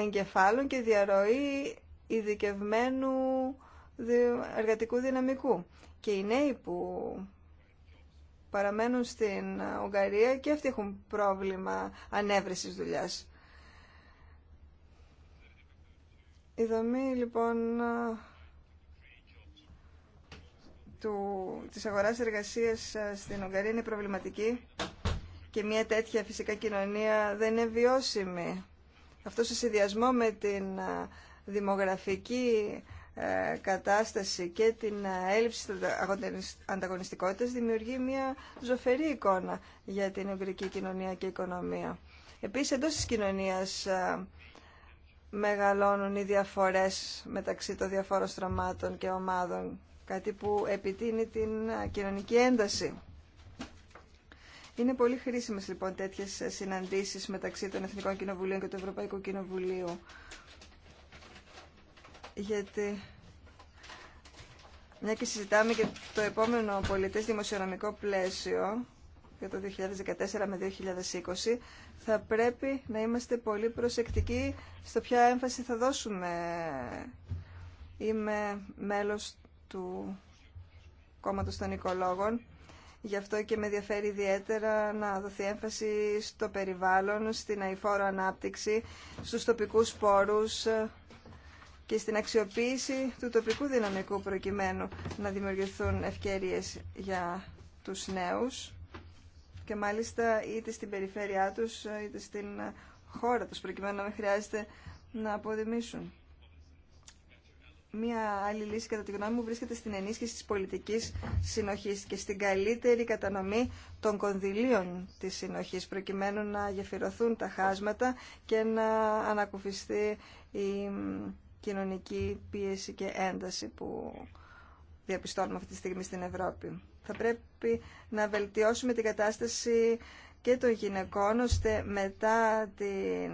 εγκεφάλων και διαρροή ειδικευμένου εργατικού δυναμικού. Και οι νέοι που παραμένουν στην Ουγγαρία και αυτοί έχουν πρόβλημα ανέβρεσης δουλειάς. Η δομή λοιπόν του, της αγοράς εργασίας ε, στην Ουγγαρία είναι προβληματική και μια τέτοια φυσικά κοινωνία δεν είναι βιώσιμη. Αυτό σε συνδυασμό με την ε, δημογραφική ε, κατάσταση και την έλλειψη των ανταγωνιστικότητας δημιουργεί μια ζωφερή εικόνα για την ουγγρική κοινωνία και οικονομία. Επίσης εντός της κοινωνίας μεγαλώνουν οι διαφορές μεταξύ των διαφόρων στρωμάτων και ομάδων, κάτι που επιτείνει την κοινωνική ένταση. Είναι πολύ χρήσιμες λοιπόν τέτοιες συναντήσεις μεταξύ των Εθνικών Κοινοβουλίων και του Ευρωπαϊκού Κοινοβουλίου, γιατί μια και συζητάμε και το επόμενο πολιτές δημοσιονομικό πλαίσιο, για το 2014 με 2020, θα πρέπει να είμαστε πολύ προσεκτικοί στο ποια έμφαση θα δώσουμε. Είμαι μέλος του κόμματος των οικολόγων, γι' αυτό και με ενδιαφέρει ιδιαίτερα να δοθεί έμφαση στο περιβάλλον, στην αηφόρο ανάπτυξη, στους τοπικούς πόρους, και στην αξιοποίηση του τοπικού δυναμικού προκειμένου να δημιουργηθούν ευκαιρίες για τους νέους και μάλιστα είτε στην περιφέρειά τους είτε στην χώρα τους προκειμένου να μην χρειάζεται να αποδημήσουν. Μία άλλη λύση κατά τη γνώμη μου βρίσκεται στην ενίσχυση της πολιτικής συνοχής και στην καλύτερη κατανομή των κονδυλίων της συνοχής προκειμένου να γεφυρωθούν τα χάσματα και να ανακουφιστεί η κοινωνική πίεση και ένταση που διαπιστώνουμε αυτή τη στιγμή στην Ευρώπη θα πρέπει να βελτιώσουμε την κατάσταση και των γυναικών, ώστε μετά την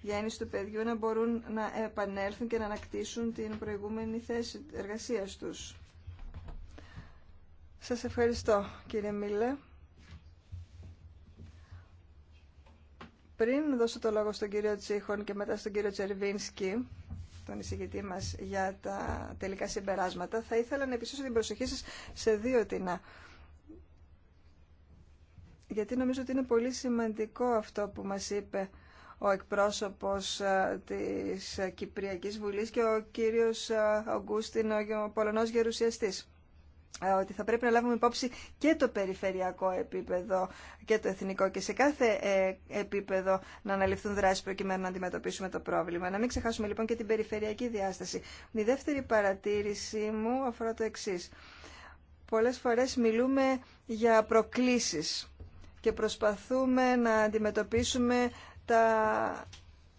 γέννηση του παιδιού να μπορούν να επανέλθουν και να ανακτήσουν την προηγούμενη θέση εργασίας τους. Σας ευχαριστώ κύριε Μίλε. Πριν δώσω το λόγο στον κύριο Τσίχον και μετά στον κύριο Τσερβίνσκι, τον εισηγητή μας για τα τελικά συμπεράσματα, θα ήθελα να επιστήσω την προσοχή σας σε δύο τινά. Γιατί νομίζω ότι είναι πολύ σημαντικό αυτό που μας είπε ο εκπρόσωπος ε, της Κυπριακής Βουλής και ο κύριος ε, Αγκούστιν, ο Πολωνός Γερουσιαστής. Ε, ότι θα πρέπει να λάβουμε υπόψη και το περιφερειακό επίπεδο και το εθνικό και σε κάθε ε, επίπεδο να αναλυφθούν δράσεις προκειμένου να αντιμετωπίσουμε το πρόβλημα. Να μην ξεχάσουμε λοιπόν και την περιφερειακή διάσταση. Η δεύτερη παρατήρησή μου αφορά το εξή. Πολλές φορές μιλούμε για προκλήσεις και προσπαθούμε να αντιμετωπίσουμε τα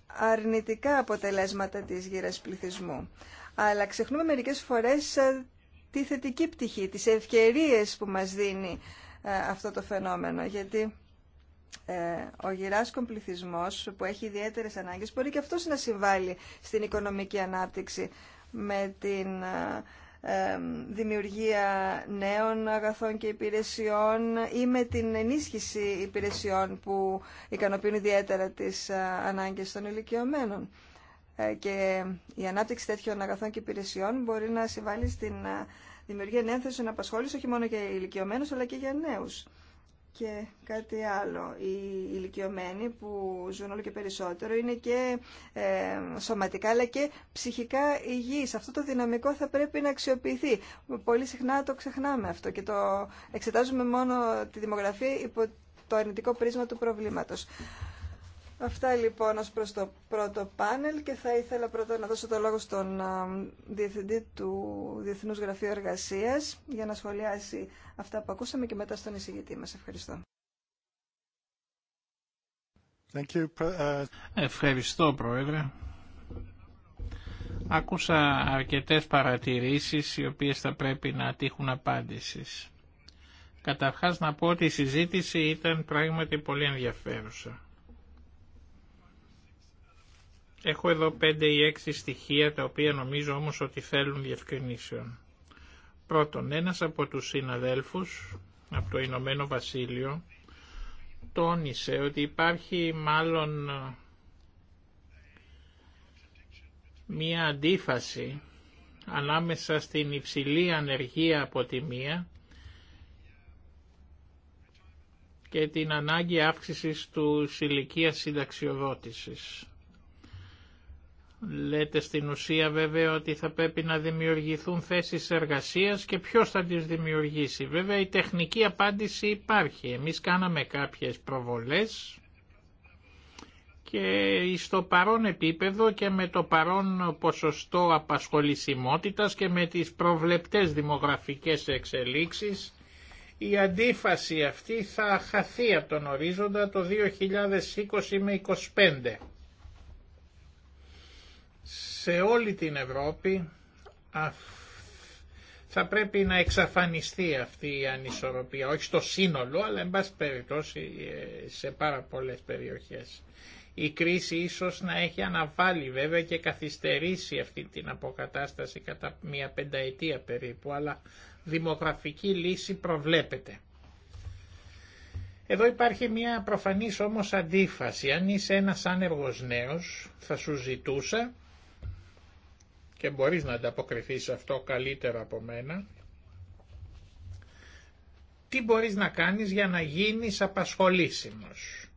αρνητικά αποτελέσματα της γύρας πληθυσμού. Αλλά ξεχνούμε μερικές φορές ε, τη θετική πτυχή, τις ευκαιρίες που μας δίνει ε, αυτό το φαινόμενο. Γιατί ε, ο γυράσκον πληθυσμό που έχει ιδιαίτερε ανάγκες μπορεί και αυτός να συμβάλλει στην οικονομική ανάπτυξη με την ε, δημιουργία νέων αγαθών και υπηρεσιών ή με την ενίσχυση υπηρεσιών που ικανοποιούν ιδιαίτερα τις ανάγκες των ηλικιωμένων. Ε, και η ανάπτυξη τέτοιων αγαθών και υπηρεσιών μπορεί να συμβάλλει στην ε, δημιουργία νέων θέσεων απασχόληση όχι μόνο για ηλικιωμένους αλλά και για νέους. Και κάτι άλλο, οι ηλικιωμένοι που ζουν όλο και περισσότερο είναι και ε, σωματικά αλλά και ψυχικά υγιείς. Αυτό το δυναμικό θα πρέπει να αξιοποιηθεί. Πολύ συχνά το ξεχνάμε αυτό και το εξετάζουμε μόνο τη δημογραφία υπό το αρνητικό πρίσμα του προβλήματος. Αυτά λοιπόν ως προς το πρώτο πάνελ και θα ήθελα πρώτα να δώσω το λόγο στον Διευθυντή του Διεθνούς Γραφείου Εργασίας για να σχολιάσει αυτά που ακούσαμε και μετά στον εισηγητή μας. Ευχαριστώ. Thank ε, Ευχαριστώ Πρόεδρε. Άκουσα αρκετές παρατηρήσεις οι οποίες θα πρέπει να τύχουν απάντησης. Καταρχάς να πω ότι η συζήτηση ήταν πράγματι πολύ ενδιαφέρουσα. Έχω εδώ πέντε ή έξι στοιχεία τα οποία νομίζω όμως ότι θέλουν διευκρινήσεων. Πρώτον, ένας από τους συναδέλφους από το Ηνωμένο Βασίλειο τόνισε ότι υπάρχει μάλλον ε, μία αντίφαση ανάμεσα στην υψηλή ανεργία από τη μία και την ανάγκη αύξησης του ηλικία συνταξιοδότησης. Λέτε στην ουσία βέβαια ότι θα πρέπει να δημιουργηθούν θέσεις εργασίας και ποιος θα τις δημιουργήσει. Βέβαια η τεχνική απάντηση υπάρχει. Εμείς κάναμε κάποιες προβολές και στο παρόν επίπεδο και με το παρόν ποσοστό απασχολησιμότητας και με τις προβλεπτές δημογραφικές εξελίξεις η αντίφαση αυτή θα χαθεί από τον ορίζοντα το 2020 με 25 σε όλη την Ευρώπη θα πρέπει να εξαφανιστεί αυτή η ανισορροπία, όχι στο σύνολο, αλλά εν πάση περιπτώσει ε, σε πάρα πολλές περιοχές. Η κρίση ίσως να έχει αναβάλει βέβαια και καθυστερήσει αυτή την αποκατάσταση κατά μια πενταετία περίπου, αλλά δημογραφική λύση προβλέπεται. Εδώ υπάρχει μια προφανής όμως αντίφαση. Αν είσαι ένας άνεργος νέος, θα σου ζητούσα και μπορείς να ανταποκριθείς αυτό καλύτερα από μένα, τι μπορείς να κάνεις για να γίνεις απασχολήσιμος.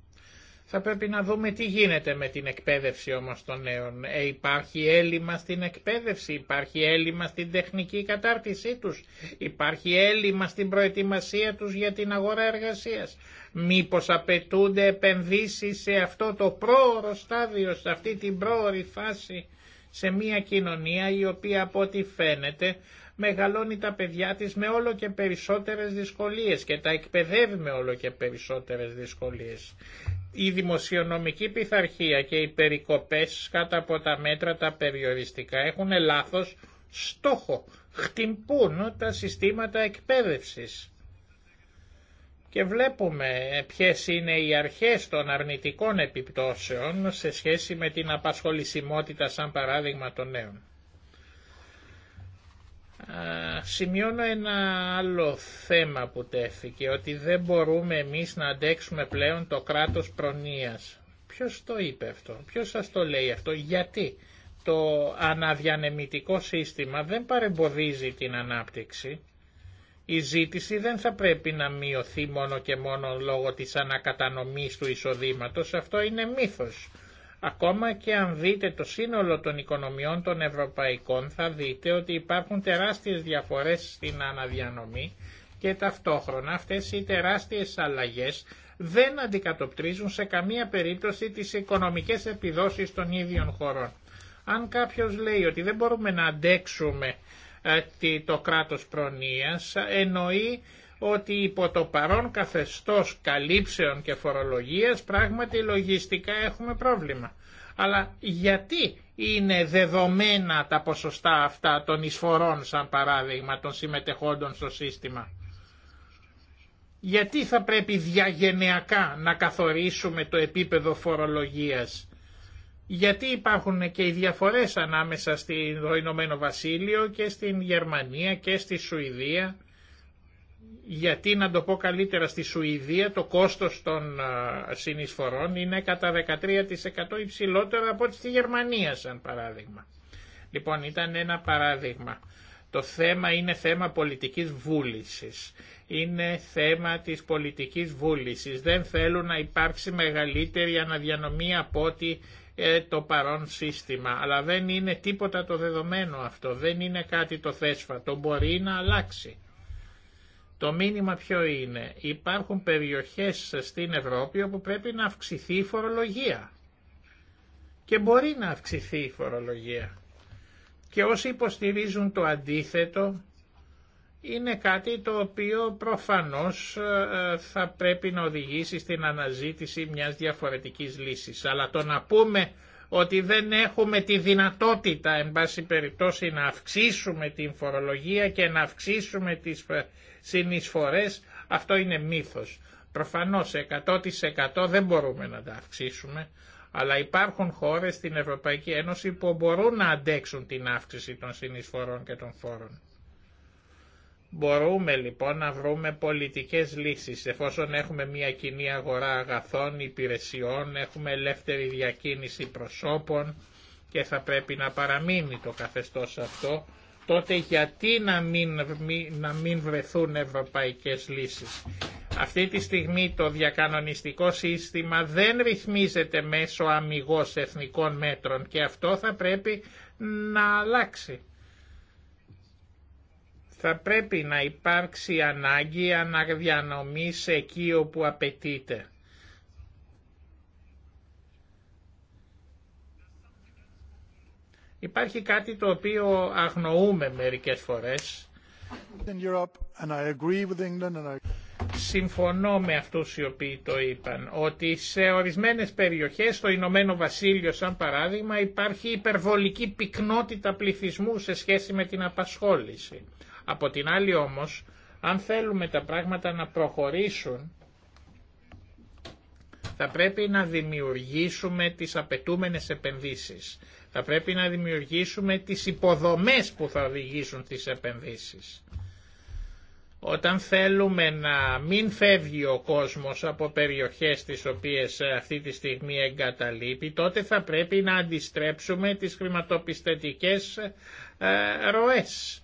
Θα πρέπει να δούμε τι γίνεται με την εκπαίδευση όμως των νέων. Ε, υπάρχει έλλειμμα στην εκπαίδευση, υπάρχει έλλειμμα στην τεχνική κατάρτισή τους, υπάρχει έλλειμμα στην προετοιμασία τους για την αγορά εργασίας. Μήπως απαιτούνται επενδύσεις σε αυτό το πρόωρο στάδιο, σε αυτή την πρόωρη φάση σε μια κοινωνία η οποία από ό,τι φαίνεται μεγαλώνει τα παιδιά της με όλο και περισσότερες δυσκολίες και τα εκπαιδεύει με όλο και περισσότερες δυσκολίες. Η δημοσιονομική πειθαρχία και οι περικοπές κατά από τα μέτρα τα περιοριστικά έχουν λάθος στόχο. Χτυπούν τα συστήματα εκπαίδευσης και βλέπουμε ε, ποιες είναι οι αρχές των αρνητικών επιπτώσεων σε σχέση με την απασχολησιμότητα σαν παράδειγμα των νέων. Σημειώνω ένα άλλο θέμα που τέθηκε, ότι δεν μπορούμε εμείς να αντέξουμε πλέον το κράτος προνοίας. Ποιος το είπε αυτό, ποιος σας το λέει αυτό, γιατί το αναδιανεμητικό σύστημα δεν παρεμποδίζει την ανάπτυξη, η ζήτηση δεν θα πρέπει να μειωθεί μόνο και μόνο λόγω της ανακατανομής του εισοδήματος, αυτό είναι μύθος. Ακόμα και αν δείτε το σύνολο των οικονομιών των ευρωπαϊκών θα δείτε ότι υπάρχουν τεράστιες διαφορές στην αναδιανομή και ταυτόχρονα αυτές οι τεράστιες αλλαγές δεν αντικατοπτρίζουν σε καμία περίπτωση τις οικονομικές επιδόσεις των ίδιων χωρών. Αν κάποιος λέει ότι δεν μπορούμε να αντέξουμε το κράτος προνοίας εννοεί ότι υπό το παρόν καθεστώς καλύψεων και φορολογίας πράγματι λογιστικά έχουμε πρόβλημα. Αλλά γιατί είναι δεδομένα τα ποσοστά αυτά των εισφορών σαν παράδειγμα των συμμετεχόντων στο σύστημα. Γιατί θα πρέπει διαγενειακά να καθορίσουμε το επίπεδο φορολογίας γιατί υπάρχουν και οι διαφορές ανάμεσα στο Ηνωμένο Βασίλειο και στην Γερμανία και στη Σουηδία. Γιατί να το πω καλύτερα, στη Σουηδία το κόστος των συνεισφορών είναι κατά 13% υψηλότερο από ό,τι στη Γερμανία σαν παράδειγμα. Λοιπόν ήταν ένα παράδειγμα. Το θέμα είναι θέμα πολιτικής βούλησης. Είναι θέμα της πολιτικής βούλησης. Δεν θέλουν να υπάρξει μεγαλύτερη αναδιανομή από ό,τι το παρόν σύστημα. Αλλά δεν είναι τίποτα το δεδομένο αυτό, δεν είναι κάτι το θέσφατο, μπορεί να αλλάξει. Το μήνυμα ποιο είναι. Υπάρχουν περιοχές στην Ευρώπη όπου πρέπει να αυξηθεί η φορολογία. Και μπορεί να αυξηθεί η φορολογία. Και όσοι υποστηρίζουν το αντίθετο είναι κάτι το οποίο προφανώς ε, ε, θα πρέπει να οδηγήσει στην αναζήτηση μιας διαφορετικής λύσης. Αλλά το να πούμε ότι δεν έχουμε τη δυνατότητα, εν πάση περιπτώσει, να αυξήσουμε την φορολογία και να αυξήσουμε τις ε, συνεισφορές, αυτό είναι μύθος. Προφανώς 100% δεν μπορούμε να τα αυξήσουμε, αλλά υπάρχουν χώρες στην Ευρωπαϊκή Ένωση που μπορούν να αντέξουν την αύξηση των συνεισφορών και των φόρων. Μπορούμε λοιπόν να βρούμε πολιτικές λύσεις εφόσον έχουμε μια κοινή αγορά αγαθών, υπηρεσιών, έχουμε ελεύθερη διακίνηση προσώπων και θα πρέπει να παραμείνει το καθεστώς αυτό, τότε γιατί να μην, να μην βρεθούν ευρωπαϊκές λύσεις. Αυτή τη στιγμή το διακανονιστικό σύστημα δεν ρυθμίζεται μέσω αμυγός εθνικών μέτρων και αυτό θα πρέπει να αλλάξει θα πρέπει να υπάρξει ανάγκη σε εκεί όπου απαιτείται. Υπάρχει κάτι το οποίο αγνοούμε μερικές φορές. Συμφωνώ με αυτούς οι οποίοι το είπαν, ότι σε ορισμένες περιοχές, στο Ηνωμένο Βασίλειο σαν παράδειγμα, υπάρχει υπερβολική πυκνότητα πληθυσμού σε σχέση με την απασχόληση. Από την άλλη όμως, αν θέλουμε τα πράγματα να προχωρήσουν, θα πρέπει να δημιουργήσουμε τις απαιτούμενες επενδύσεις. Θα πρέπει να δημιουργήσουμε τις υποδομές που θα οδηγήσουν τις επενδύσεις. Όταν θέλουμε να μην φεύγει ο κόσμος από περιοχές τις οποίες ε, αυτή τη στιγμή εγκαταλείπει, τότε θα πρέπει να αντιστρέψουμε τις χρηματοπιστωτικές ε, ε, ροές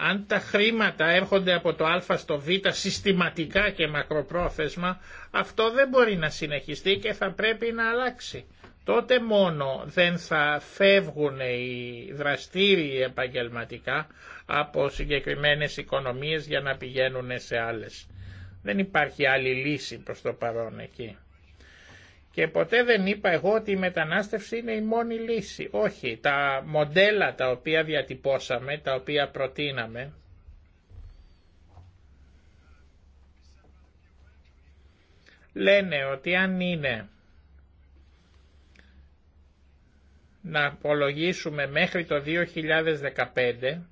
αν τα χρήματα έρχονται από το α στο β συστηματικά και μακροπρόθεσμα, αυτό δεν μπορεί να συνεχιστεί και θα πρέπει να αλλάξει. Τότε μόνο δεν θα φεύγουν οι δραστήριοι επαγγελματικά από συγκεκριμένες οικονομίες για να πηγαίνουν σε άλλες. Δεν υπάρχει άλλη λύση προς το παρόν εκεί. Και ποτέ δεν είπα εγώ ότι η μετανάστευση είναι η μόνη λύση. Όχι, τα μοντέλα τα οποία διατυπώσαμε, τα οποία προτείναμε, λένε ότι αν είναι να απολογίσουμε μέχρι το 2015,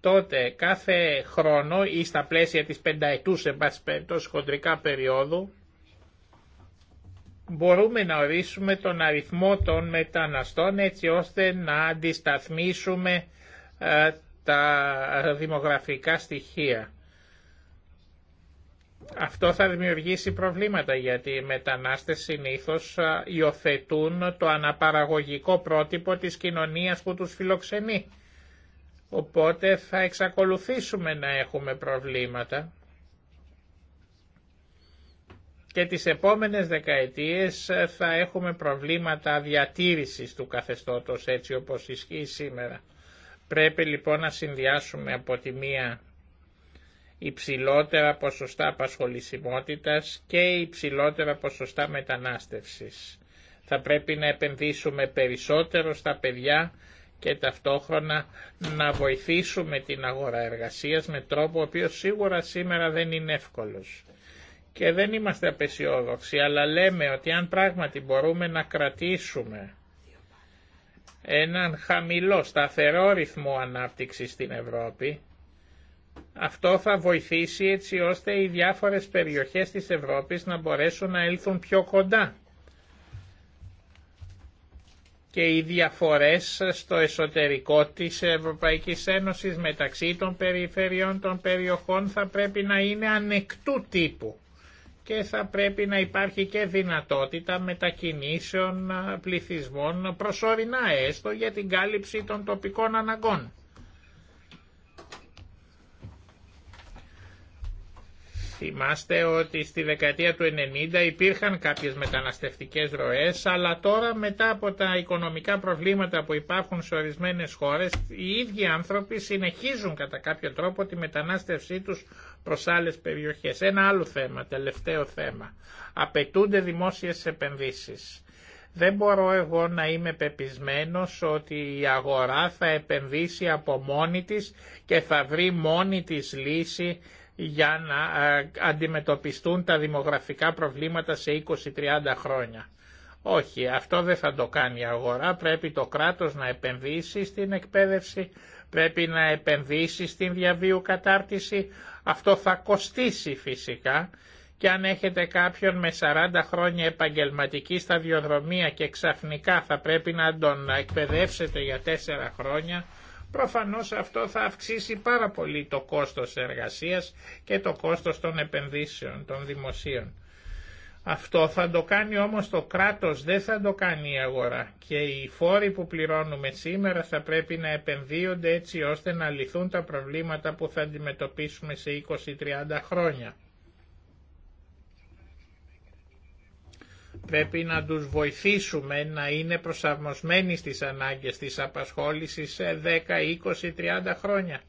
τότε κάθε χρόνο ή στα πλαίσια της πενταετούς, εμπασπέντος χοντρικά περίοδου, μπορούμε να ορίσουμε τον αριθμό των μεταναστών έτσι ώστε να αντισταθμίσουμε ε, τα δημογραφικά στοιχεία. Αυτό θα δημιουργήσει προβλήματα γιατί οι μετανάστες συνήθως ε, υιοθετούν το αναπαραγωγικό πρότυπο της κοινωνίας που τους φιλοξενεί. Οπότε θα εξακολουθήσουμε να έχουμε προβλήματα και τις επόμενες δεκαετίες ε, θα έχουμε προβλήματα διατήρησης του καθεστώτος έτσι όπως ισχύει σήμερα. Πρέπει λοιπόν να συνδυάσουμε από τη μία υψηλότερα ποσοστά απασχολησιμότητας και υψηλότερα ποσοστά μετανάστευσης. Θα πρέπει να επενδύσουμε περισσότερο στα παιδιά και ταυτόχρονα να βοηθήσουμε την αγορά εργασίας με τρόπο ο οποίος σίγουρα σήμερα δεν είναι εύκολος. Και δεν είμαστε απεσιόδοξοι, αλλά λέμε ότι αν πράγματι μπορούμε να κρατήσουμε έναν χαμηλό σταθερό ρυθμό ανάπτυξης στην Ευρώπη, αυτό θα βοηθήσει έτσι ώστε οι διάφορες περιοχές της Ευρώπης να μπορέσουν να έλθουν πιο κοντά. Και οι διαφορές στο εσωτερικό της Ευρωπαϊκής Ένωσης μεταξύ των περιφερειών των περιοχών θα πρέπει να είναι ανεκτού τύπου και θα πρέπει να υπάρχει και δυνατότητα μετακινήσεων πληθυσμών προσωρινά έστω για την κάλυψη των τοπικών αναγκών. Θυμάστε ότι στη δεκαετία του 90 υπήρχαν κάποιες μεταναστευτικές ροές, αλλά τώρα μετά από τα οικονομικά προβλήματα που υπάρχουν σε ορισμένες χώρες, οι ίδιοι άνθρωποι συνεχίζουν κατά κάποιο τρόπο τη μετανάστευσή τους προς άλλες περιοχές. Ένα άλλο θέμα, τελευταίο θέμα. Απαιτούνται δημόσιες επενδύσεις. Δεν μπορώ εγώ να είμαι πεπισμένος ότι η αγορά θα επενδύσει από μόνη της και θα βρει μόνη της λύση για να ε, αντιμετωπιστούν τα δημογραφικά προβλήματα σε 20-30 χρόνια. Όχι, αυτό δεν θα το κάνει η αγορά. Πρέπει το κράτος να επενδύσει στην εκπαίδευση, πρέπει να επενδύσει στην διαβίου κατάρτιση, αυτό θα κοστίσει φυσικά και αν έχετε κάποιον με 40 χρόνια επαγγελματική σταδιοδρομία και ξαφνικά θα πρέπει να τον εκπαιδεύσετε για 4 χρόνια, προφανώς αυτό θα αυξήσει πάρα πολύ το κόστος εργασίας και το κόστος των επενδύσεων, των δημοσίων. Αυτό θα το κάνει όμως το κράτος, δεν θα το κάνει η αγορά. Και οι φόροι που πληρώνουμε σήμερα θα πρέπει να επενδύονται έτσι ώστε να λυθούν τα προβλήματα που θα αντιμετωπίσουμε σε 20-30 χρόνια. Πρέπει να τους βοηθήσουμε να είναι προσαρμοσμένοι στις ανάγκες της απασχόλησης σε 10, 20, 30 χρόνια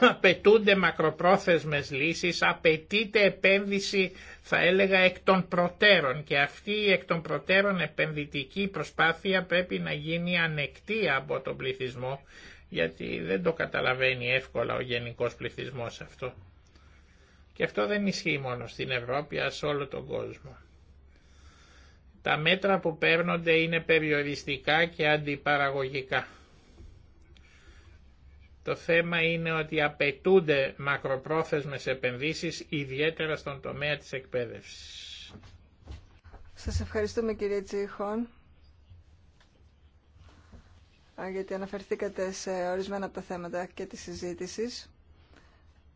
απαιτούνται μακροπρόθεσμες λύσεις, απαιτείται επένδυση θα έλεγα εκ των προτέρων και αυτή η εκ των προτέρων επενδυτική προσπάθεια πρέπει να γίνει ανεκτή από τον πληθυσμό γιατί δεν το καταλαβαίνει εύκολα ο γενικός πληθυσμός αυτό. Και αυτό δεν ισχύει μόνο στην Ευρώπη, αλλά σε όλο τον κόσμο. Τα μέτρα που παίρνονται είναι περιοριστικά και αντιπαραγωγικά. Το θέμα είναι ότι απαιτούνται μακροπρόθεσμες επενδύσεις, ιδιαίτερα στον τομέα της εκπαίδευσης. Σας ευχαριστούμε κύριε Τσίχων γιατί αναφερθήκατε σε ορισμένα από τα θέματα και τη συζήτηση.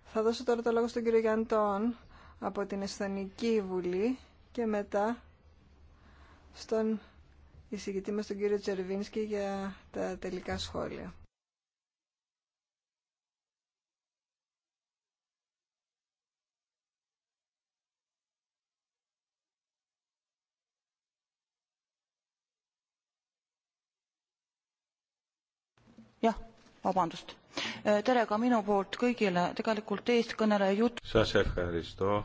Θα δώσω τώρα το λόγο στον κύριο Γιαντών από την Εσθονική Βουλή και μετά στον εισηγητή μας τον κύριο Τσερβίνσκι για τα τελικά σχόλια. Σας ευχαριστώ.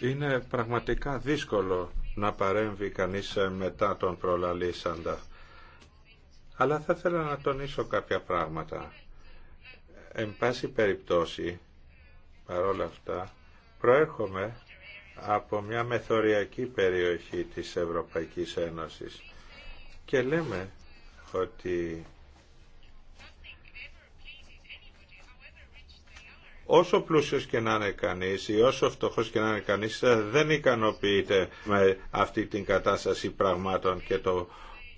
Είναι πραγματικά δύσκολο να παρέμβει κανείς μετά τον προλαλήσαντα. Αλλά θα ήθελα να τονίσω κάποια πράγματα. Εν πάση περιπτώσει, παρόλα αυτά, προέρχομαι από μια μεθοριακή περιοχή της Ευρωπαϊκής Ένωσης και λέμε ότι Όσο πλούσιος και να είναι κανείς ή όσο φτωχός και να είναι κανείς ε, δεν ικανοποιείται με αυτή την κατάσταση πραγμάτων και το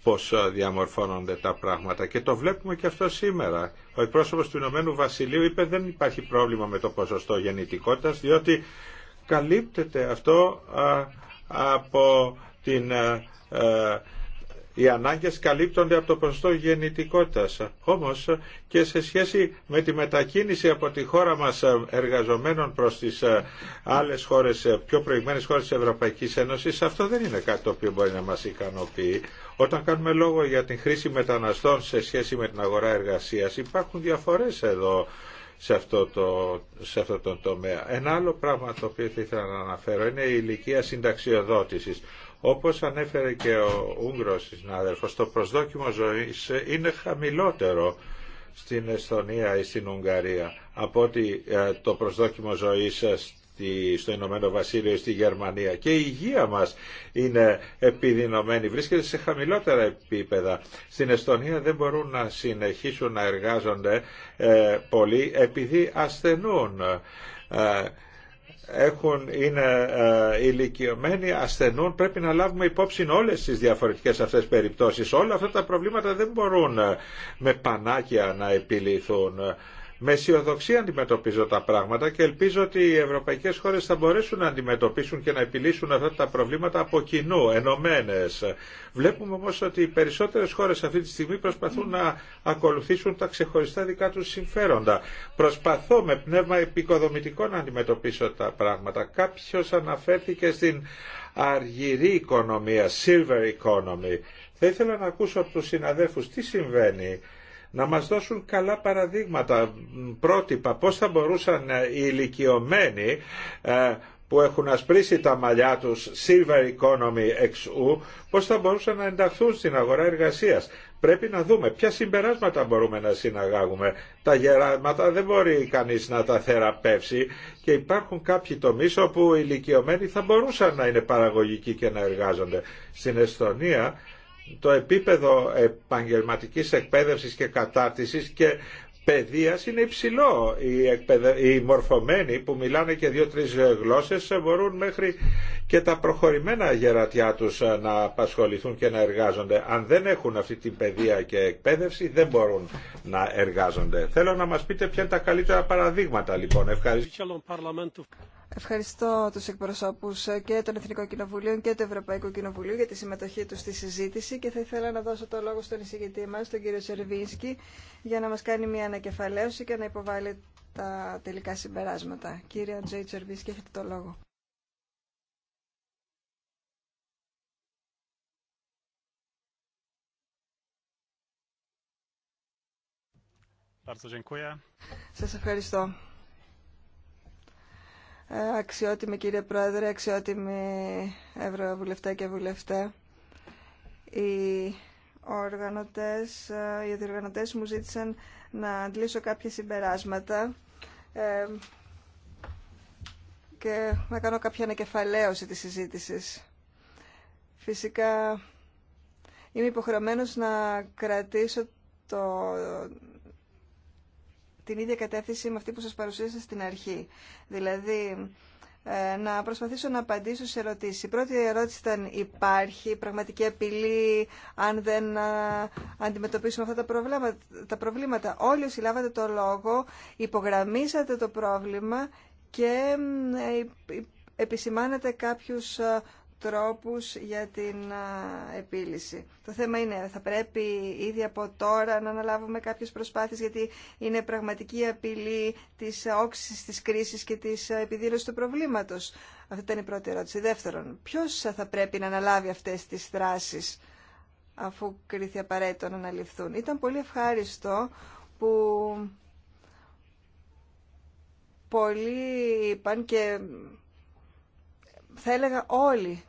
πώς ε, διαμορφώνονται τα πράγματα. Και το βλέπουμε και αυτό σήμερα. Ο εκπρόσωπος του Ηνωμένου Βασιλείου είπε δεν υπάρχει πρόβλημα με το ποσοστό γεννητικότητας διότι καλύπτεται αυτό ε, από την οι ανάγκες καλύπτονται από το ποσοστό γεννητικότητας. Όμως και σε σχέση με τη μετακίνηση από τη χώρα μας ε, εργαζομένων προς τις ε, άλλες χώρες, ε, πιο προηγμένες χώρες της Ευρωπαϊκής Ένωσης, αυτό δεν είναι κάτι το οποίο μπορεί να μας ικανοποιεί. Όταν κάνουμε λόγο για την χρήση μεταναστών σε σχέση με την αγορά εργασίας, υπάρχουν διαφορές εδώ σε αυτό, το, σε αυτό το τομέα. Ένα άλλο πράγμα το οποίο θα ήθελα να αναφέρω είναι η ηλικία συνταξιοδότησης. Όπως ανέφερε και ο Ούγγρος συνάδελφος, το προσδόκιμο ζωής είναι χαμηλότερο στην Εσθονία ή στην Ουγγαρία από ότι ε, το προσδόκιμο ζωής στο Ηνωμένο Βασίλειο ή στη Γερμανία. Και η υγεία μας είναι επιδεινωμένη, βρίσκεται σε χαμηλότερα επίπεδα. Στην Εστονία δεν μπορούν να συνεχίσουν να εργάζονται ε, πολλοί επειδή ασθενούν. Ε, έχουν, είναι ε, ηλικιωμένοι, ασθενούν, πρέπει να λάβουμε υπόψη όλες τις διαφορετικές αυτές περιπτώσεις. Όλα αυτά τα προβλήματα δεν μπορούν ε, με πανάκια να επιληθούν. Με αισιοδοξία αντιμετωπίζω τα πράγματα και ελπίζω ότι οι Ευρωπαϊκέ χώρε θα μπορέσουν να αντιμετωπίσουν και να επιλύσουν αυτά τα προβλήματα από κοινού, ενωμένε. Βλέπουμε όμω ότι οι περισσότερε χώρε αυτή τη στιγμή προσπαθούν να ακολουθήσουν τα ξεχωριστά δικά του συμφέροντα. Προσπαθώ με πνεύμα επικοδομητικό να αντιμετωπίσω τα πράγματα. Κάποιο αναφέρθηκε στην αργυρή οικονομία, silver economy. Θα ήθελα να ακούσω από του συναδέλφου τι συμβαίνει να μας δώσουν καλά παραδείγματα, πρότυπα, πώς θα μπορούσαν ε, οι ηλικιωμένοι ε, που έχουν ασπρίσει τα μαλλιά τους Silver Economy XU, πώς θα μπορούσαν να ενταχθούν στην αγορά εργασίας. Πρέπει να δούμε ποια συμπεράσματα μπορούμε να συναγάγουμε. Τα γεράματα δεν μπορεί κανείς να τα θεραπεύσει και υπάρχουν κάποιοι τομείς όπου οι ηλικιωμένοι θα μπορούσαν να είναι παραγωγικοί και να εργάζονται. Στην Εστονία το επίπεδο επαγγελματικής εκπαίδευσης και κατάρτισης και παιδείας είναι υψηλό. Οι, εκπαιδε... μορφωμένοι που μιλάνε και δύο-τρεις γλώσσες μπορούν μέχρι και τα προχωρημένα γερατιά τους να απασχοληθούν και να εργάζονται. Αν δεν έχουν αυτή την παιδεία και εκπαίδευση δεν μπορούν να εργάζονται. Θέλω να μας πείτε ποια είναι τα καλύτερα παραδείγματα λοιπόν. Ευχαριστώ. Ευχαριστώ τους εκπροσώπους και των Εθνικών Κοινοβουλίων και του Ευρωπαϊκού Κοινοβουλίου για τη συμμετοχή τους στη συζήτηση και θα ήθελα να δώσω το λόγο στον εισηγητή μας, τον κύριο Σερβίνσκι, για να μας κάνει μια ανακεφαλαίωση και να υποβάλει τα τελικά συμπεράσματα. Κύριε Τζέι Τσερβίνσκι, έχετε το λόγο. Σας ευχαριστώ. Αξιότιμη κύριε Πρόεδρε, αξιότιμη ευρωβουλευτά και βουλευτέ, οι οργανωτές, οι διοργανωτές μου ζήτησαν να αντλήσω κάποια συμπεράσματα ε, και να κάνω κάποια ανακεφαλαίωση της συζήτησης. Φυσικά είμαι υποχρεωμένος να κρατήσω το την ίδια κατεύθυνση με αυτή που σας παρουσίασα στην αρχή. Δηλαδή, ε, να προσπαθήσω να απαντήσω σε ερωτήσεις. Η πρώτη ερώτηση ήταν υπάρχει πραγματική απειλή αν δεν ε, αντιμετωπίσουμε αυτά τα προβλήματα. Όλοι όσοι λάβατε το λόγο υπογραμμίσατε το πρόβλημα και ε, επισημάνατε κάποιους τρόπους για την επίλυση. Το θέμα είναι, θα πρέπει ήδη από τώρα να αναλάβουμε κάποιες προσπάθειες γιατί είναι πραγματική απειλή της όξης της κρίσης και της επιδήλωσης του προβλήματος. Αυτή ήταν η πρώτη ερώτηση. Δεύτερον, ποιος θα πρέπει να αναλάβει αυτές τις δράσεις αφού κρίθη απαραίτητο να αναλυφθούν. Ήταν πολύ ευχάριστο που πολλοί είπαν και θα έλεγα όλοι.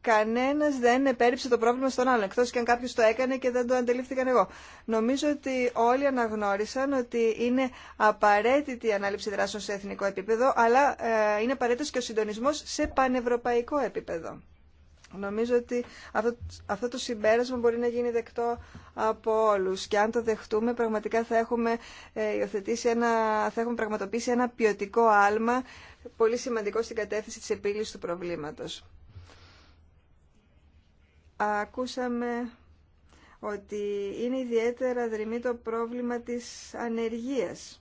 Κανένα δεν επέριψε το πρόβλημα στον άλλον, εκτό και αν κάποιο το έκανε και δεν το αντιλήφθηκαν εγώ. Νομίζω ότι όλοι αναγνώρισαν ότι είναι απαραίτητη η ανάληψη δράσεων σε εθνικό επίπεδο, αλλά ε, είναι απαραίτητο και ο συντονισμό σε πανευρωπαϊκό επίπεδο. Νομίζω ότι αυτό, αυτό το συμπέρασμα μπορεί να γίνει δεκτό από όλους και αν το δεχτούμε πραγματικά θα έχουμε, ε, ένα, θα έχουμε πραγματοποιήσει ένα ποιοτικό άλμα πολύ σημαντικό στην κατεύθυνση της επίλυσης του προβλήματος. Ακούσαμε ότι είναι ιδιαίτερα δρυμή το πρόβλημα της ανεργίας.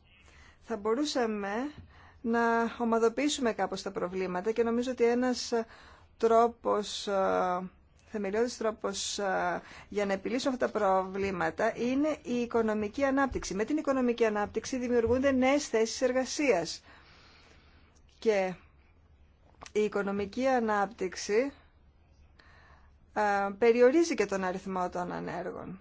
Θα μπορούσαμε να ομαδοποιήσουμε κάπως τα προβλήματα και νομίζω ότι ένας τρόπος, ε, θεμελιώδης τρόπος ε, για να επιλύσουμε αυτά τα προβλήματα είναι η οικονομική ανάπτυξη. Με την οικονομική ανάπτυξη δημιουργούνται νέες θέσεις εργασίας. Και η οικονομική ανάπτυξη ε, περιορίζει και τον αριθμό των ανέργων.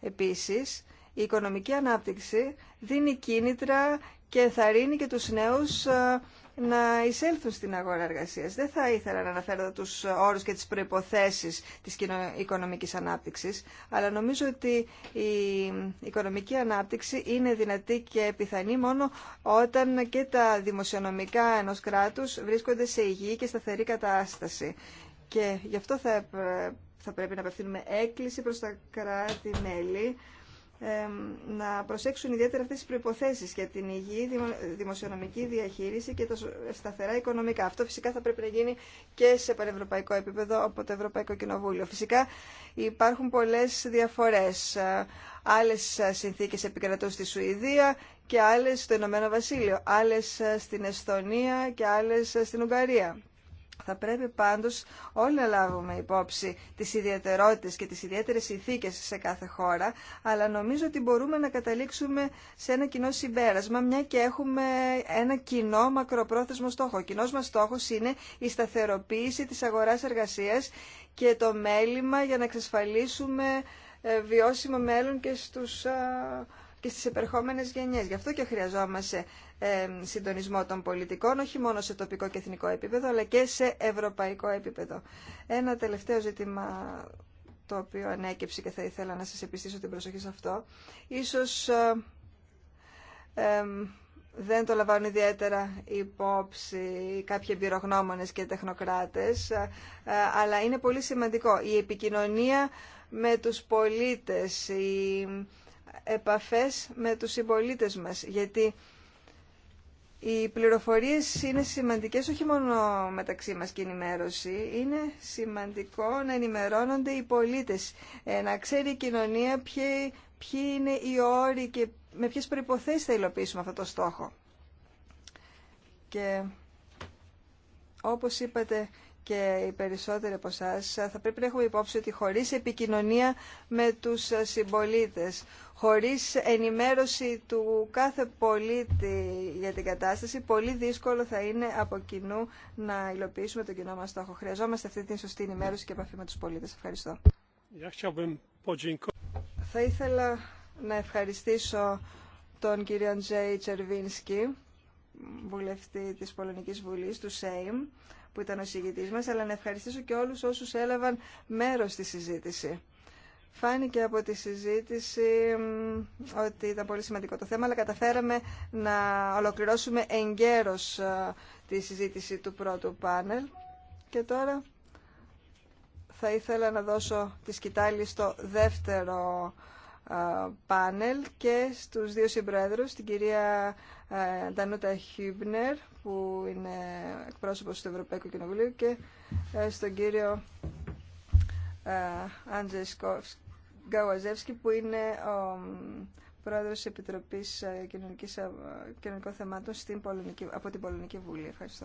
Επίσης, η οικονομική ανάπτυξη δίνει κίνητρα και θαρρύνει και τους νέους ε, να εισέλθουν στην αγορά εργασία. Δεν θα ήθελα να αναφέρω τους όρου και τι προποθέσει της οικονομική ανάπτυξη. αλλά νομίζω ότι η οικονομική ανάπτυξη είναι δυνατή και πιθανή μόνο όταν και τα δημοσιονομικά ενό κράτου βρίσκονται σε υγιή και σταθερή κατάσταση. Και γι' αυτό θα, θα πρέπει να απευθύνουμε έκκληση προ τα κράτη-μέλη να προσέξουν ιδιαίτερα αυτές τις προϋποθέσεις για την υγιή δημοσιονομική διαχείριση και τα σταθερά οικονομικά. Αυτό φυσικά θα πρέπει να γίνει και σε πανευρωπαϊκό επίπεδο από το Ευρωπαϊκό Κοινοβούλιο. Φυσικά υπάρχουν πολλές διαφορές. Ε, άλλες συνθήκες επικρατούν στη Σουηδία και άλλες στο Ηνωμένο Βασίλειο, άλλες ε, στην Εστονία και άλλες ε, στην Ουγγαρία. Θα πρέπει πάντως όλοι να λάβουμε υπόψη τις ιδιαιτερότητες και τις ιδιαίτερες ηθίκες σε κάθε χώρα, αλλά νομίζω ότι μπορούμε να καταλήξουμε σε ένα κοινό συμπέρασμα, μια και έχουμε ένα κοινό μακροπρόθεσμο στόχο. Ο κοινός μας στόχος είναι η σταθεροποίηση της αγοράς εργασίας και το μέλημα για να εξασφαλίσουμε ε, βιώσιμο μέλλον και στους ε, και στις επερχόμενες γενιές. Γι' αυτό και χρειαζόμαστε συντονισμό των πολιτικών, όχι μόνο σε τοπικό και εθνικό επίπεδο, αλλά και σε ευρωπαϊκό επίπεδο. Ένα τελευταίο ζήτημα το οποίο ανέκυψε και θα ήθελα να σας επιστήσω την προσοχή σε αυτό. Ίσως ε, δεν το λαμβάνουν ιδιαίτερα υπόψη κάποιοι εμπειρογνώμονες και τεχνοκράτες, ε, ε, αλλά είναι πολύ σημαντικό. Η επικοινωνία με τους πολίτες, οι επαφές με τους συμπολίτε μας, γιατί οι πληροφορίες είναι σημαντικές όχι μόνο μεταξύ μας και η ενημέρωση, είναι σημαντικό να ενημερώνονται οι πολίτες, ε, να ξέρει η κοινωνία ποιοι, ποιοι είναι οι όροι και με ποιες προϋποθέσεις θα υλοποιήσουμε αυτό το στόχο. Και όπως είπατε και οι περισσότεροι από εσά, θα πρέπει να έχουμε υπόψη ότι χωρίς επικοινωνία με τους συμπολίτε, χωρίς ενημέρωση του κάθε πολίτη για την κατάσταση, πολύ δύσκολο θα είναι από κοινού να υλοποιήσουμε τον κοινό μα στόχο. Χρειαζόμαστε αυτή την σωστή ενημέρωση και επαφή με του πολίτε. Ευχαριστώ. Θα ήθελα να ευχαριστήσω τον κύριο Τζέι Τσερβίνσκι, βουλευτή της Πολωνικής Βουλής, του ΣΕΙΜ, που ήταν ο συγητής μα, αλλά να ευχαριστήσω και όλους όσους έλαβαν μέρος στη συζήτηση. Φάνηκε από τη συζήτηση ότι ήταν πολύ σημαντικό το θέμα, αλλά καταφέραμε να ολοκληρώσουμε εγκαίρως τη συζήτηση του πρώτου πάνελ. Και τώρα θα ήθελα να δώσω τη σκητάλη στο δεύτερο πάνελ και στους δύο συμπρόεδρους, την κυρία ε, Ντανούτα Χίμπνερ που είναι εκπρόσωπος του Ευρωπαϊκού Κοινοβουλίου και ε, στον κύριο ε, Άντζε Γκαουαζεύσκη που είναι ο πρόεδρος της Επιτροπής Κοινωνικών Θεμάτων στην Πολωνική, από την Πολωνική Βουλή. Ευχαριστώ.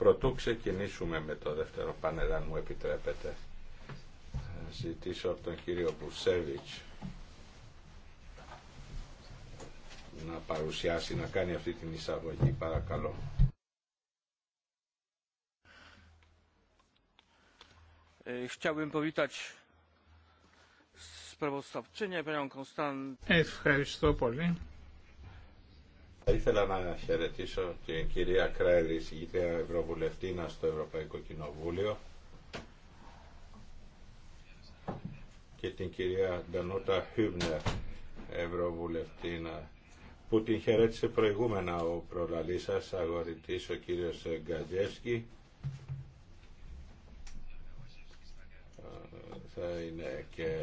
Πρωτού ξεκινήσουμε με το δεύτερο πάνελ, αν μου επιτρέπετε. Θα ζητήσω από τον κύριο Μπουσέβιτς να παρουσιάσει, να κάνει αυτή την εισαγωγή, παρακαλώ. Ε, Ευχαριστώ πολύ. Θα ήθελα να χαιρετήσω την κυρία Κρέλη, συγκεκριμένα Ευρωβουλευτήνα στο Ευρωπαϊκό Κοινοβούλιο και την κυρία Ντανούτα Χύμπνερ, Ευρωβουλευτήνα, που την χαιρέτησε προηγούμενα ο προλαλής σας, αγορητής ο κύριος Γκαζεύσκη. θα είναι και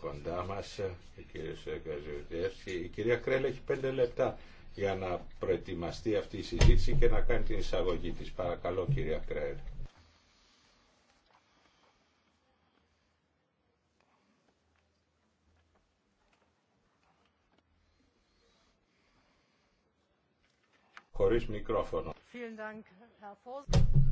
κοντά μας, ο κύριος Γκαζεύσκη. Η κυρία Κρέλη έχει πέντε λεπτά για να προετοιμαστεί αυτή η συζήτηση και να κάνει την εισαγωγή της. Παρακαλώ κυρία Κρέερ. Χωρίς μικρόφωνο.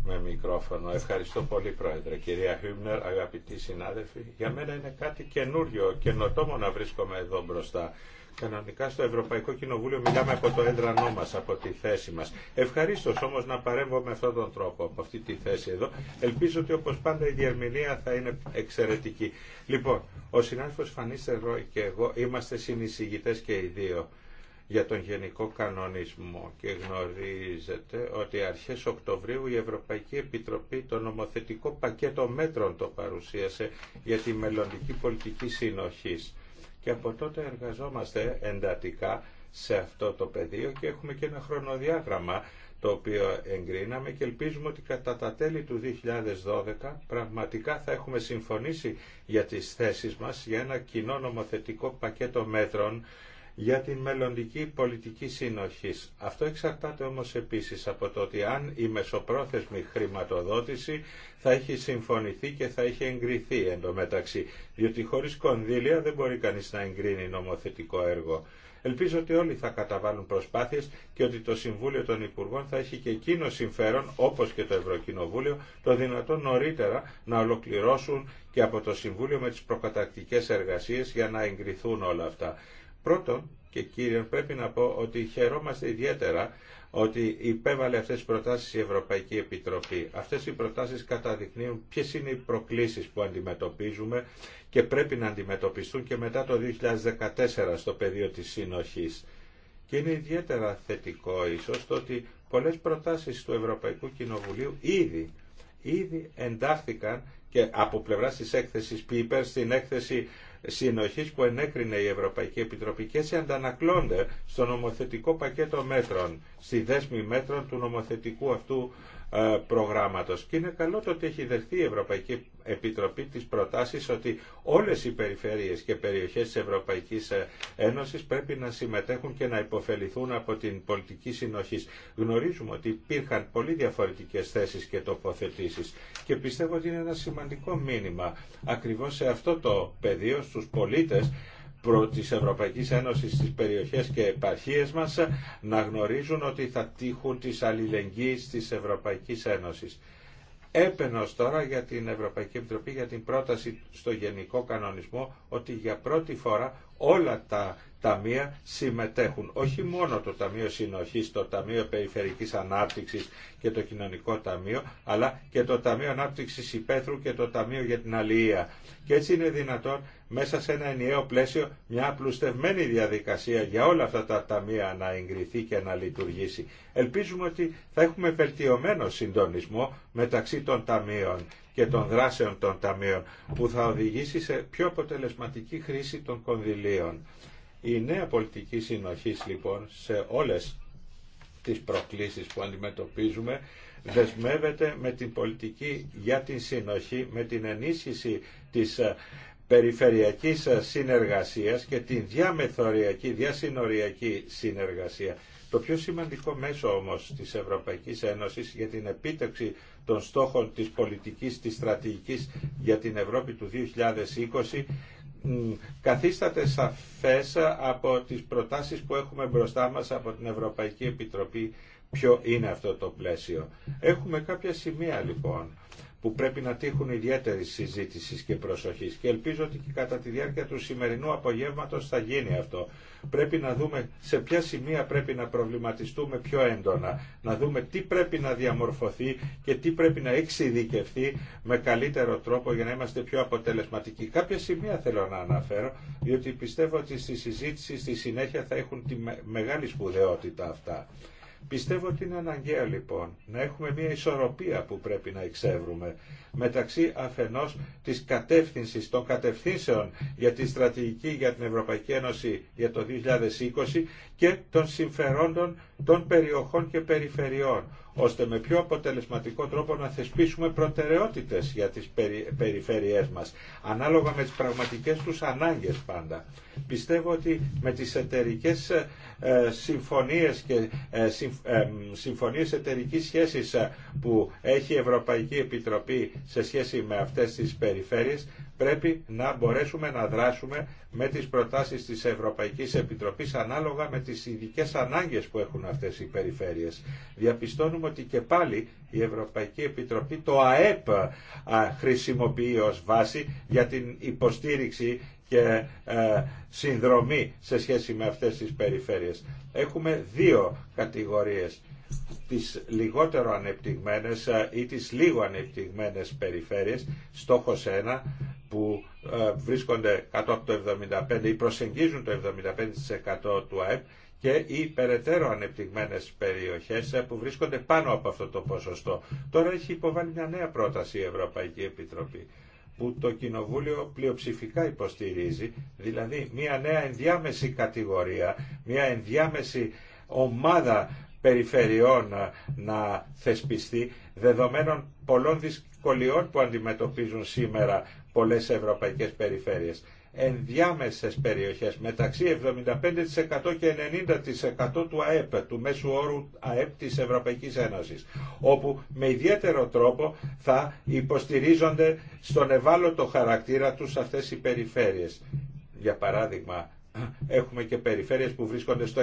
Με μικρόφωνο. Ευχαριστώ πολύ, Πρόεδρε. Κυρία Χίμνερ, αγαπητοί συνάδελφοι, για μένα είναι κάτι καινούριο, καινοτόμο να βρίσκομαι εδώ μπροστά Κανονικά στο Ευρωπαϊκό Κοινοβούλιο μιλάμε από το έντρανό μα, από τη θέση μα. Ευχαρίστω όμω να παρέμβω με αυτόν τον τρόπο, από αυτή τη θέση εδώ. Ελπίζω ότι όπω πάντα η διερμηνία θα είναι εξαιρετική. Λοιπόν, ο συνάδελφο Φανίστερ Ρόι και εγώ είμαστε συνεισηγητέ και οι δύο για τον γενικό κανονισμό και γνωρίζετε ότι αρχές Οκτωβρίου η Ευρωπαϊκή Επιτροπή το νομοθετικό πακέτο μέτρων το παρουσίασε για τη μελλοντική πολιτική συνοχή και από τότε εργαζόμαστε εντατικά σε αυτό το πεδίο και έχουμε και ένα χρονοδιάγραμμα το οποίο εγκρίναμε και ελπίζουμε ότι κατά τα τέλη του 2012 πραγματικά θα έχουμε συμφωνήσει για τις θέσεις μας για ένα κοινό νομοθετικό πακέτο μέτρων για την μελλοντική πολιτική συνοχή. Αυτό εξαρτάται όμως επίσης από το ότι αν η μεσοπρόθεσμη χρηματοδότηση θα έχει συμφωνηθεί και θα έχει εγκριθεί εντωμεταξύ, διότι χωρίς κονδύλια δεν μπορεί κανείς να εγκρίνει νομοθετικό έργο. Ελπίζω ότι όλοι θα καταβάλουν προσπάθειες και ότι το Συμβούλιο των Υπουργών θα έχει και εκείνο συμφέρον, όπως και το Ευρωκοινοβούλιο, το δυνατόν νωρίτερα να ολοκληρώσουν και από το Συμβούλιο με τις προκατακτικές εργασίες για να εγκριθούν όλα αυτά. Πρώτον και κύριον πρέπει να πω ότι χαιρόμαστε ιδιαίτερα ότι υπέβαλε αυτές τις προτάσεις η Ευρωπαϊκή Επιτροπή. Αυτές οι προτάσεις καταδεικνύουν ποιες είναι οι προκλήσεις που αντιμετωπίζουμε και πρέπει να αντιμετωπιστούν και μετά το 2014 στο πεδίο της συνοχής. Και είναι ιδιαίτερα θετικό ίσως το ότι πολλές προτάσεις του Ευρωπαϊκού Κοινοβουλίου ήδη, ήδη εντάχθηκαν και από πλευρά της έκθεσης Πίπερ στην έκθεση συνοχής που ενέκρινε η Ευρωπαϊκή Επιτροπή και έτσι αντανακλώνται στο νομοθετικό πακέτο μέτρων, στη δέσμη μέτρων του νομοθετικού αυτού ε, προγράμματος. Και είναι καλό το ότι έχει δεχθεί η Ευρωπαϊκή Επιτροπή τις προτάσεις ότι όλες οι περιφέρειες και περιοχές της Ευρωπαϊκής ε, Ένωσης πρέπει να συμμετέχουν και να υποφεληθούν από την πολιτική συνοχή. Γνωρίζουμε ότι υπήρχαν πολύ διαφορετικές θέσεις και τοποθετήσεις και πιστεύω ότι είναι ένα σημαντικό μήνυμα ακριβώς σε αυτό το πεδίο στους πολίτες της Ευρωπαϊκής Ένωσης στις περιοχές και επαρχίες μας να γνωρίζουν ότι θα τύχουν τις αλληλεγγύης της Ευρωπαϊκής Ένωσης. Έπαινος τώρα για την Ευρωπαϊκή Επιτροπή για την πρόταση στο Γενικό Κανονισμό ότι για πρώτη φορά όλα τα ταμεία συμμετέχουν. Όχι μόνο το Ταμείο Συνοχής, το Ταμείο Περιφερικής Ανάπτυξης και το Κοινωνικό Ταμείο, αλλά και το Ταμείο Ανάπτυξης Υπέθρου και το Ταμείο για την Αλληλεία. Και έτσι είναι δυνατόν μέσα σε ένα ενιαίο πλαίσιο μια απλουστευμένη διαδικασία για όλα αυτά τα ταμεία να εγκριθεί και να λειτουργήσει. Ελπίζουμε ότι θα έχουμε βελτιωμένο συντονισμό μεταξύ των ταμείων και των δράσεων των ταμείων που θα οδηγήσει σε πιο αποτελεσματική χρήση των κονδυλίων. Η νέα πολιτική συνοχής λοιπόν σε όλες τις προκλήσεις που αντιμετωπίζουμε δεσμεύεται με την πολιτική για την συνοχή, με την ενίσχυση της ε, περιφερειακής συνεργασίας και την διαμεθοριακή, διασυνοριακή συνεργασία. Το πιο σημαντικό μέσο όμως της Ευρωπαϊκής Ένωσης για την επίτευξη των στόχων της πολιτικής, της στρατηγικής για την Ευρώπη του 2020 καθίσταται σαφές από τις προτάσεις που έχουμε μπροστά μας από την Ευρωπαϊκή Επιτροπή ποιο είναι αυτό το πλαίσιο. Έχουμε κάποια σημεία λοιπόν που πρέπει να τύχουν ιδιαίτερη συζήτηση και προσοχή. Και ελπίζω ότι και κατά τη διάρκεια του σημερινού απογεύματο θα γίνει αυτό. Πρέπει να δούμε σε ποια σημεία πρέπει να προβληματιστούμε πιο έντονα. Να δούμε τι πρέπει να διαμορφωθεί και τι πρέπει να εξειδικευθεί με καλύτερο τρόπο για να είμαστε πιο αποτελεσματικοί. Κάποια σημεία θέλω να αναφέρω, διότι πιστεύω ότι στη συζήτηση στη συνέχεια θα έχουν τη μεγάλη σπουδαιότητα αυτά. Πιστεύω ότι είναι αναγκαίο λοιπόν να έχουμε μια ισορροπία που πρέπει να εξεύρουμε μεταξύ αφενός της κατεύθυνσης των κατευθύνσεων για τη στρατηγική για την Ευρωπαϊκή Ένωση για το 2020 και των συμφερόντων των περιοχών και περιφερειών ώστε με πιο αποτελεσματικό τρόπο να θεσπίσουμε προτεραιότητες για τις περιφέρειές μας, ανάλογα με τις πραγματικές τους ανάγκες πάντα. Πιστεύω ότι με τις εταιρικές ε, συμφωνίες και ε, ε, συμφωνίες εταιρικής σχέσης που έχει η Ευρωπαϊκή Επιτροπή σε σχέση με αυτές τις περιφέρειες, πρέπει να μπορέσουμε να δράσουμε με τις προτάσεις της Ευρωπαϊκής Επιτροπής ανάλογα με τις ειδικέ ανάγκες που έχουν αυτές οι περιφέρειες. Διαπιστώνουμε ότι και πάλι η Ευρωπαϊκή Επιτροπή το ΑΕΠ χρησιμοποιεί ως βάση για την υποστήριξη και συνδρομή σε σχέση με αυτές τις περιφέρειες. Έχουμε δύο κατηγορίες τις λιγότερο ανεπτυγμένες ε, ή τις λίγο ανεπτυγμένες περιφέρειες, στόχος 1, που ε, βρίσκονται κάτω από το 75% ή προσεγγίζουν το 75% του ΑΕΠ και οι περαιτέρω ανεπτυγμένες περιοχές ε, που βρίσκονται πάνω από αυτό το ποσοστό. Τώρα έχει υποβάλει μια νέα πρόταση η Ευρωπαϊκή Επιτροπή που το Κοινοβούλιο πλειοψηφικά υποστηρίζει, δηλαδή μια νέα ενδιάμεση κατηγορία, μια ενδιάμεση ομάδα περιφερειών ε, να θεσπιστεί δεδομένων πολλών δυσκολιών που αντιμετωπίζουν σήμερα πολλές ευρωπαϊκές περιφέρειες ενδιάμεσες περιοχές μεταξύ 75% και 90% του ΑΕΠ, του μέσου όρου ΑΕΠ της Ευρωπαϊκής Ένωσης, όπου με ιδιαίτερο τρόπο θα υποστηρίζονται στον ευάλωτο χαρακτήρα τους αυτές οι περιφέρειες. Για παράδειγμα, έχουμε και περιφέρειες που βρίσκονται στο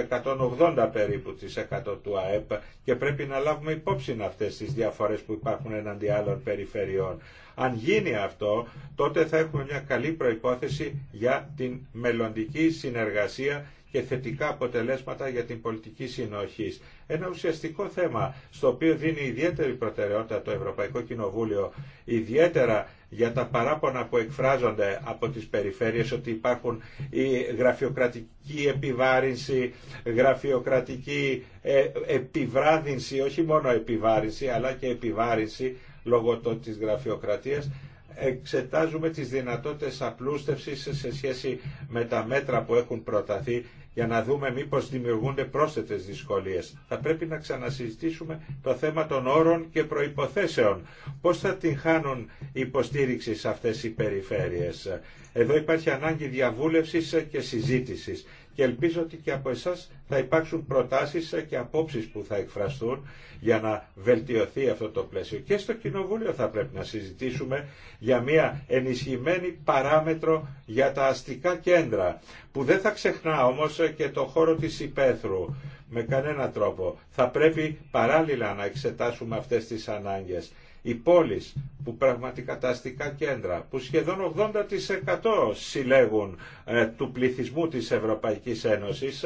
180 περίπου της 100 του ΑΕΠ και πρέπει να λάβουμε υπόψη αυτές τις διαφορές που υπάρχουν εναντί άλλων περιφερειών. Αν γίνει αυτό, τότε θα έχουμε μια καλή προϋπόθεση για την μελλοντική συνεργασία και θετικά αποτελέσματα για την πολιτική συνοχή. Ένα ουσιαστικό θέμα στο οποίο δίνει ιδιαίτερη προτεραιότητα το Ευρωπαϊκό Κοινοβούλιο, ιδιαίτερα για τα παράπονα που εκφράζονται από τις περιφέρειες ότι υπάρχουν η γραφειοκρατική επιβάρυνση, γραφειοκρατική ε, επιβράδυνση, όχι μόνο επιβάρυνση αλλά και επιβάρυνση λόγω της γραφειοκρατίας εξετάζουμε τις δυνατότητες απλούστευσης σε σχέση με τα μέτρα που έχουν προταθεί για να δούμε μήπως δημιουργούνται πρόσθετες δυσκολίες. Θα πρέπει να ξανασυζητήσουμε το θέμα των όρων και προϋποθέσεων. Πώς θα την χάνουν υποστήριξη σε αυτές οι περιφέρειες. Εδώ υπάρχει ανάγκη διαβούλευσης και συζήτησης και ελπίζω ότι και από εσάς θα υπάρξουν προτάσεις και απόψεις που θα εκφραστούν για να βελτιωθεί αυτό το πλαίσιο. Και στο Κοινοβούλιο θα πρέπει να συζητήσουμε για μια ενισχυμένη παράμετρο για τα αστικά κέντρα, που δεν θα ξεχνά όμως και το χώρο της υπαίθρου με κανένα τρόπο. Θα πρέπει παράλληλα να εξετάσουμε αυτές τις ανάγκες οι πόλεις που πραγματικά τα αστικά κέντρα που σχεδόν 80% συλλέγουν ε, του πληθυσμού της Ευρωπαϊκής Ένωσης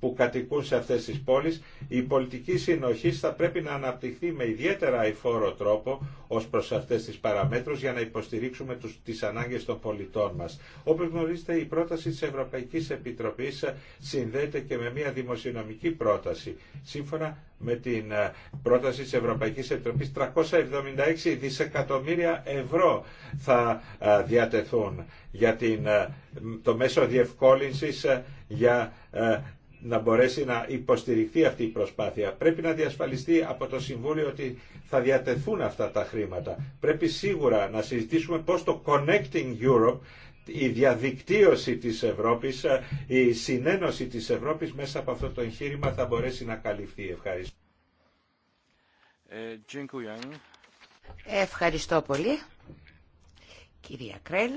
που κατοικούν σε αυτές τις πόλεις, η πολιτική συνοχή θα πρέπει να αναπτυχθεί με ιδιαίτερα αηφόρο τρόπο ως προς αυτές τις παραμέτρους για να υποστηρίξουμε τους, τις ανάγκες των πολιτών μας. Όπως γνωρίζετε η πρόταση της Ευρωπαϊκής Επιτροπής συνδέεται και με μια δημοσιονομική πρόταση. Σύμφωνα με την ε, πρόταση της Ευρωπαϊκής Επιτροπής 376 δισεκατομμύρια ευρώ θα ε, διατεθούν για την, ε, το μέσο διευκόλυνσης για να μπορέσει να υποστηριχθεί αυτή η προσπάθεια. Πρέπει να διασφαλιστεί από το Συμβούλιο ότι θα διατεθούν αυτά τα χρήματα. Πρέπει σίγουρα να συζητήσουμε πώς το Connecting Europe, η διαδικτύωση της Ευρώπης, ε, η συνένωση της Ευρώπης μέσα από αυτό το εγχείρημα θα μπορέσει να καλυφθεί. Ευχαριστώ. Ε, Ευχαριστώ πολύ. Κυρία Κρέλ.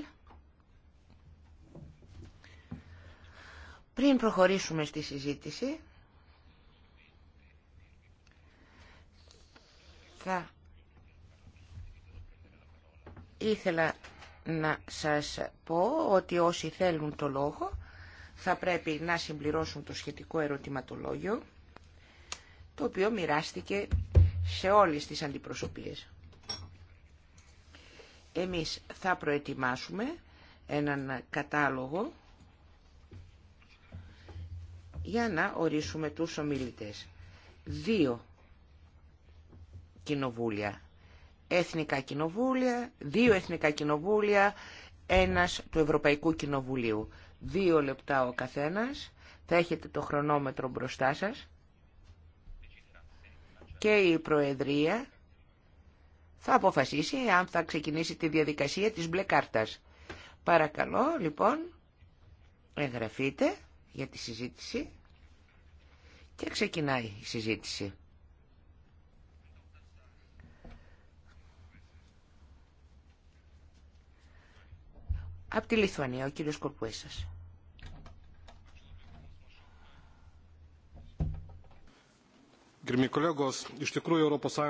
Πριν προχωρήσουμε στη συζήτηση, θα ήθελα να σας πω ότι όσοι θέλουν το λόγο θα πρέπει να συμπληρώσουν το σχετικό ερωτηματολόγιο, το οποίο μοιράστηκε σε όλες τις αντιπροσωπείες. Εμείς θα προετοιμάσουμε έναν κατάλογο για να ορίσουμε τους ομιλητές. Δύο κοινοβούλια. Εθνικά κοινοβούλια, δύο εθνικά κοινοβούλια, ένας του Ευρωπαϊκού Κοινοβουλίου. Δύο λεπτά ο καθένας. Θα έχετε το χρονόμετρο μπροστά σας. Και η Προεδρία θα αποφασίσει αν θα ξεκινήσει τη διαδικασία της μπλε κάρτας. Παρακαλώ, λοιπόν, εγγραφείτε για τη συζήτηση και ξεκινάει η συζήτηση. Από τη Λιθουανία, ο κύριος Κορπουέσας.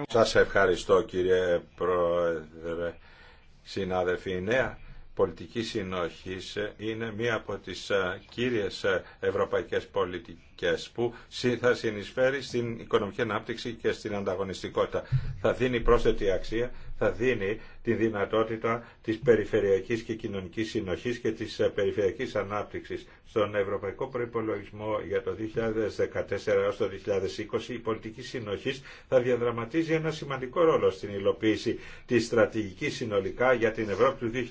Σας ευχαριστώ κύριε Πρόεδρε, συνάδελφοι. νέα Πολιτική συνοχής είναι μία από τις ε, κύριες ε, ευρωπαϊκές πολιτικές που θα συνεισφέρει στην οικονομική ανάπτυξη και στην ανταγωνιστικότητα. Θα δίνει πρόσθετη αξία, θα δίνει τη δυνατότητα της περιφερειακής και κοινωνικής συνοχής και της ε, περιφερειακής ανάπτυξης. Στον Ευρωπαϊκό Προϋπολογισμό για το 2014 έως το 2020 η πολιτική συνοχής θα διαδραματίζει ένα σημαντικό ρόλο στην υλοποίηση της στρατηγικής συνολικά για την Ευρώπη του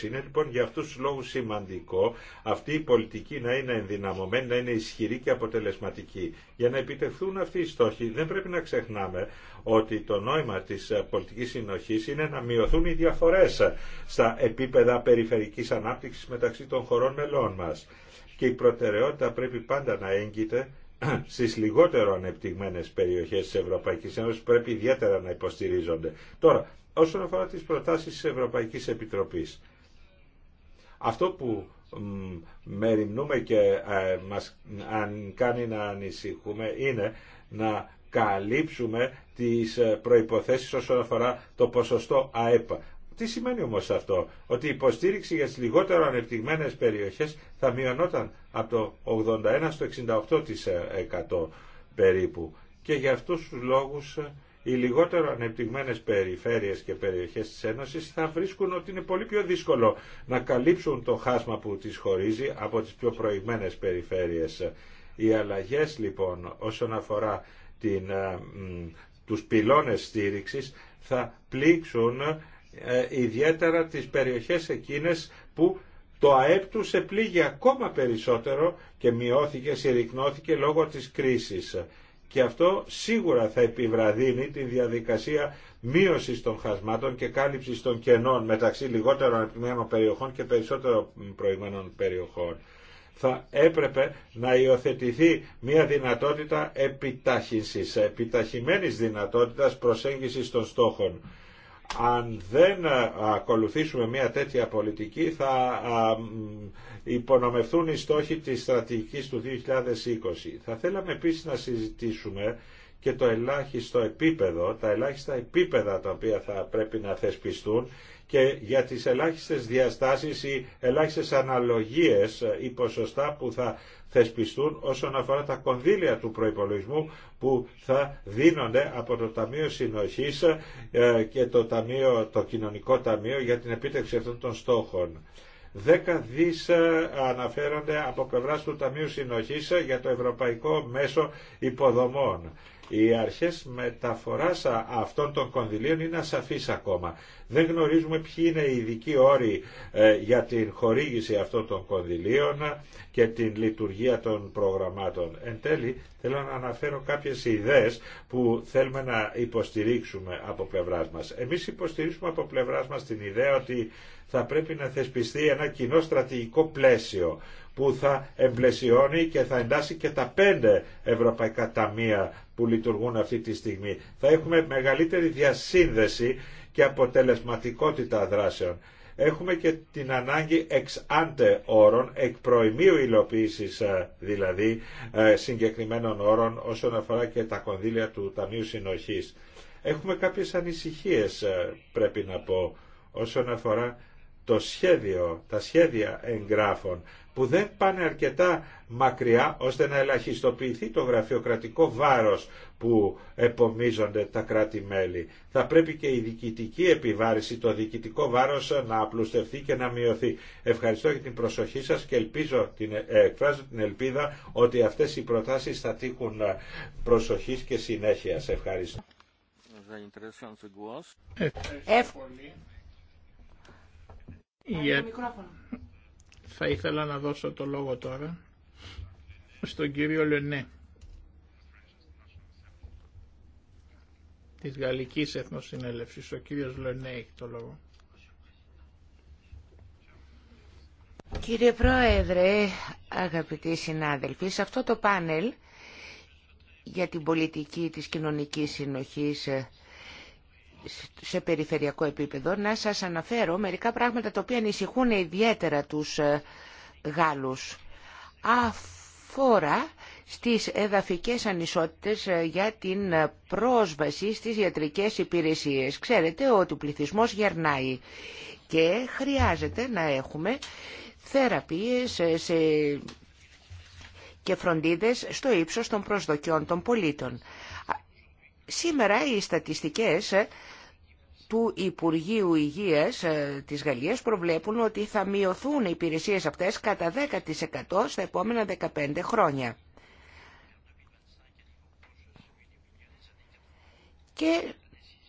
2020. Είναι λοιπόν για αυτούς τους λόγους σημαντικό αυτή η πολιτική να είναι ενδυναμωμένη, να είναι ισχυρή και αποτελεσματική. Για να επιτευχθούν αυτοί οι στόχοι δεν πρέπει να ξεχνάμε ότι το νόημα της ε, πολιτικής συνοχής είναι να μειωθεί βελτιωθούν οι διαφορές στα επίπεδα περιφερικής ανάπτυξης μεταξύ των χωρών μελών μας. Και η προτεραιότητα πρέπει πάντα να έγκυται στις λιγότερο ανεπτυγμένες περιοχές της Ευρωπαϊκής Ένωσης πρέπει ιδιαίτερα να υποστηρίζονται. Τώρα, όσον αφορά τις προτάσεις της Ευρωπαϊκής Επιτροπής, αυτό που μεριμνούμε και ε, μας κάνει να ανησυχούμε είναι να καλύψουμε τις ε, προϋποθέσεις όσον αφορά το ποσοστό ΑΕΠΑ. Τι σημαίνει όμως αυτό, ότι η υποστήριξη για τις λιγότερο ανεπτυγμένες περιοχές θα μειωνόταν από το 81% στο 68% περίπου. Και για αυτούς τους λόγους ε, οι λιγότερο ανεπτυγμένες περιφέρειες και περιοχές της Ένωσης θα βρίσκουν ότι είναι πολύ πιο δύσκολο να καλύψουν το χάσμα που τις χωρίζει από τις πιο προηγμένες περιφέρειες. Οι αλλαγές λοιπόν όσον αφορά την, ε, τους πυλώνες στήριξης θα πλήξουν ε, ιδιαίτερα τις περιοχές εκείνες που το ΑΕΠ τους επλήγει ακόμα περισσότερο και μειώθηκε, συρρυκνώθηκε λόγω της κρίσης. Και αυτό σίγουρα θα επιβραδύνει τη διαδικασία μείωσης των χασμάτων και κάλυψης των κενών μεταξύ λιγότερων επιμένων περιοχών και περισσότερων προηγμένων περιοχών θα έπρεπε να υιοθετηθεί μια δυνατότητα επιτάχυνσης, επιταχυμένης δυνατότητας προσέγγισης των στόχων. Αν δεν ε, ακολουθήσουμε μια τέτοια πολιτική θα υπονομευθούν οι στόχοι της στρατηγικής του 2020. Θα θέλαμε επίσης να συζητήσουμε και το ελάχιστο επίπεδο, τα ελάχιστα επίπεδα τα οποία θα πρέπει να θεσπιστούν και για τις ελάχιστες διαστάσεις ή ελάχιστες αναλογίες ή ποσοστά που θα θεσπιστούν όσον αφορά τα κονδύλια του προϋπολογισμού που θα δίνονται από το Ταμείο Συνοχής ε, και το, ταμείο, το Κοινωνικό Ταμείο για την επίτευξη αυτών των στόχων. Δέκα δις ε, αναφέρονται από πλευρά του Ταμείου Συνοχής ε, για το Ευρωπαϊκό Μέσο Υποδομών. Οι αρχές μεταφοράς αυτών των κονδυλίων είναι ασαφείς ακόμα. Δεν γνωρίζουμε ποιοι είναι οι ειδικοί όροι ε, για την χορήγηση αυτών των κονδυλίων και την λειτουργία των προγραμμάτων. Εν τέλει, θέλω να αναφέρω κάποιες ιδέες που θέλουμε να υποστηρίξουμε από πλευράς μας. Εμείς υποστηρίζουμε από πλευράς μας την ιδέα ότι θα πρέπει να θεσπιστεί ένα κοινό στρατηγικό πλαίσιο που θα εμπλαισιώνει και θα εντάσσει και τα πέντε ευρωπαϊκά ταμεία που λειτουργούν αυτή τη στιγμή. Θα έχουμε μεγαλύτερη διασύνδεση και αποτελεσματικότητα δράσεων. Έχουμε και την ανάγκη εξ άντε όρων, εκ προημίου υλοποίηση ε, δηλαδή ε, συγκεκριμένων όρων όσον αφορά και τα κονδύλια του Ταμείου Συνοχής. Έχουμε κάποιες ανησυχίες ε, πρέπει να πω όσον αφορά το σχέδιο, τα σχέδια εγγράφων που δεν πάνε αρκετά μακριά ώστε να ελαχιστοποιηθεί το γραφειοκρατικό βάρος που επομίζονται τα κράτη-μέλη. Θα πρέπει και η διοικητική επιβάρηση, το διοικητικό βάρος να απλουστευτεί και να μειωθεί. Ευχαριστώ για την προσοχή σας και ελπίζω, την, ε, εκφράζω την ελπίδα ότι αυτές οι προτάσεις θα τύχουν ε, προσοχής και συνέχεια. ευχαριστώ. Θα ήθελα να δώσω το λόγο τώρα στον κύριο Λενέ της Γαλλικής Εθνοσυνέλευσης. Ο κύριος Λενέ έχει το λόγο. Κύριε Πρόεδρε, αγαπητοί συνάδελφοι, σε αυτό το πάνελ για την πολιτική της κοινωνικής συνοχής σε περιφερειακό επίπεδο να σας αναφέρω μερικά πράγματα τα οποία ανησυχούν ιδιαίτερα τους ε, Γάλλους. Αφορά στις εδαφικές ανισότητες ε, για την πρόσβαση στις ιατρικές υπηρεσίες. Ξέρετε ότι ο πληθυσμός γερνάει και χρειάζεται να έχουμε θεραπείες ε, και φροντίδες στο ύψος των προσδοκιών των πολίτων. Σήμερα οι στατιστικές του Υπουργείου Υγείας ε, της Γαλλίας προβλέπουν ότι θα μειωθούν οι υπηρεσίες αυτές κατά 10% στα επόμενα 15 χρόνια. Και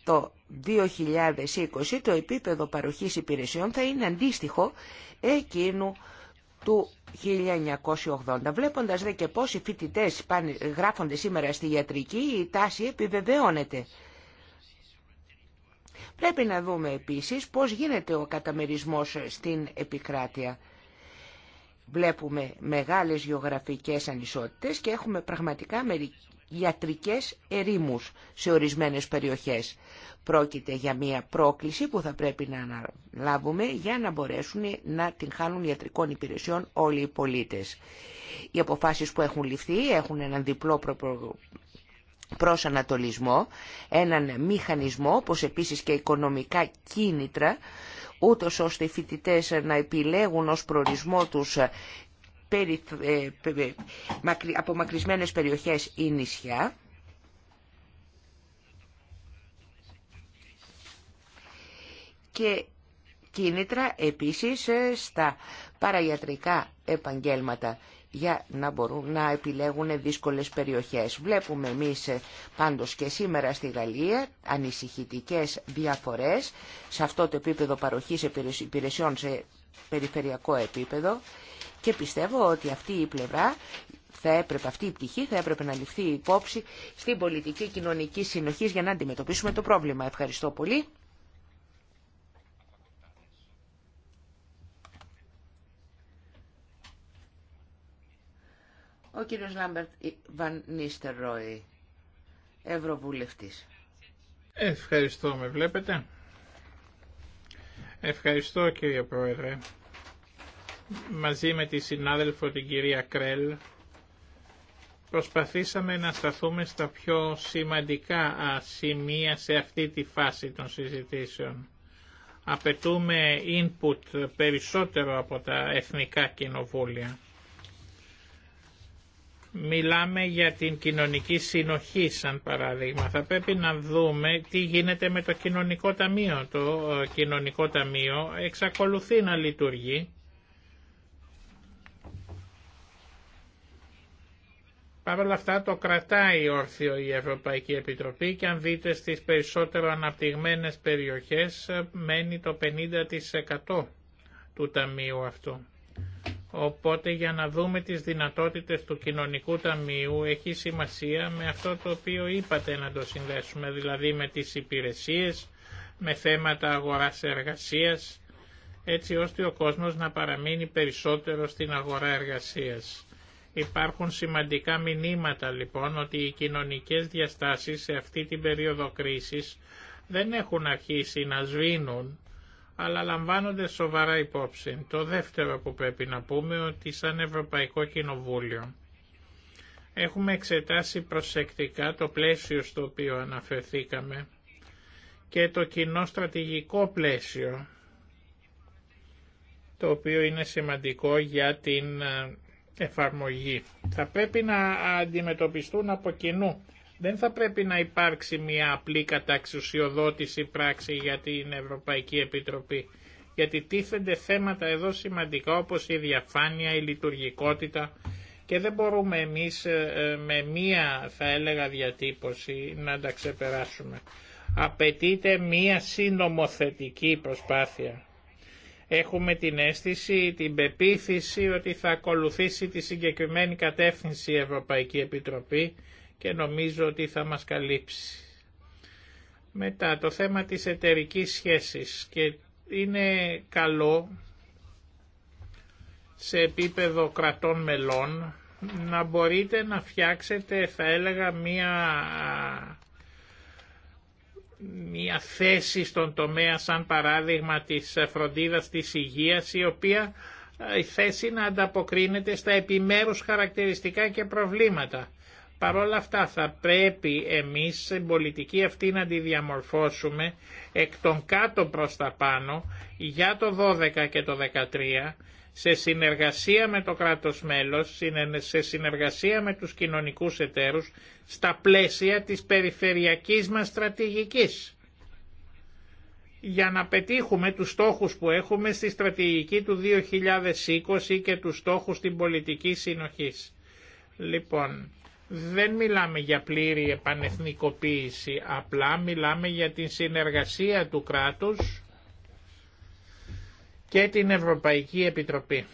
το 2020 το επίπεδο παροχής υπηρεσιών θα είναι αντίστοιχο εκείνου του 1980. Βλέποντας δε και πόσοι φοιτητές γράφονται σήμερα στη ιατρική, η τάση επιβεβαιώνεται. Πρέπει να δούμε επίσης πώς γίνεται ο καταμερισμός στην επικράτεια. Βλέπουμε μεγάλες γεωγραφικές ανισότητες και έχουμε πραγματικά ιατρικές ερήμους σε ορισμένες περιοχές. Πρόκειται για μια πρόκληση που θα πρέπει να αναλάβουμε για να μπορέσουν να την χάνουν ιατρικών υπηρεσιών όλοι οι πολίτες. Οι αποφάσεις που έχουν ληφθεί έχουν έναν διπλό προς ανατολισμό, έναν μηχανισμό, όπως επίσης και οικονομικά κίνητρα, ούτως ώστε οι φοιτητέ να επιλέγουν ως προορισμό τους ε, ε, απομακρυσμένες περιοχές ή νησιά. Και κίνητρα επίσης ε, στα παραγιατρικά επαγγέλματα για να μπορούν να επιλέγουν δύσκολες περιοχές. Βλέπουμε εμείς ε, πάντως και σήμερα στη Γαλλία ανησυχητικές διαφορές σε αυτό το επίπεδο παροχής υπηρεσιών σε περιφερειακό επίπεδο και πιστεύω ότι αυτή η πλευρά θα έπρεπε, αυτή η πτυχή θα έπρεπε να ληφθεί υπόψη στην πολιτική κοινωνική συνοχή για να αντιμετωπίσουμε το πρόβλημα. Ευχαριστώ πολύ. Ο κύριος Λάμπερτ Βαν Νίστερ Ρόι, Ευρωβουλευτής. Ευχαριστώ, με βλέπετε. Ευχαριστώ κύριε Πρόεδρε. Μαζί με τη συνάδελφο την κυρία Κρέλ προσπαθήσαμε να σταθούμε στα πιο σημαντικά σημεία σε αυτή τη φάση των συζητήσεων. Απαιτούμε input περισσότερο από τα εθνικά κοινοβούλια. Μιλάμε για την κοινωνική συνοχή σαν παράδειγμα. Θα πρέπει να δούμε τι γίνεται με το κοινωνικό ταμείο. Το ε, κοινωνικό ταμείο εξακολουθεί να λειτουργεί. Παρ' όλα αυτά το κρατάει όρθιο η Ευρωπαϊκή Επιτροπή και αν δείτε στις περισσότερο αναπτυγμένες περιοχές ε, μένει το 50% του ταμείου αυτού. Οπότε για να δούμε τις δυνατότητες του κοινωνικού ταμείου έχει σημασία με αυτό το οποίο είπατε να το συνδέσουμε, δηλαδή με τις υπηρεσίες, με θέματα αγοράς εργασίας, έτσι ώστε ο κόσμος να παραμείνει περισσότερο στην αγορά εργασίας. Υπάρχουν σημαντικά μηνύματα λοιπόν ότι οι κοινωνικές διαστάσεις σε αυτή την περίοδο κρίσης δεν έχουν αρχίσει να σβήνουν αλλά λαμβάνονται σοβαρά υπόψη. Το δεύτερο που πρέπει να πούμε ότι σαν Ευρωπαϊκό Κοινοβούλιο έχουμε εξετάσει προσεκτικά το πλαίσιο στο οποίο αναφερθήκαμε και το κοινό στρατηγικό πλαίσιο το οποίο είναι σημαντικό για την ε, εφαρμογή. Θα πρέπει να αντιμετωπιστούν από κοινού δεν θα πρέπει να υπάρξει μια απλή καταξουσιοδότηση πράξη για την Ευρωπαϊκή Επιτροπή, γιατί τίθενται θέματα εδώ σημαντικά όπως η διαφάνεια, η λειτουργικότητα και δεν μπορούμε εμείς ε, ε, με μία θα έλεγα διατύπωση να τα ξεπεράσουμε. Απαιτείται μία συνομοθετική προσπάθεια. Έχουμε την αίσθηση, την πεποίθηση ότι θα ακολουθήσει τη συγκεκριμένη κατεύθυνση η Ευρωπαϊκή Επιτροπή και νομίζω ότι θα μας καλύψει. Μετά το θέμα της εταιρικής σχέσης και είναι καλό σε επίπεδο κρατών μελών να μπορείτε να φτιάξετε θα έλεγα μία μια θέση στον τομέα σαν παράδειγμα της φροντίδας της υγείας η οποία ε, η θέση να ανταποκρίνεται στα επιμέρους χαρακτηριστικά και προβλήματα όλα αυτά θα πρέπει εμείς την πολιτική αυτή να τη διαμορφώσουμε εκ των κάτω προς τα πάνω για το 12 και το 13 σε συνεργασία με το κράτος μέλος, σε συνεργασία με τους κοινωνικούς εταίρους, στα πλαίσια της περιφερειακής μας στρατηγικής. Για να πετύχουμε τους στόχους που έχουμε στη στρατηγική του 2020 και τους στόχους στην πολιτική συνοχής. Λοιπόν, δεν μιλάμε για πλήρη επανεθνικοποίηση, απλά μιλάμε για την συνεργασία του κράτους και την Ευρωπαϊκή Επιτροπή.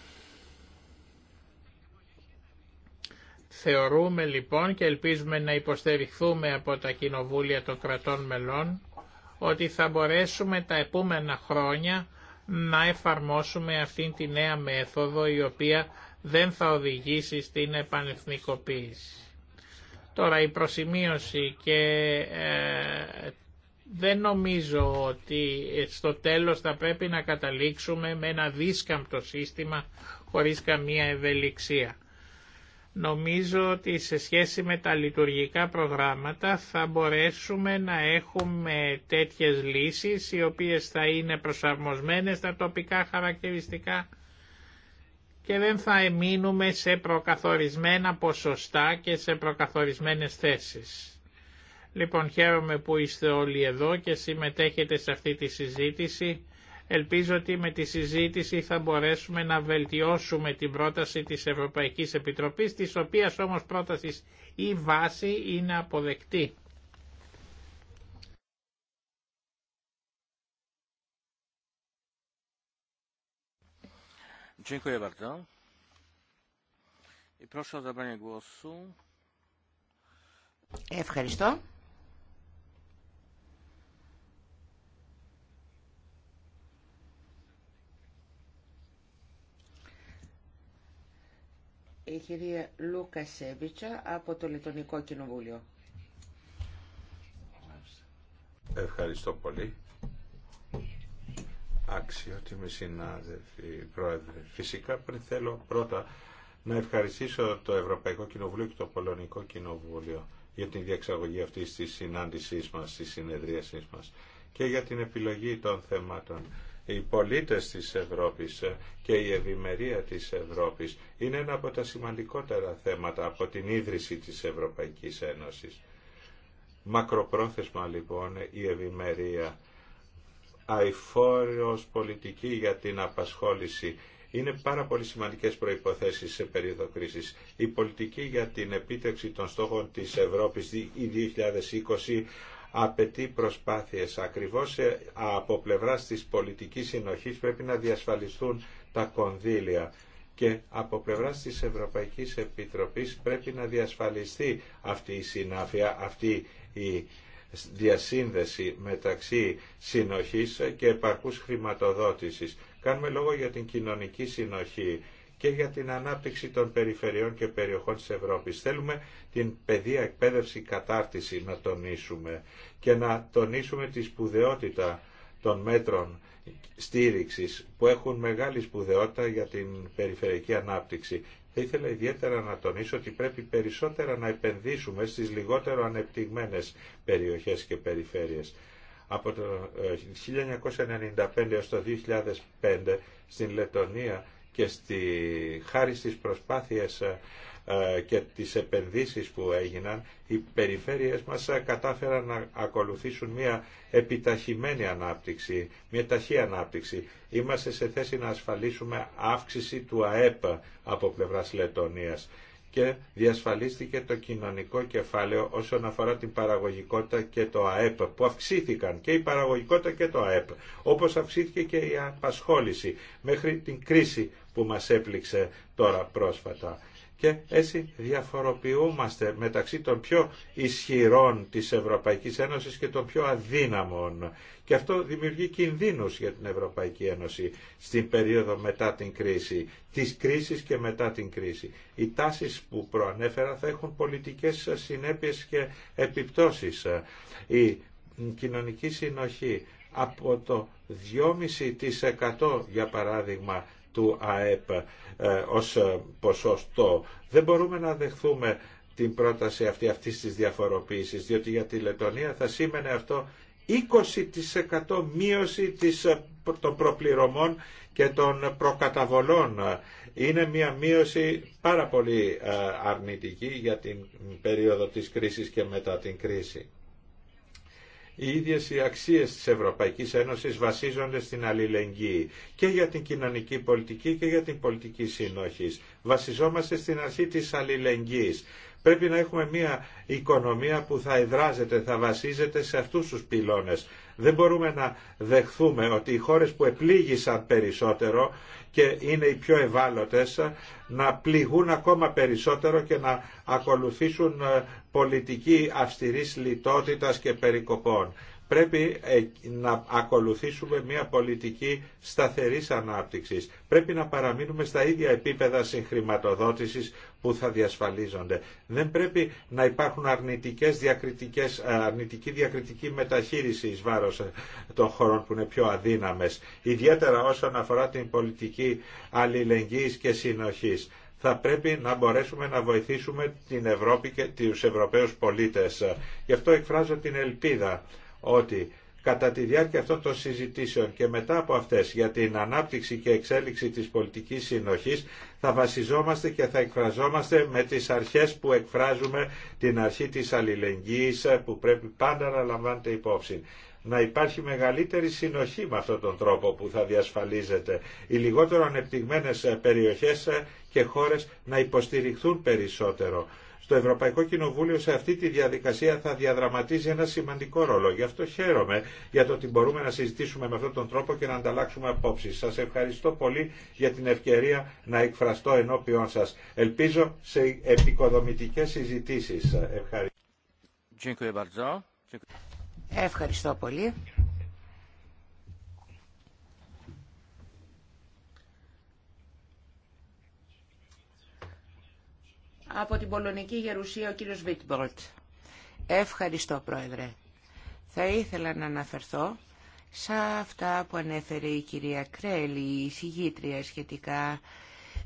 Θεωρούμε λοιπόν και ελπίζουμε να υποστηριχθούμε από τα κοινοβούλια των κρατών μελών ότι θα μπορέσουμε τα επόμενα χρόνια να εφαρμόσουμε αυτήν τη νέα μέθοδο η οποία δεν θα οδηγήσει στην επανεθνικοποίηση. Τώρα η προσημείωση και ε, δεν νομίζω ότι στο τέλος θα πρέπει να καταλήξουμε με ένα δίσκαμπτο σύστημα χωρίς καμία ευελιξία. Νομίζω ότι σε σχέση με τα λειτουργικά προγράμματα θα μπορέσουμε να έχουμε τέτοιες λύσεις οι οποίες θα είναι προσαρμοσμένες στα τοπικά χαρακτηριστικά και δεν θα εμείνουμε σε προκαθορισμένα ποσοστά και σε προκαθορισμένες θέσεις. Λοιπόν, χαίρομαι που είστε όλοι εδώ και συμμετέχετε σε αυτή τη συζήτηση. Ελπίζω ότι με τη συζήτηση θα μπορέσουμε να βελτιώσουμε την πρόταση της Ευρωπαϊκής Επιτροπής, της οποίας όμως πρότασης η βάση είναι αποδεκτή. Dziękuję bardzo. I proszę o zabranie głosu. Ευχαριστώ. η κυρία Λούκα Σέβιτσα από το Λετωνικό Κοινοβούλιο. Ευχαριστώ πολύ. Αξιότιμοι συνάδελφοι, πρόεδρε. Φυσικά πριν θέλω πρώτα να ευχαριστήσω το Ευρωπαϊκό Κοινοβούλιο και το Πολωνικό Κοινοβούλιο για την διεξαγωγή αυτή τη συνάντησή μα, τη συνεδρίασή μα και για την επιλογή των θεμάτων. Οι πολίτε της Ευρώπης και η ευημερία της Ευρώπης είναι ένα από τα σημαντικότερα θέματα από την ίδρυση της Ευρωπαϊκής Ένωσης. Μακροπρόθεσμα λοιπόν η ευημερία αηφόρος πολιτική για την απασχόληση είναι πάρα πολύ σημαντικές προϋποθέσεις σε περίοδο κρίσης. Η πολιτική για την επίτευξη των στόχων της Ευρώπης η 2020 απαιτεί προσπάθειες. Ακριβώς ε, από πλευράς της πολιτικής συνοχής πρέπει να διασφαλιστούν τα κονδύλια και από πλευράς της Ευρωπαϊκής Επιτροπής πρέπει να διασφαλιστεί αυτή η συνάφεια, αυτή η διασύνδεση μεταξύ συνοχής και επαρκούς χρηματοδότησης. Κάνουμε λόγο για την κοινωνική συνοχή και για την ανάπτυξη των περιφερειών και περιοχών της Ευρώπης. Θέλουμε την παιδεία εκπαίδευση κατάρτιση να τονίσουμε και να τονίσουμε τη σπουδαιότητα των μέτρων στήριξης που έχουν μεγάλη σπουδαιότητα για την περιφερειακή ανάπτυξη θα ήθελα ιδιαίτερα να τονίσω ότι πρέπει περισσότερα να επενδύσουμε στις λιγότερο ανεπτυγμένες περιοχές και περιφέρειες. Από το 1995 ε, έως το 2005 στην Λετωνία και στη, χάρη στις προσπάθειες ε, ε, και τις επενδύσεις που έγιναν, οι περιφέρειες μας ε, κατάφεραν να ακολουθήσουν μια επιταχυμένη ανάπτυξη, μια ταχύ ανάπτυξη. Είμαστε σε θέση να ασφαλίσουμε αύξηση του ΑΕΠ από πλευράς Λετωνίας και διασφαλίστηκε το κοινωνικό κεφάλαιο όσον αφορά την παραγωγικότητα και το ΑΕΠ που αυξήθηκαν και η παραγωγικότητα και το ΑΕΠ όπως αυξήθηκε και η απασχόληση μέχρι την κρίση που μας έπληξε τώρα πρόσφατα και έτσι διαφοροποιούμαστε μεταξύ των πιο ισχυρών της Ευρωπαϊκής Ένωσης και των πιο αδύναμων. Και αυτό δημιουργεί κινδύνους για την Ευρωπαϊκή Ένωση στην περίοδο μετά την κρίση, της κρίσης και μετά την κρίση. Οι τάσεις που προανέφερα θα έχουν πολιτικές συνέπειες και επιπτώσεις. Η κοινωνική συνοχή από το 2,5% για παράδειγμα του ΑΕΠ ε, ως ε, ποσοστό. Δεν μπορούμε να δεχθούμε την πρόταση αυτή αυτής της διαφοροποίησης, διότι για τη Λετωνία θα σήμαινε αυτό 20% μείωση της, ε, των προπληρωμών και των προκαταβολών. Είναι μια μείωση πάρα πολύ αρνητική για την περίοδο της κρίσης και μετά την κρίση. Οι ίδιες οι αξίες της Ευρωπαϊκής Ένωσης βασίζονται στην αλληλεγγύη και για την κοινωνική πολιτική και για την πολιτική συνοχή. Βασιζόμαστε στην αρχή της αλληλεγγύης. Πρέπει να έχουμε μια οικονομία που θα εδράζεται, θα βασίζεται σε αυτούς τους πυλώνες. Δεν μπορούμε να δεχθούμε ότι οι χώρες που επλήγησαν περισσότερο και είναι οι πιο ευάλωτες να πληγούν ακόμα περισσότερο και να ακολουθήσουν ε, πολιτική αυστηρής λιτότητας και περικοπών. Πρέπει ε, να ακολουθήσουμε μια πολιτική σταθερής ανάπτυξης. Πρέπει να παραμείνουμε στα ίδια επίπεδα συγχρηματοδότησης που θα διασφαλίζονται. Δεν πρέπει να υπάρχουν αρνητικές διακριτικές, ε, αρνητική διακριτική μεταχείριση εις βάρος ε, των χωρών που είναι πιο αδύναμες, ιδιαίτερα όσον αφορά την πολιτική αλληλεγγύης και συνοχής θα πρέπει να μπορέσουμε να βοηθήσουμε την Ευρώπη και τους Ευρωπαίους πολίτες. Γι' αυτό εκφράζω την ελπίδα ότι κατά τη διάρκεια αυτών των συζητήσεων και μετά από αυτές για την ανάπτυξη και εξέλιξη της πολιτικής συνοχής θα βασιζόμαστε και θα εκφραζόμαστε με τις αρχές που εκφράζουμε την αρχή της αλληλεγγύης που πρέπει πάντα να λαμβάνεται υπόψη να υπάρχει μεγαλύτερη συνοχή με αυτόν τον τρόπο που θα διασφαλίζεται. Οι λιγότερο ανεπτυγμένες περιοχές και χώρες να υποστηριχθούν περισσότερο. Στο Ευρωπαϊκό Κοινοβούλιο σε αυτή τη διαδικασία θα διαδραματίζει ένα σημαντικό ρόλο. Γι' αυτό χαίρομαι για το ότι μπορούμε να συζητήσουμε με αυτόν τον τρόπο και να ανταλλάξουμε απόψεις. Σας ευχαριστώ πολύ για την ευκαιρία να εκφραστώ ενώπιον σας. Ελπίζω σε επικοδομητικές συζητήσεις. Ευχαριστώ. Ευχαριστώ πολύ. Από την Πολωνική Γερουσία ο κύριος Βίτμπολτ. Ευχαριστώ πρόεδρε. Θα ήθελα να αναφερθώ σε αυτά που ανέφερε η κυρία Κρέλη, η συγγήτρια σχετικά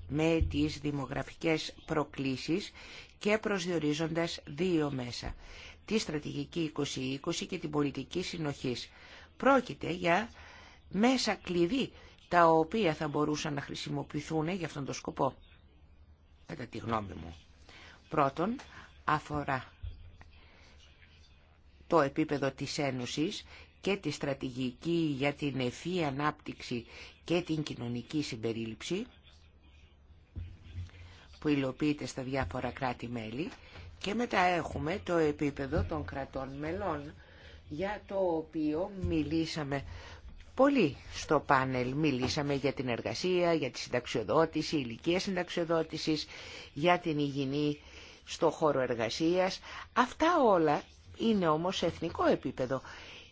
με τις δημογραφικές προκλήσεις και προσδιορίζοντας δύο μέσα, τη στρατηγική 2020 και την πολιτική συνοχής. Πρόκειται για μέσα κλειδί, τα οποία θα μπορούσαν να χρησιμοποιηθούν για αυτόν τον σκοπό, κατά τη γνώμη μου. Πρώτον, αφορά το επίπεδο της Ένωσης και τη στρατηγική για την ευφύ ανάπτυξη και την κοινωνική συμπερίληψη που υλοποιείται στα διάφορα κράτη-μέλη και μετά έχουμε το επίπεδο των κρατών μελών για το οποίο μιλήσαμε πολύ στο πάνελ. Μιλήσαμε για την εργασία, για τη συνταξιοδότηση, ηλικία συνταξιοδότησης, για την υγιεινή στο χώρο εργασίας. Αυτά όλα είναι όμως σε εθνικό επίπεδο.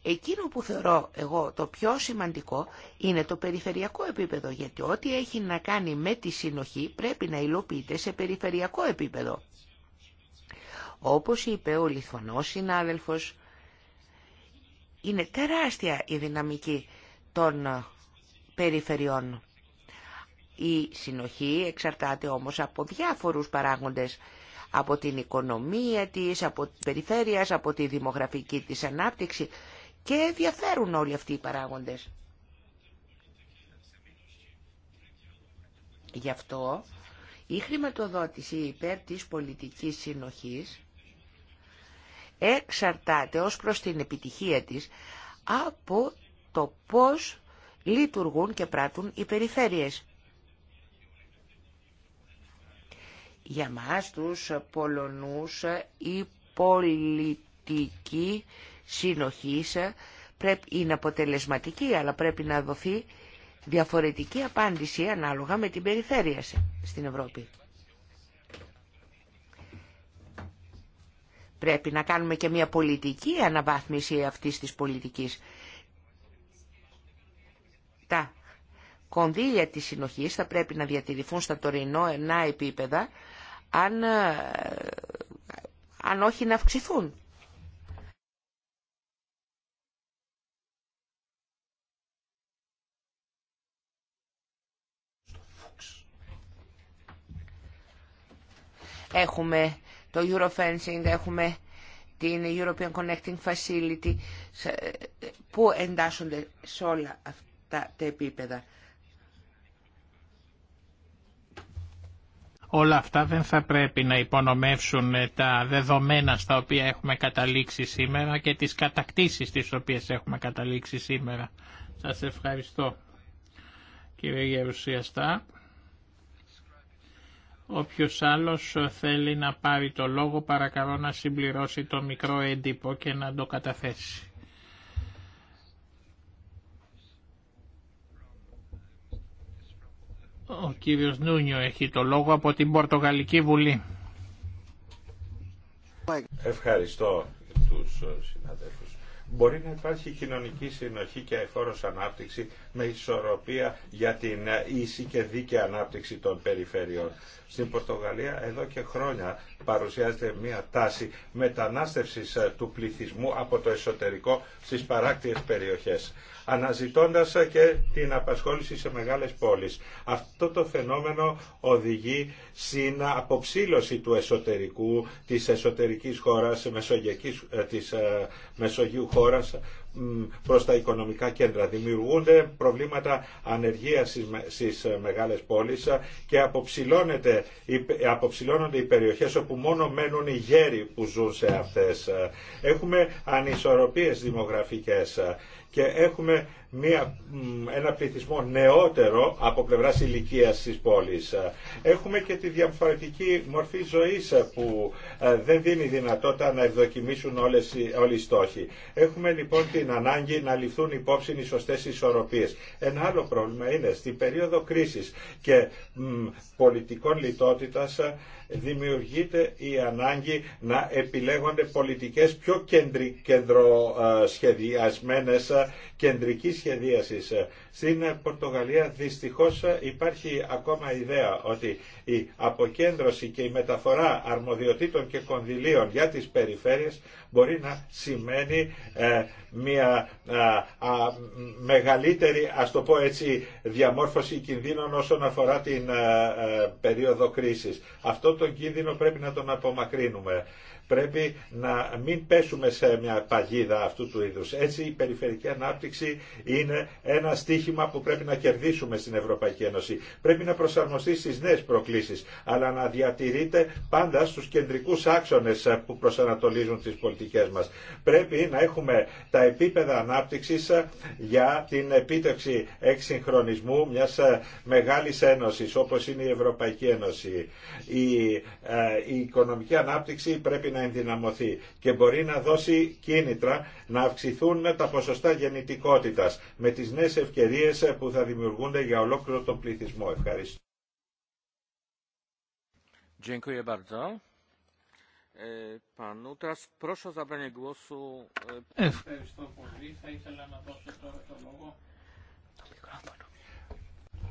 Εκείνο που θεωρώ εγώ το πιο σημαντικό είναι το περιφερειακό επίπεδο, γιατί ό,τι έχει να κάνει με τη συνοχή πρέπει να υλοποιείται σε περιφερειακό επίπεδο. Όπως είπε ο Λιθωνός συνάδελφος, είναι τεράστια η δυναμική των περιφερειών. Η συνοχή εξαρτάται όμως από διάφορους παράγοντες από την οικονομία της, από την περιφέρεια, από τη δημογραφική της ανάπτυξη και διαφέρουν όλοι αυτοί οι παράγοντες. Γι' αυτό η χρηματοδότηση υπέρ της πολιτικής συνοχής εξαρτάται ως προς την επιτυχία της από το πώς λειτουργούν και πράττουν οι περιφέρειες. Για μας τους Πολωνούς η πολιτική συνοχής πρέπει, είναι αποτελεσματική αλλά πρέπει να δοθεί διαφορετική απάντηση ανάλογα με την περιφέρεια στην Ευρώπη. Πρέπει να κάνουμε και μια πολιτική αναβάθμιση αυτής της πολιτικής. Τα κονδύλια της συνοχής θα πρέπει να διατηρηθούν στα ενά επίπεδα, αν, ε, αν όχι να αυξηθούν. Έχουμε το Eurofencing, έχουμε την European Connecting Facility, ε, που εντάσσονται σε όλα αυτά τα επίπεδα. Όλα αυτά δεν θα πρέπει να υπονομεύσουν τα δεδομένα στα οποία έχουμε καταλήξει σήμερα και τις κατακτήσεις τις οποίες έχουμε καταλήξει σήμερα. Σας ευχαριστώ κύριε Γερουσιαστά. Όποιος άλλος θέλει να πάρει το λόγο παρακαλώ να συμπληρώσει το μικρό έντυπο και να το καταθέσει. Ο κύριος Νούνιο έχει το λόγο από την Πορτογαλική Βουλή. Ευχαριστώ τους συναδέλφους. Μπορεί να υπάρχει κοινωνική συνοχή και εφόρος ανάπτυξη με ισορροπία για την ίση και δίκαιη ανάπτυξη των περιφερειών. Στην Πορτογαλία εδώ και χρόνια παρουσιάζεται μια τάση μετανάστευσης ε, του πληθυσμού από το εσωτερικό στις παράκτιες περιοχές αναζητώντας ε, και την απασχόληση σε μεγάλες πόλεις. Αυτό το φαινόμενο οδηγεί στην αποψήλωση του εσωτερικού, της εσωτερικής χώρας, ε, της της Μεσογείου χώρας, προς τα οικονομικά κέντρα. Δημιουργούνται προβλήματα ανεργίας στις ε, μεγάλες πόλεις ε, και αποψηλώνονται οι περιοχές όπου μόνο μένουν οι γέροι που ζουν σε αυτές. Ε, έχουμε ανισορροπίες δημογραφικές και έχουμε μια, ένα πληθυσμό νεότερο από πλευρά ηλικία τη πόλη. Έχουμε και τη διαφορετική μορφή ζωής που ε, δεν δίνει δυνατότητα να ευδοκιμήσουν όλες, όλοι οι στόχοι. Έχουμε λοιπόν την ανάγκη να ληφθούν υπόψη οι σωστές ισορροπίες. Ένα άλλο πρόβλημα είναι στην περίοδο κρίσης και πολιτικών λιτότητας δημιουργείται η ανάγκη να επιλέγονται πολιτικές πιο κεντροσχεδιασμένες, ε, ε, κεντρική σχεδίασης. Στην Πορτογαλία δυστυχώς ε, υπάρχει ακόμα ιδέα ότι η αποκέντρωση και η μεταφορά αρμοδιοτήτων και κονδυλίων για τις περιφέρειες μπορεί να σημαίνει μια μεγαλύτερη, ας το πω έτσι, διαμόρφωση κινδύνων όσον αφορά την περίοδο κρίσης. Αυτό τον κίνδυνο πρέπει να τον απομακρύνουμε. Πρέπει να μην πέσουμε σε μια παγίδα αυτού του είδους. Έτσι η περιφερική ανάπτυξη είναι ένα στίχημα που πρέπει να κερδίσουμε στην Ευρωπαϊκή Ένωση. Πρέπει να προσαρμοστεί στις νέες προκλήσεις, αλλά να διατηρείται πάντα στους κεντρικούς άξονες ε, που προσανατολίζουν τις πολιτικές μας. Πρέπει να έχουμε τα επίπεδα ανάπτυξης ε, για την επίτευξη εξυγχρονισμού μιας ε, μεγάλης ένωσης όπως είναι η Ευρωπαϊκή Ένωση. Η, η οικονομική ανάπτυξη πρέπει να ενδυναμωθεί και μπορεί να δώσει κίνητρα να αυξηθούν τα ποσοστά γεννητικότητας με τις νέες ευκαιρίες που θα δημιουργούνται για ολόκληρο τον πληθυσμό. Ευχαριστώ. Ε, e, Ευχαριστώ πολύ. Θα ήθελα να δώσω τώρα το λόγο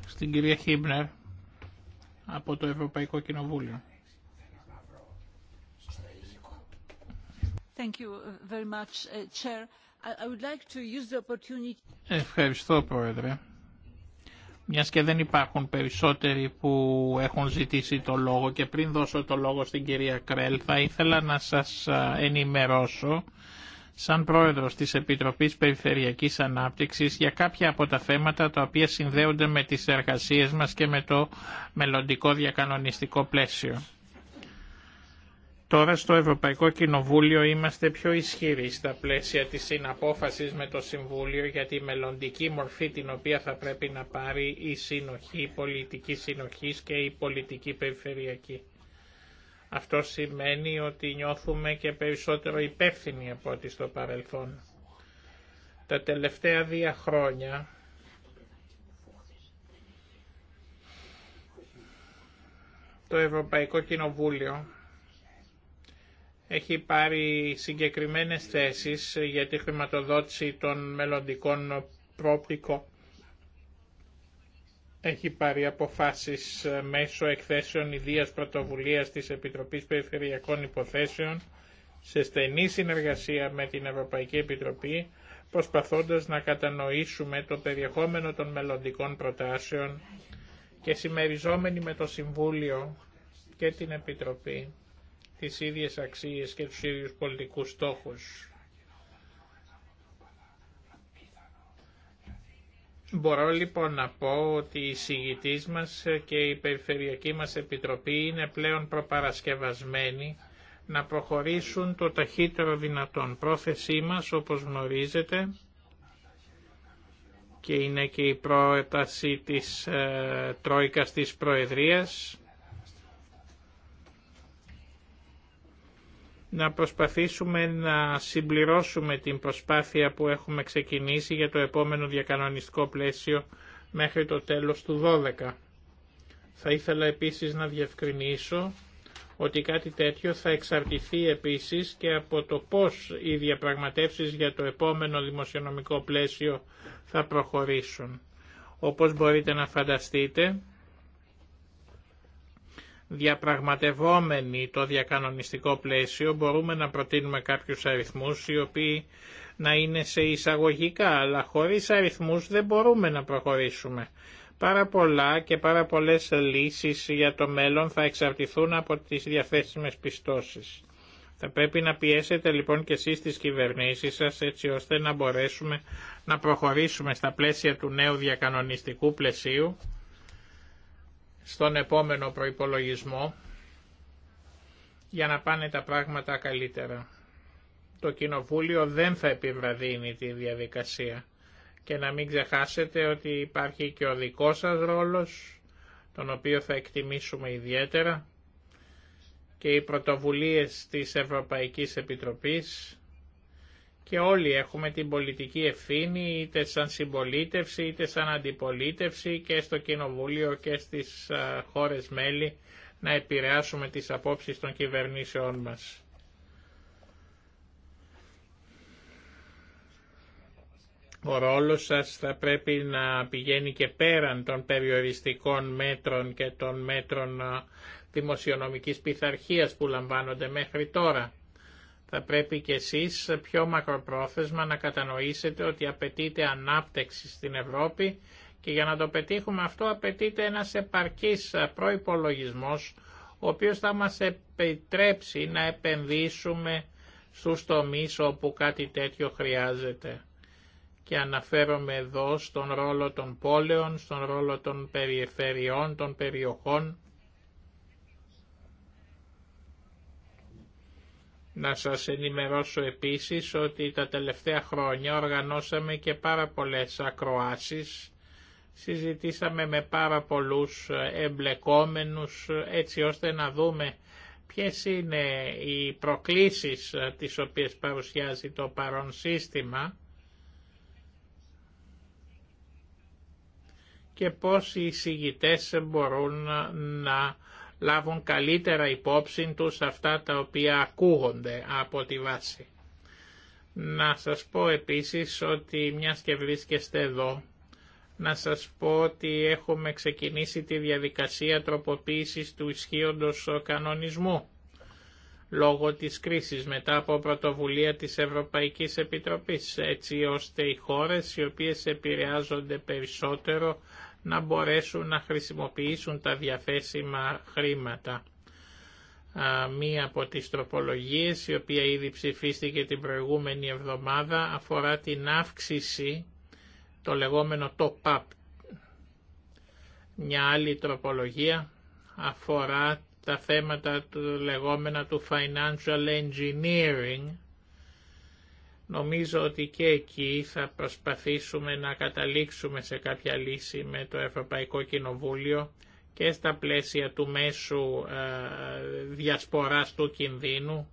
στην κυρία Χίμπνερ από το Ευρωπαϊκό Κοινοβούλιο. Ευχαριστώ, Πρόεδρε. Μιας και δεν υπάρχουν περισσότεροι που έχουν ζητήσει το λόγο και πριν δώσω το λόγο στην κυρία Κρέλ θα ήθελα να σας ενημερώσω σαν πρόεδρος της Επιτροπής Περιφερειακής Ανάπτυξης για κάποια από τα θέματα τα οποία συνδέονται με τις εργασίες μας και με το μελλοντικό διακανονιστικό πλαίσιο. Τώρα στο Ευρωπαϊκό Κοινοβούλιο είμαστε πιο ισχυροί στα πλαίσια της συναπόφασης με το Συμβούλιο για τη μελλοντική μορφή την οποία θα πρέπει να πάρει η συνοχή, η πολιτική συνοχής και η πολιτική περιφερειακή. Αυτό σημαίνει ότι νιώθουμε και περισσότερο υπεύθυνοι από ό,τι στο παρελθόν. Τα τελευταία δύο χρόνια το Ευρωπαϊκό Κοινοβούλιο έχει πάρει συγκεκριμένες θέσεις για τη χρηματοδότηση των μελλοντικών πρόπτικων. Έχει πάρει αποφάσεις μέσω εκθέσεων ιδίας πρωτοβουλίας της Επιτροπής Περιφερειακών Υποθέσεων σε στενή συνεργασία με την Ευρωπαϊκή Επιτροπή, προσπαθώντας να κατανοήσουμε το περιεχόμενο των μελλοντικών προτάσεων και συμμεριζόμενοι με το Συμβούλιο και την Επιτροπή τις ίδιες αξίες και τους ίδιους πολιτικούς στόχους. Μπορώ λοιπόν να πω ότι η συγητής μας και η Περιφερειακή μας Επιτροπή είναι πλέον προπαρασκευασμένοι να προχωρήσουν το ταχύτερο δυνατόν. Πρόθεσή μας, όπως γνωρίζετε, και είναι και η πρόταση της ε, Τρόικας της Προεδρίας, να προσπαθήσουμε να συμπληρώσουμε την προσπάθεια που έχουμε ξεκινήσει για το επόμενο διακανονιστικό πλαίσιο μέχρι το τέλος του 12. Θα ήθελα επίσης να διευκρινίσω ότι κάτι τέτοιο θα εξαρτηθεί επίσης και από το πώς οι διαπραγματεύσεις για το επόμενο δημοσιονομικό πλαίσιο θα προχωρήσουν. Όπως μπορείτε να φανταστείτε, διαπραγματευόμενοι το διακανονιστικό πλαίσιο μπορούμε να προτείνουμε κάποιους αριθμούς οι οποίοι να είναι σε εισαγωγικά, αλλά χωρίς αριθμούς δεν μπορούμε να προχωρήσουμε. Πάρα πολλά και πάρα πολλές λύσεις για το μέλλον θα εξαρτηθούν από τις διαθέσιμες πιστώσεις. Θα πρέπει να πιέσετε λοιπόν και εσείς τις κυβερνήσεις σας έτσι ώστε να μπορέσουμε να προχωρήσουμε στα πλαίσια του νέου διακανονιστικού πλαισίου στον επόμενο προϋπολογισμό για να πάνε τα πράγματα καλύτερα. Το Κοινοβούλιο δεν θα επιβραδύνει τη διαδικασία και να μην ξεχάσετε ότι υπάρχει και ο δικός σας ρόλος, τον οποίο θα εκτιμήσουμε ιδιαίτερα, και οι πρωτοβουλίες της Ευρωπαϊκής Επιτροπής και όλοι έχουμε την πολιτική ευθύνη είτε σαν συμπολίτευση είτε σαν αντιπολίτευση και στο Κοινοβούλιο και στις ε, χώρες μέλη να επηρεάσουμε τις απόψεις των κυβερνήσεών μας. Ο ρόλος σας θα πρέπει να πηγαίνει και πέραν των περιοριστικών μέτρων και των μέτρων ε, δημοσιονομικής πειθαρχίας που λαμβάνονται μέχρι τώρα θα πρέπει και εσείς πιο μακροπρόθεσμα να κατανοήσετε ότι απαιτείται ανάπτυξη στην Ευρώπη και για να το πετύχουμε αυτό απαιτείται ένας επαρκής προϋπολογισμός ο οποίος θα μας επιτρέψει να επενδύσουμε στους τομείς όπου κάτι τέτοιο χρειάζεται. Και αναφέρομαι εδώ στον ρόλο των πόλεων, στον ρόλο των περιφερειών, των περιοχών, Να σας ενημερώσω επίσης ότι τα τελευταία χρόνια οργανώσαμε και πάρα πολλές ακροάσεις. Συζητήσαμε με πάρα πολλούς εμπλεκόμενους έτσι ώστε να δούμε ποιες είναι οι προκλήσεις τις οποίες παρουσιάζει το παρόν σύστημα και πώς οι εισηγητές μπορούν να λάβουν καλύτερα υπόψη τους αυτά τα οποία ακούγονται από τη βάση. Να σας πω επίσης ότι μιας και βρίσκεστε εδώ, να σας πω ότι έχουμε ξεκινήσει τη διαδικασία τροποποίησης του ισχύοντος κανονισμού λόγω της κρίσης μετά από πρωτοβουλία της Ευρωπαϊκής Επιτροπής, έτσι ώστε οι χώρες οι οποίες επηρεάζονται περισσότερο να μπορέσουν να χρησιμοποιήσουν τα διαθέσιμα χρήματα. Μία από τις τροπολογίες, η οποία ήδη ψηφίστηκε την προηγούμενη εβδομάδα, αφορά την αύξηση, το λεγόμενο top-up. Μια άλλη τροπολογία αφορά τα θέματα του λεγόμενα του financial engineering, Νομίζω ότι και εκεί θα προσπαθήσουμε να καταλήξουμε σε κάποια λύση με το Ευρωπαϊκό Κοινοβούλιο και στα πλαίσια του μέσου ε, διασποράς του κινδύνου,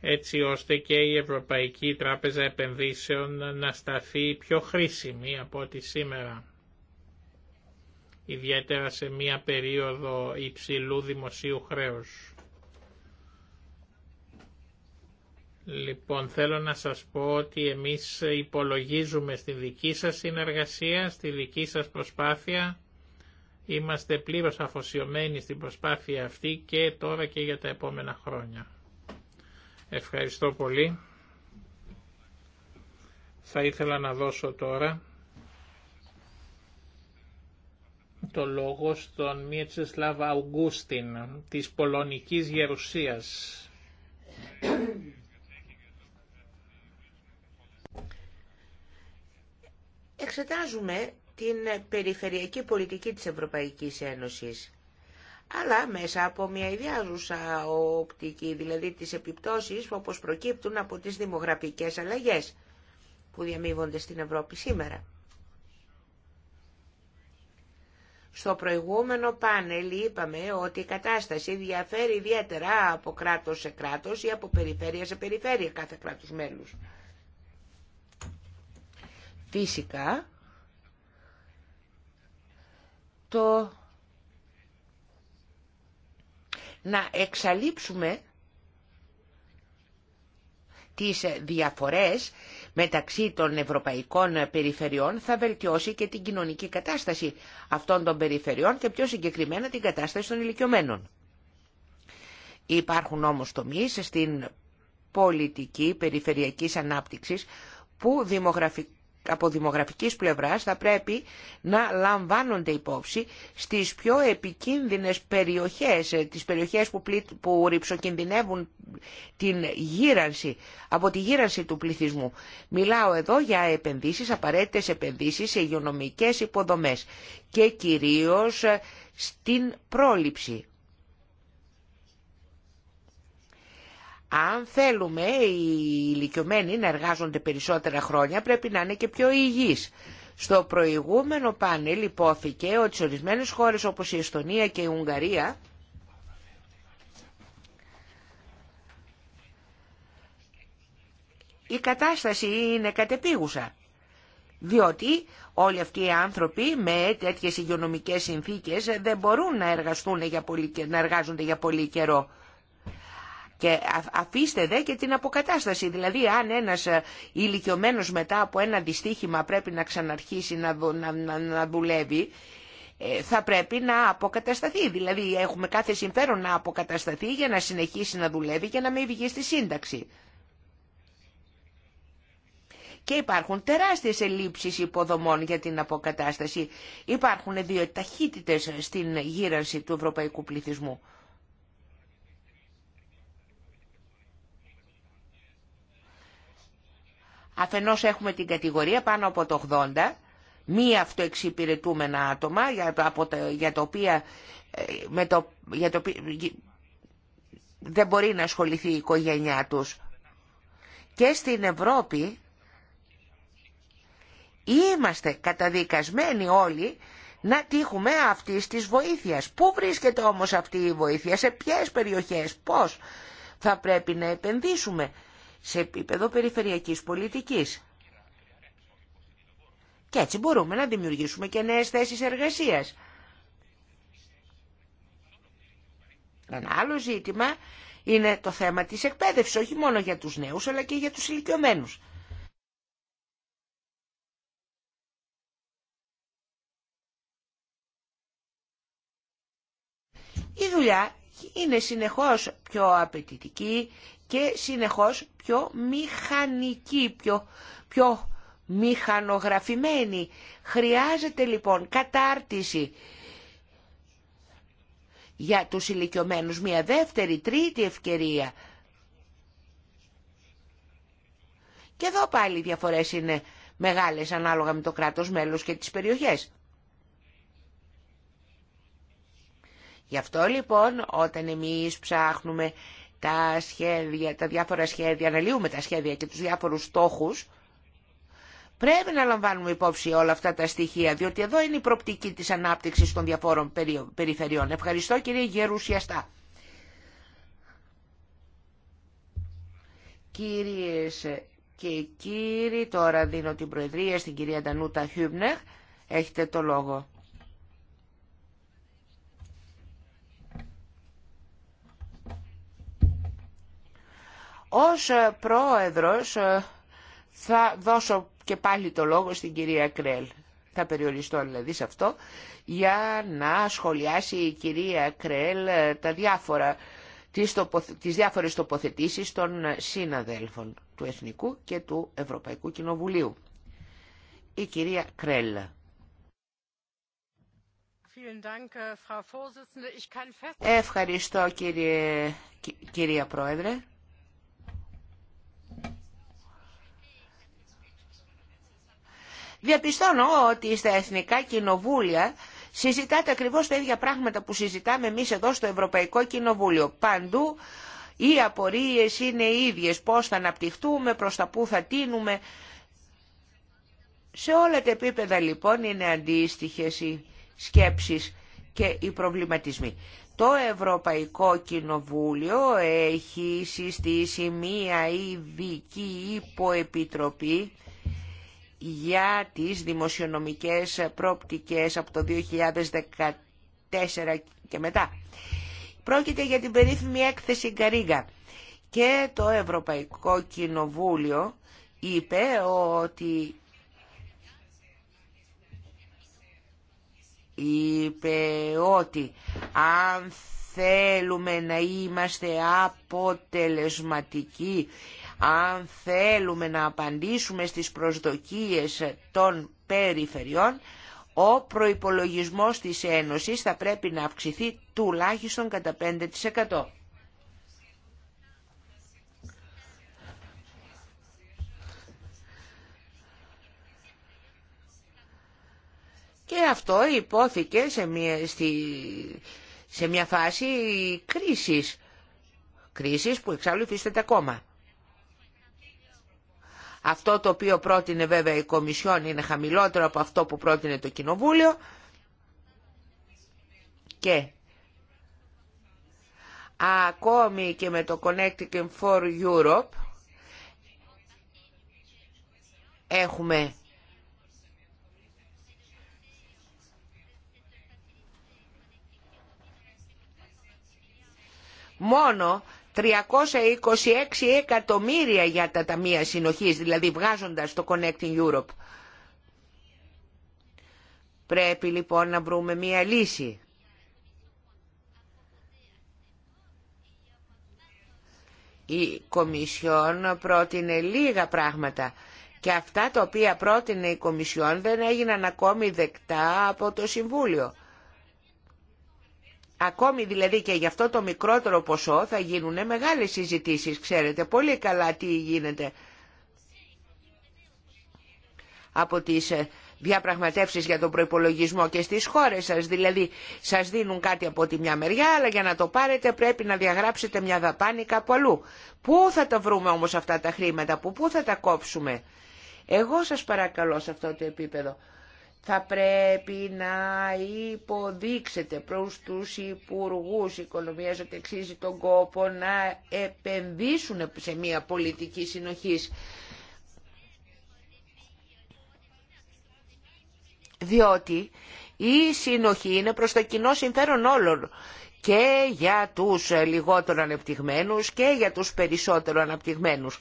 έτσι ώστε και η Ευρωπαϊκή Τράπεζα Επενδύσεων να σταθεί πιο χρήσιμη από ό,τι σήμερα. Ιδιαίτερα σε μία περίοδο υψηλού δημοσίου χρέους. Λοιπόν, θέλω να σας πω ότι εμείς υπολογίζουμε στη δική σας συνεργασία, στη δική σας προσπάθεια. Είμαστε πλήρως αφοσιωμένοι στην προσπάθεια αυτή και τώρα και για τα επόμενα χρόνια. Ευχαριστώ πολύ. Θα ήθελα να δώσω τώρα το λόγο στον Μίετσεσλάβ Αουγκούστιν της Πολωνικής Γερουσίας. εξετάζουμε την περιφερειακή πολιτική της Ευρωπαϊκής Ένωσης αλλά μέσα από μια ιδιάζουσα οπτική, δηλαδή τις επιπτώσεις που όπως προκύπτουν από τις δημογραφικές αλλαγές που διαμείβονται στην Ευρώπη σήμερα. Στο προηγούμενο πάνελ είπαμε ότι η κατάσταση διαφέρει ιδιαίτερα από κράτος σε κράτος ή από περιφέρεια σε περιφέρεια κάθε κράτους μέλους. Φυσικά, το να εξαλείψουμε τις διαφορές μεταξύ των ευρωπαϊκών περιφερειών θα βελτιώσει και την κοινωνική κατάσταση αυτών των περιφερειών και πιο συγκεκριμένα την κατάσταση των ηλικιωμένων. Υπάρχουν όμως τομείς στην πολιτική περιφερειακής ανάπτυξης που δημογραφικά από δημογραφικής πλευράς θα πρέπει να λαμβάνονται υπόψη στις πιο επικίνδυνες περιοχές, ε, τις περιοχές που, που ρηψοκινδυνεύουν την γύρανση, από τη γύρανση του πληθυσμού. Μιλάω εδώ για επενδύσεις, απαραίτητες επενδύσεις σε υγειονομικές υποδομές και κυρίως ε, στην πρόληψη. Αν θέλουμε οι ηλικιωμένοι να εργάζονται περισσότερα χρόνια πρέπει να είναι και πιο υγιείς. Στο προηγούμενο πάνελ υπόθηκε ότι σε ορισμένες χώρες όπως η Εστονία και η Ουγγαρία η κατάσταση είναι κατεπίγουσα. Διότι όλοι αυτοί οι άνθρωποι με τέτοιες υγειονομικές συνθήκες δεν μπορούν να, για να εργάζονται για πολύ καιρό. Και αφήστε δε και την αποκατάσταση. Δηλαδή αν ένας ε, ηλικιωμένος μετά από ένα δυστύχημα πρέπει να ξαναρχίσει να, να, να, δουλεύει, ε, θα πρέπει να αποκατασταθεί. Δηλαδή έχουμε κάθε συμφέρον να αποκατασταθεί για να συνεχίσει να δουλεύει και να μην βγει στη σύνταξη. Και υπάρχουν τεράστιες ελλείψεις υποδομών για την αποκατάσταση. Υπάρχουν δύο ταχύτητες ε, στην γύρανση του ευρωπαϊκού πληθυσμού. Αφενός έχουμε την κατηγορία πάνω από το 80, μη αυτοεξυπηρετούμενα άτομα για, τα, για οποία ε, με το, για το, δεν μπορεί να ασχοληθεί η οικογένειά τους. Και στην Ευρώπη είμαστε καταδικασμένοι όλοι να τύχουμε αυτή της βοήθειας. Πού βρίσκεται όμως αυτή η βοήθεια, σε ποιες περιοχές, πώς θα πρέπει να επενδύσουμε σε επίπεδο περιφερειακής πολιτικής. Και έτσι μπορούμε να δημιουργήσουμε και νέες θέσεις εργασίας. Ένα άλλο ζήτημα είναι το θέμα της εκπαίδευσης, όχι μόνο για τους νέους, αλλά και για τους ηλικιωμένους. Η δουλειά είναι συνεχώς πιο απαιτητική και συνεχώς πιο μηχανική, πιο, πιο μηχανογραφημένη. Χρειάζεται λοιπόν κατάρτιση για τους ηλικιωμένους μια δεύτερη, τρίτη ευκαιρία. Και εδώ πάλι οι διαφορές είναι μεγάλες ανάλογα με το κράτος μέλος και τις περιοχές. Γι' αυτό λοιπόν όταν εμείς ψάχνουμε τα, σχέδια, τα διάφορα σχέδια, αναλύουμε τα σχέδια και τους διάφορους στόχους, πρέπει να λαμβάνουμε υπόψη όλα αυτά τα στοιχεία, διότι εδώ είναι η προπτική της ανάπτυξης των διαφόρων περιφερειών. Ευχαριστώ κύριε Γερουσιαστά. Κύριες και κύριοι, τώρα δίνω την Προεδρία στην κυρία Ντανούτα Χιούμπνερ. Έχετε το λόγο. Ως ε, πρόεδρος ε, θα δώσω και πάλι το λόγο στην κυρία Κρέλ. Θα περιοριστώ δηλαδή σε αυτό για να σχολιάσει η κυρία Κρέλ ε, τα διάφορα, τις, τις διάφορες τοποθετήσεις των συναδέλφων του Εθνικού και του Ευρωπαϊκού Κοινοβουλίου. Η κυρία Κρέλ. Äh, Ευχαριστώ κύριε, κυρία Πρόεδρε. Διαπιστώνω ότι στα εθνικά κοινοβούλια συζητάτε ακριβώς τα ίδια πράγματα που συζητάμε εμείς εδώ στο Ευρωπαϊκό Κοινοβούλιο. Παντού οι απορίες είναι οι ίδιες, πώς θα αναπτυχτούμε, προς τα πού θα τίνουμε. Σε όλα τα επίπεδα λοιπόν είναι αντίστοιχες οι σκέψεις και οι προβληματισμοί. Το Ευρωπαϊκό Κοινοβούλιο έχει συστήσει μία ειδική υποεπιτροπή για τις δημοσιονομικές πρόπτικες από το 2014 και μετά. Πρόκειται για την περίφημη έκθεση Γκαρίγκα και το Ευρωπαϊκό Κοινοβούλιο είπε ότι είπε ότι αν θέλουμε να είμαστε αποτελεσματικοί αν θέλουμε να απαντήσουμε στις προσδοκίες των περιφερειών, ο προϋπολογισμός της Ένωσης θα πρέπει να αυξηθεί τουλάχιστον κατά 5%. Και αυτό υπόθηκε σε μια, σε μια φάση κρίσης, κρίσης που εξάλλου υφίσταται ακόμα. Αυτό το οποίο πρότεινε βέβαια η Κομισιόν είναι χαμηλότερο από αυτό που πρότεινε το Κοινοβούλιο και ακόμη και με το Connecting for Europe έχουμε μόνο 326 εκατομμύρια για τα ταμεία συνοχής, δηλαδή βγάζοντας το Connecting Europe. Πρέπει λοιπόν να βρούμε μία λύση. Η Κομισιόν πρότεινε λίγα πράγματα και αυτά τα οποία πρότεινε η Κομισιόν δεν έγιναν ακόμη δεκτά από το Συμβούλιο. Ακόμη δηλαδή και γι' αυτό το μικρότερο ποσό θα γίνουν μεγάλες συζητήσεις, ξέρετε πολύ καλά τι γίνεται από τις ε, διαπραγματεύσεις για τον προϋπολογισμό και στις χώρες σας. Δηλαδή σας δίνουν κάτι από τη μια μεριά, αλλά για να το πάρετε πρέπει να διαγράψετε μια δαπάνη κάπου αλλού. Πού θα τα βρούμε όμως αυτά τα χρήματα, πού θα τα κόψουμε. Εγώ σας παρακαλώ σε αυτό το επίπεδο θα πρέπει να υποδείξετε προς τους υπουργούς οικονομίας ότι αξίζει τον κόπο να επενδύσουν σε μια πολιτική συνοχής. Διότι η συνοχή είναι προς το κοινό συμφέρον όλων και για τους λιγότερο ανεπτυγμένους και για τους περισσότερο αναπτυγμένους.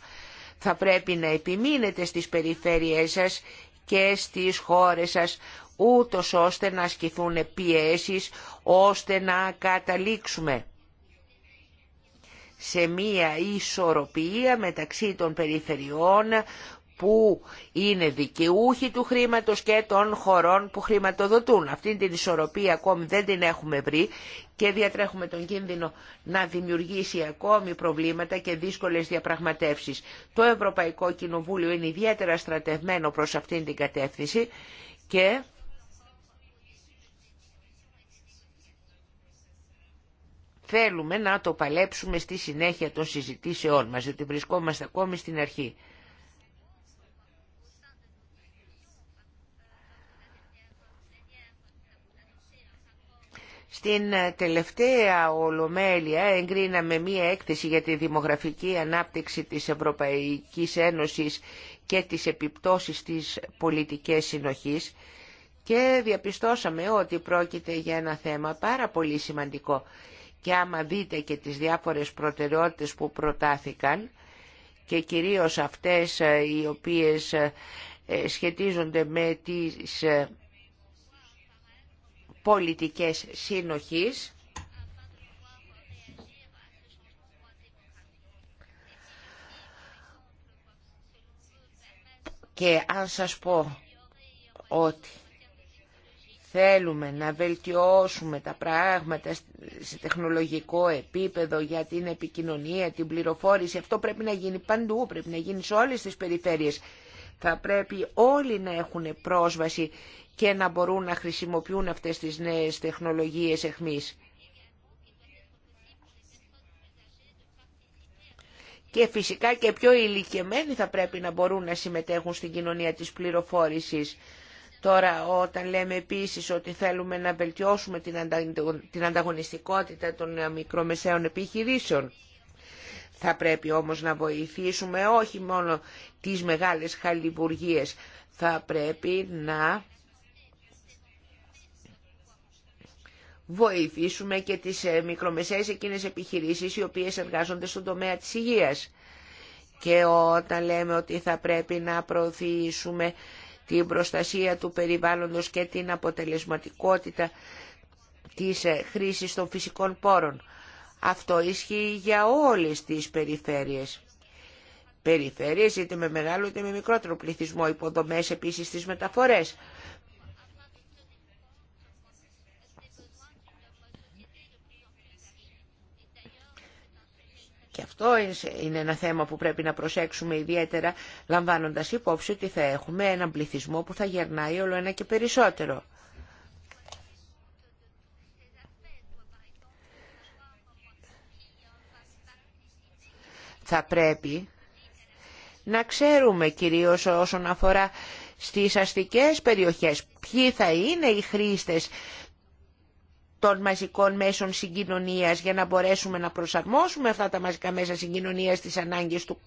Θα πρέπει να επιμείνετε στις περιφέρειές σας και στις χώρες σας, ούτως ώστε να ασκηθούν πιέσεις, ώστε να καταλήξουμε σε μία ισορροπία μεταξύ των περιφερειών που είναι δικαιούχοι του χρήματος και των χωρών που χρηματοδοτούν. Αυτή την ισορροπία ακόμη δεν την έχουμε βρει και διατρέχουμε τον κίνδυνο να δημιουργήσει ακόμη προβλήματα και δύσκολες διαπραγματεύσεις. Το Ευρωπαϊκό Κοινοβούλιο είναι ιδιαίτερα στρατευμένο προς αυτήν την κατεύθυνση και... Θέλουμε να το παλέψουμε στη συνέχεια των συζητήσεών μας, διότι βρισκόμαστε ακόμη στην αρχή. Στην τελευταία Ολομέλεια εγκρίναμε μία έκθεση για τη δημογραφική ανάπτυξη της Ευρωπαϊκής Ένωσης και τις επιπτώσεις της πολιτικής συνοχής και διαπιστώσαμε ότι πρόκειται για ένα θέμα πάρα πολύ σημαντικό. Και άμα δείτε και τις διάφορες προτεραιότητες που προτάθηκαν και κυρίως αυτές ε, οι οποίες ε, ε, σχετίζονται με τις πολιτικές σύνοχης και αν σας πω ότι θέλουμε να βελτιώσουμε τα πράγματα σε τεχνολογικό επίπεδο για την επικοινωνία, την πληροφόρηση. Αυτό πρέπει να γίνει παντού, πρέπει να γίνει σε όλες τις περιφέρειες. Θα πρέπει όλοι να έχουν πρόσβαση και να μπορούν να χρησιμοποιούν αυτές τις νέες τεχνολογίες εχμής. Και φυσικά και πιο ηλικιωμένοι θα πρέπει να μπορούν να συμμετέχουν στην κοινωνία της πληροφόρησης. Τώρα όταν λέμε επίσης ότι θέλουμε να βελτιώσουμε την ανταγωνιστικότητα των ε, μικρομεσαίων επιχειρήσεων, θα πρέπει όμως να βοηθήσουμε όχι μόνο τις μεγάλες χαλιβουργίες, θα πρέπει να βοηθήσουμε και τις ε, μικρομεσαίες εκείνες επιχειρήσεις οι οποίες εργάζονται στον τομέα της υγείας. Και όταν λέμε ότι θα πρέπει να προωθήσουμε την προστασία του περιβάλλοντος και την αποτελεσματικότητα της ε, χρήσης των φυσικών πόρων. Αυτό ισχύει για όλες τις περιφέρειες. Περιφέρειες είτε με μεγάλο είτε με μικρότερο πληθυσμό, υποδομές επίσης στις μεταφορές. Και αυτό είναι ένα θέμα που πρέπει να προσέξουμε ιδιαίτερα λαμβάνοντας υπόψη ότι θα έχουμε έναν πληθυσμό που θα γερνάει όλο ένα και περισσότερο. Θα πρέπει να ξέρουμε κυρίως όσον αφορά στις αστικές περιοχές ποιοι θα είναι οι χρήστες των μαζικών μέσων συγκοινωνίας για να μπορέσουμε να προσαρμόσουμε αυτά τα μαζικά μέσα συγκοινωνίας στις ανάγκες του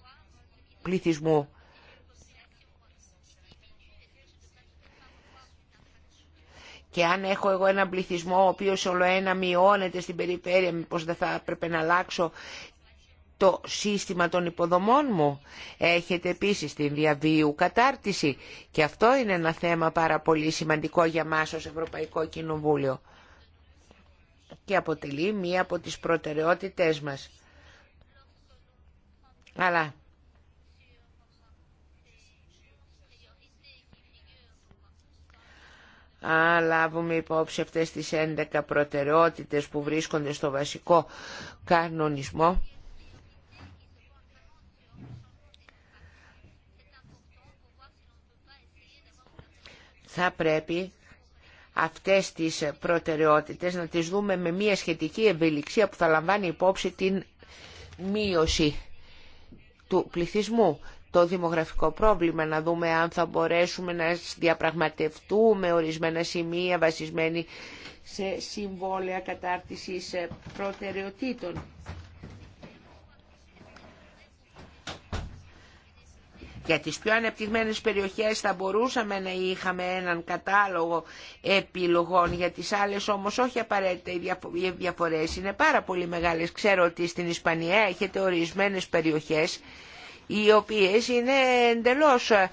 πληθυσμού. Και αν έχω εγώ έναν πληθυσμό ο οποίος όλο ένα μειώνεται στην περιφέρεια, μήπως δεν θα έπρεπε να αλλάξω το σύστημα των υποδομών μου. Έχετε επίσης την διαβίου κατάρτιση και αυτό είναι ένα θέμα πάρα πολύ σημαντικό για μας ως Ευρωπαϊκό Κοινοβούλιο και αποτελεί μία από τις προτεραιότητές μας. Αλλά αν λάβουμε υπόψη αυτές τις 11 προτεραιότητες που βρίσκονται στο βασικό κανονισμό, θα πρέπει αυτές τις προτεραιότητες, να τις δούμε με μια σχετική ευελιξία που θα λαμβάνει υπόψη την μείωση του πληθυσμού. Το δημογραφικό πρόβλημα, να δούμε αν θα μπορέσουμε να διαπραγματευτούμε ορισμένα σημεία βασισμένοι σε συμβόλαια κατάρτισης προτεραιοτήτων. Για τις πιο ανεπτυγμένες περιοχές θα μπορούσαμε να είχαμε έναν κατάλογο επιλογών, για τις άλλες όμως όχι απαραίτητα οι διαφορές είναι πάρα πολύ μεγάλες. Ξέρω ότι στην Ισπανία έχετε ορισμένες περιοχές οι οποίες είναι εντελώς ε,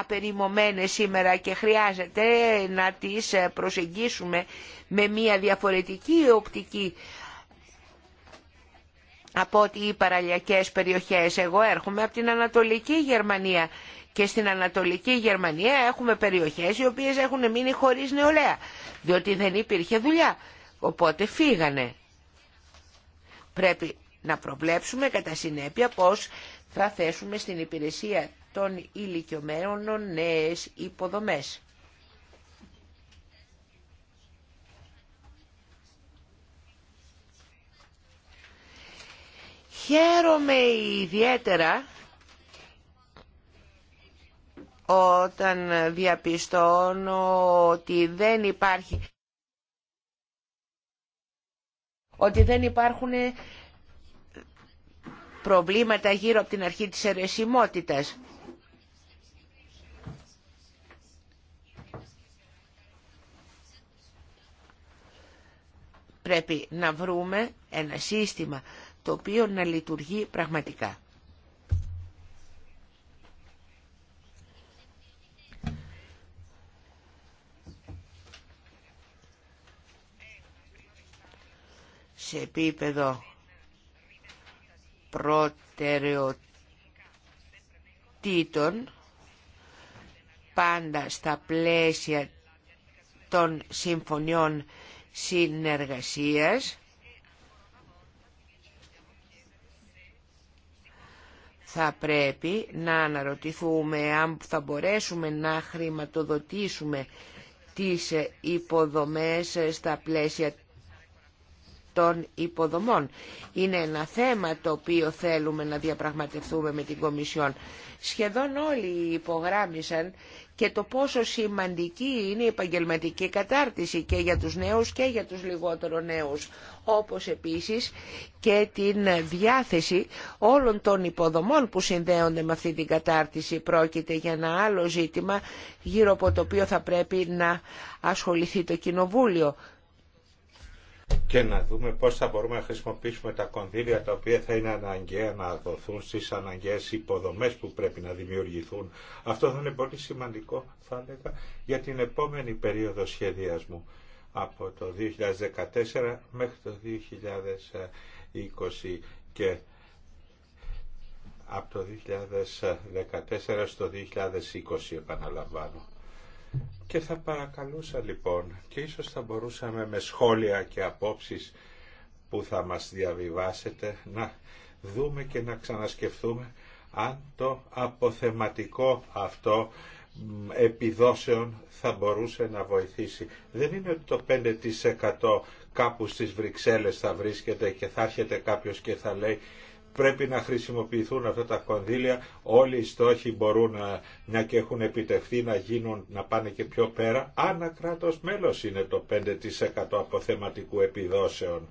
απεριμωμένες σήμερα και χρειάζεται να τις ε, προσεγγίσουμε με μια διαφορετική οπτική από ότι οι παραλιακές περιοχές. Εγώ έρχομαι από την Ανατολική Γερμανία και στην Ανατολική Γερμανία έχουμε περιοχές οι οποίες έχουν μείνει χωρίς νεολαία, διότι δεν υπήρχε δουλειά. Οπότε φύγανε. Πρέπει να προβλέψουμε κατά συνέπεια πώς θα θέσουμε στην υπηρεσία των ηλικιωμένων νέες υποδομές. Χαίρομαι ιδιαίτερα όταν διαπιστώνω ότι δεν υπάρχει ότι δεν υπάρχουν προβλήματα γύρω από την αρχή της αιρεσιμότητας. Πρέπει να βρούμε ένα σύστημα το οποίο να λειτουργεί πραγματικά. σε επίπεδο προτεραιοτήτων πάντα στα πλαίσια των συμφωνιών συνεργασίας θα πρέπει να αναρωτηθούμε αν θα μπορέσουμε να χρηματοδοτήσουμε τις υποδομές στα πλαίσια των υποδομών. Είναι ένα θέμα το οποίο θέλουμε να διαπραγματευτούμε με την Κομισιόν. Σχεδόν όλοι υπογράμμισαν και το πόσο σημαντική είναι η επαγγελματική κατάρτιση και για τους νέους και για τους λιγότερο νέους. Όπως επίσης και την διάθεση όλων των υποδομών που συνδέονται με αυτή την κατάρτιση. Πρόκειται για ένα άλλο ζήτημα γύρω από το οποίο θα πρέπει να ασχοληθεί το Κοινοβούλιο και να δούμε πώς θα μπορούμε να χρησιμοποιήσουμε τα κονδύλια τα οποία θα είναι αναγκαία να δοθούν στις αναγκαίες υποδομές που πρέπει να δημιουργηθούν. Αυτό θα είναι πολύ σημαντικό, θα έλεγα, για την επόμενη περίοδο σχεδιασμού από το 2014 μέχρι το 2020 και από το 2014 στο 2020 επαναλαμβάνω. Και θα παρακαλούσα λοιπόν και ίσως θα μπορούσαμε με σχόλια και απόψεις που θα μας διαβιβάσετε να δούμε και να ξανασκεφτούμε αν το αποθεματικό αυτό επιδόσεων θα μπορούσε να βοηθήσει. Δεν είναι ότι το 5% κάπου στις Βρυξέλλες θα βρίσκεται και θα έρχεται κάποιος και θα λέει πρέπει να χρησιμοποιηθούν αυτά τα κονδύλια, όλοι οι στόχοι μπορούν να, μια και έχουν επιτευχθεί να γίνουν, να πάνε και πιο πέρα. Αν μέλος είναι το 5% αποθεματικού επιδόσεων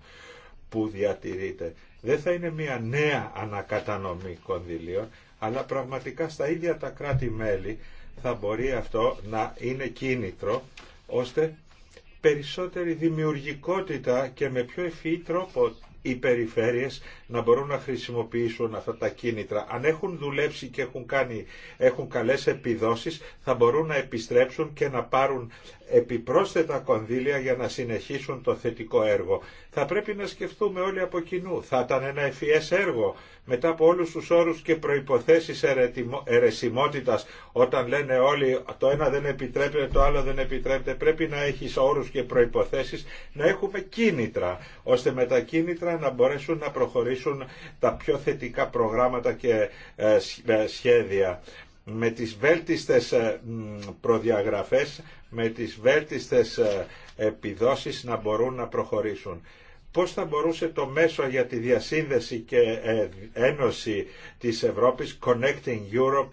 που διατηρείται. Δεν θα είναι μια νέα ανακατανομή κονδυλίων, αλλά πραγματικά στα ίδια τα κράτη-μέλη θα μπορεί αυτό να είναι κίνητρο, ώστε περισσότερη δημιουργικότητα και με πιο ευφυή τρόπο οι περιφέρειες να μπορούν να χρησιμοποιήσουν αυτά τα κίνητρα. Αν έχουν δουλέψει και έχουν, κάνει, έχουν καλές επιδόσεις θα μπορούν να επιστρέψουν και να πάρουν επιπρόσθετα κονδύλια για να συνεχίσουν το θετικό έργο. Θα πρέπει να σκεφτούμε όλοι από κοινού. Θα ήταν ένα ευφυές έργο μετά από όλους τους όρους και προϋποθέσεις ερεσιμότητας όταν λένε όλοι το ένα δεν επιτρέπεται, το άλλο δεν επιτρέπεται. Πρέπει να έχεις όρους και προϋποθέσεις να έχουμε κίνητρα ώστε με τα κίνητρα να μπορέσουν να προχωρήσουν τα πιο θετικά προγράμματα και ε, ε, σχέδια με τις βέλτιστες ε, προδιαγραφές με τις βέλτιστες ε, επιδόσεις να μπορούν να προχωρήσουν. Πώς θα μπορούσε το μέσο για τη διασύνδεση και ε, ένωση της Ευρώπης, Connecting Europe,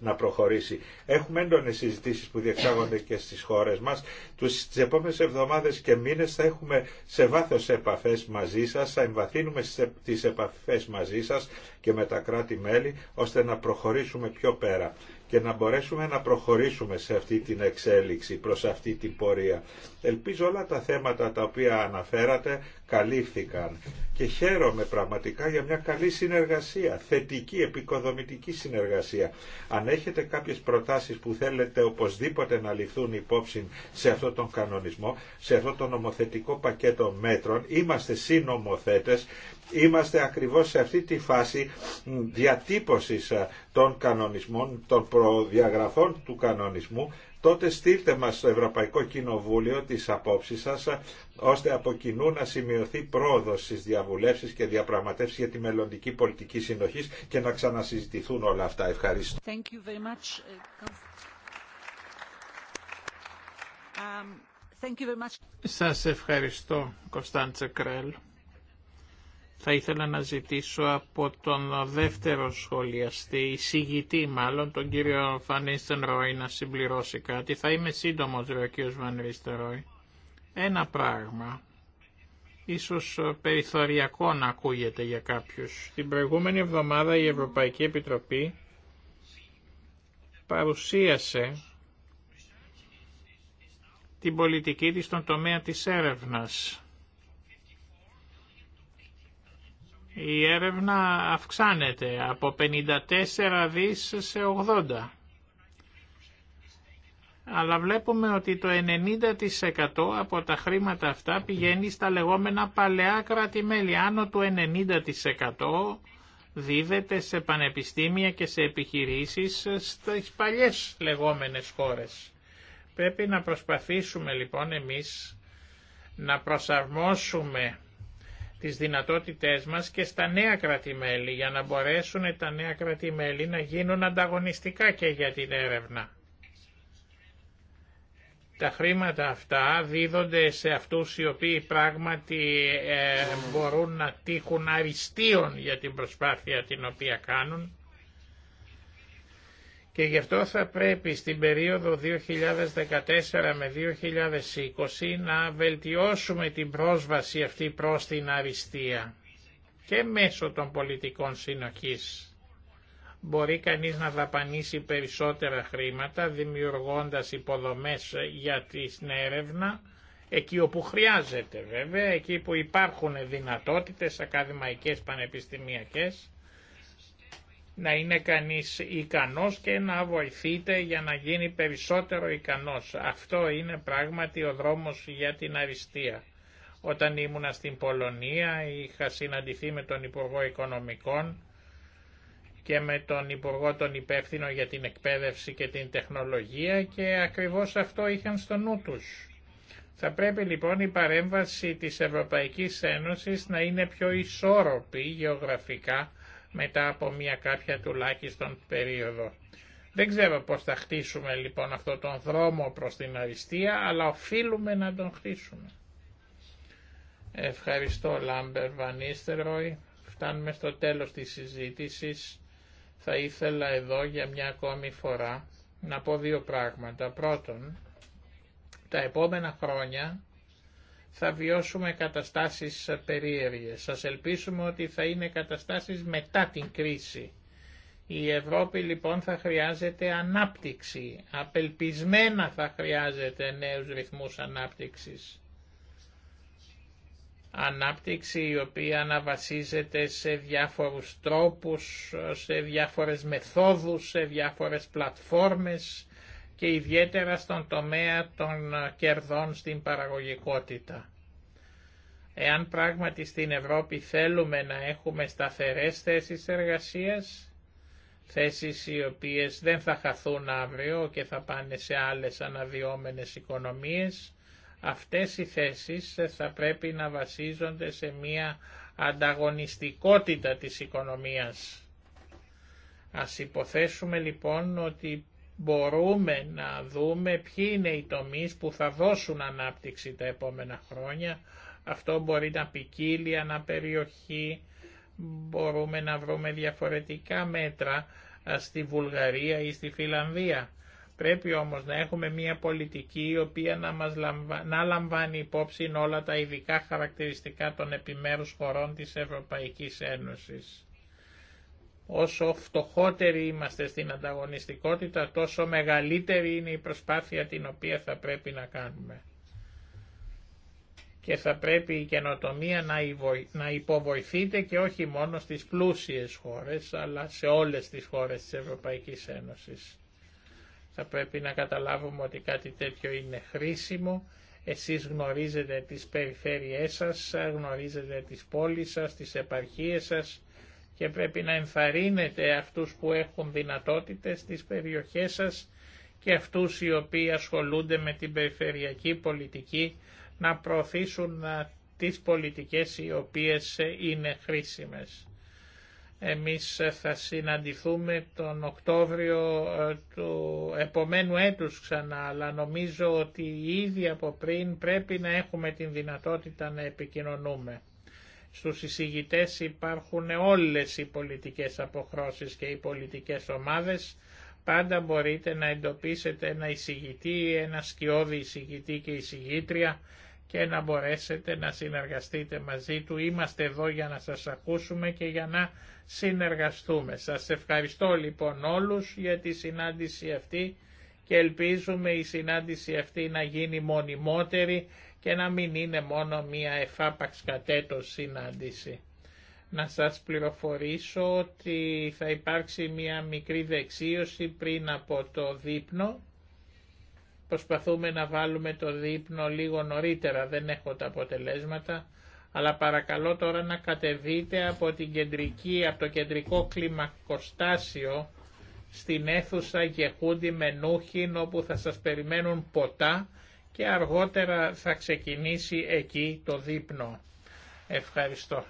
να προχωρήσει. Έχουμε έντονες συζητήσεις που διεξάγονται και στις χώρες μας. τις επόμενες εβδομάδες και μήνες θα έχουμε σε βάθος επαφές μαζί σας, θα εμβαθύνουμε τις επαφές μαζί σας και με τα κράτη-μέλη, ώστε να προχωρήσουμε πιο πέρα και να μπορέσουμε να προχωρήσουμε σε αυτή την εξέλιξη, προς αυτή την πορεία. Ελπίζω όλα τα θέματα τα οποία αναφέρατε καλύφθηκαν και χαίρομαι πραγματικά για μια καλή συνεργασία, θετική, επικοδομητική συνεργασία. Αν έχετε κάποιες προτάσεις που θέλετε οπωσδήποτε να ληφθούν υπόψη σε αυτόν τον κανονισμό, σε αυτό το νομοθετικό πακέτο μέτρων, είμαστε συνομοθέτες, είμαστε ακριβώς σε αυτή τη φάση διατύπωσης των κανονισμών, των προδιαγραφών του κανονισμού τότε στείλτε μας στο Ευρωπαϊκό Κοινοβούλιο τις απόψεις σας, ώστε από κοινού να σημειωθεί πρόοδος στις διαβουλεύσεις και διαπραγματεύσεις για τη μελλοντική πολιτική συνοχή και να ξανασυζητηθούν όλα αυτά. Ευχαριστώ. Thank you very much. Um, thank you very much. Σας ευχαριστώ, Κωνσταντσε Κρέλ θα ήθελα να ζητήσω από τον δεύτερο σχολιαστή, εισηγητή μάλλον, τον κύριο Φανίστεν Ρόι να συμπληρώσει κάτι. Θα είμαι σύντομος, λέει ο κύριος Βανρίστερ Ρόι. Ένα πράγμα, ίσως ε, περιθωριακό να ακούγεται για κάποιους. Την προηγούμενη εβδομάδα η Ευρωπαϊκή Επιτροπή παρουσίασε την πολιτική της στον τομέα της έρευνας Η έρευνα αυξάνεται από 54 δις σε 80. Αλλά βλέπουμε ότι το 90% από τα χρήματα αυτά πηγαίνει στα λεγόμενα παλαιά κράτη-μέλη. Άνω του 90% δίδεται σε πανεπιστήμια και σε επιχειρήσεις στις παλιές λεγόμενες χώρες. Πρέπει να προσπαθήσουμε λοιπόν εμείς να προσαρμόσουμε τις δυνατότητές μας και στα νέα κρατημέλη για να μπορέσουν τα νέα κρατημέλη να γίνουν ανταγωνιστικά και για την έρευνα. Τα χρήματα αυτά δίδονται σε αυτούς οι οποίοι πράγματι ε, μπορούν να τύχουν αριστείων για την προσπάθεια την οποία κάνουν και γι' αυτό θα πρέπει στην περίοδο 2014 με 2020 να βελτιώσουμε την πρόσβαση αυτή προς την αριστεία και μέσω των πολιτικών συνοχής. Μπορεί κανείς να δαπανίσει περισσότερα χρήματα δημιουργώντας υποδομές για την έρευνα, εκεί όπου χρειάζεται βέβαια, εκεί που υπάρχουν δυνατότητες ακαδημαϊκές πανεπιστημιακές, να είναι κανείς ικανός και να βοηθείτε για να γίνει περισσότερο ικανός. Αυτό είναι πράγματι ο δρόμος για την αριστεία. Όταν ήμουνα στην Πολωνία είχα συναντηθεί με τον Υπουργό Οικονομικών και με τον Υπουργό τον Υπεύθυνο για την Εκπαίδευση και την Τεχνολογία και ακριβώς αυτό είχαν στο νου τους. Θα πρέπει λοιπόν η παρέμβαση της Ευρωπαϊκής Ένωσης να είναι πιο ισόρροπη γεωγραφικά μετά από μια κάποια τουλάχιστον περίοδο. Δεν ξέρω πώς θα χτίσουμε λοιπόν αυτό τον δρόμο προς την αριστεία, αλλά οφείλουμε να τον χτίσουμε. Ευχαριστώ Λάμπερ Βανίστεροι. Φτάνουμε στο τέλος της συζήτησης. Θα ήθελα εδώ για μια ακόμη φορά να πω δύο πράγματα. Πρώτον, τα επόμενα χρόνια θα βιώσουμε καταστάσεις περίεργες. Σας ελπίσουμε ότι θα είναι καταστάσεις μετά την κρίση. Η Ευρώπη λοιπόν θα χρειάζεται ανάπτυξη, απελπισμένα θα χρειάζεται νέους ρυθμούς ανάπτυξης. Ανάπτυξη η οποία αναβασίζεται σε διάφορους τρόπους, σε διάφορες μεθόδους, σε διάφορες πλατφόρμες, και ιδιαίτερα στον τομέα των κερδών στην παραγωγικότητα. Εάν πράγματι στην Ευρώπη θέλουμε να έχουμε σταθερές θέσεις εργασίας, θέσεις οι οποίες δεν θα χαθούν αύριο και θα πάνε σε άλλες αναδυόμενες οικονομίες, αυτές οι θέσεις θα πρέπει να βασίζονται σε μία ανταγωνιστικότητα της οικονομίας. Ας υποθέσουμε λοιπόν ότι μπορούμε να δούμε ποιοι είναι οι τομείς που θα δώσουν ανάπτυξη τα επόμενα χρόνια. Αυτό μπορεί να ποικίλει ανά περιοχή, μπορούμε να βρούμε διαφορετικά μέτρα στη Βουλγαρία ή στη Φιλανδία. Πρέπει όμως να έχουμε μια πολιτική η οποία να, μας να λαμβάνει υπόψη όλα τα ειδικά χαρακτηριστικά των επιμέρους χωρών της Ευρωπαϊκής Ένωσης. Όσο φτωχότεροι είμαστε στην ανταγωνιστικότητα, τόσο μεγαλύτερη είναι η προσπάθεια την οποία θα πρέπει να κάνουμε. Και θα πρέπει η καινοτομία να υποβοηθείται και όχι μόνο στις πλούσιες χώρες, αλλά σε όλες τις χώρες της Ευρωπαϊκής Ένωσης. Θα πρέπει να καταλάβουμε ότι κάτι τέτοιο είναι χρήσιμο. Εσείς γνωρίζετε τις περιφέρειές σας, γνωρίζετε τις πόλεις σας, τις επαρχίες σας, και πρέπει να ενθαρρύνετε αυτούς που έχουν δυνατότητες στις περιοχές σας και αυτούς οι οποίοι ασχολούνται με την περιφερειακή πολιτική να προωθήσουν τις πολιτικές οι οποίες ε, είναι χρήσιμες. Εμείς ε, θα συναντηθούμε τον Οκτώβριο ε, του επομένου έτους ξανά, αλλά νομίζω ότι ήδη από πριν πρέπει να έχουμε την δυνατότητα να επικοινωνούμε. Στους εισηγητές υπάρχουν όλες οι πολιτικές αποχρώσεις και οι πολιτικές ομάδες. Πάντα μπορείτε να εντοπίσετε ένα εισηγητή, ένα σκιώδη εισηγητή και εισηγήτρια και να μπορέσετε να συνεργαστείτε μαζί του. Είμαστε εδώ για να σας ακούσουμε και για να συνεργαστούμε. Σας ευχαριστώ λοιπόν όλους για τη συνάντηση αυτή και ελπίζουμε η συνάντηση αυτή να γίνει μονιμότερη και να μην είναι μόνο μία εφάπαξ κατέτος συνάντηση. Να σας πληροφορήσω ότι θα υπάρξει μία μικρή δεξίωση πριν από το δείπνο. Προσπαθούμε να βάλουμε το δείπνο λίγο νωρίτερα, δεν έχω τα αποτελέσματα, αλλά παρακαλώ τώρα να κατεβείτε από, την κεντρική, από το κεντρικό κλιμακοστάσιο στην αίθουσα Γεχούντι Μενούχιν όπου θα σας περιμένουν ποτά και αργότερα θα ξεκινήσει εκεί το δείπνο. Ευχαριστώ.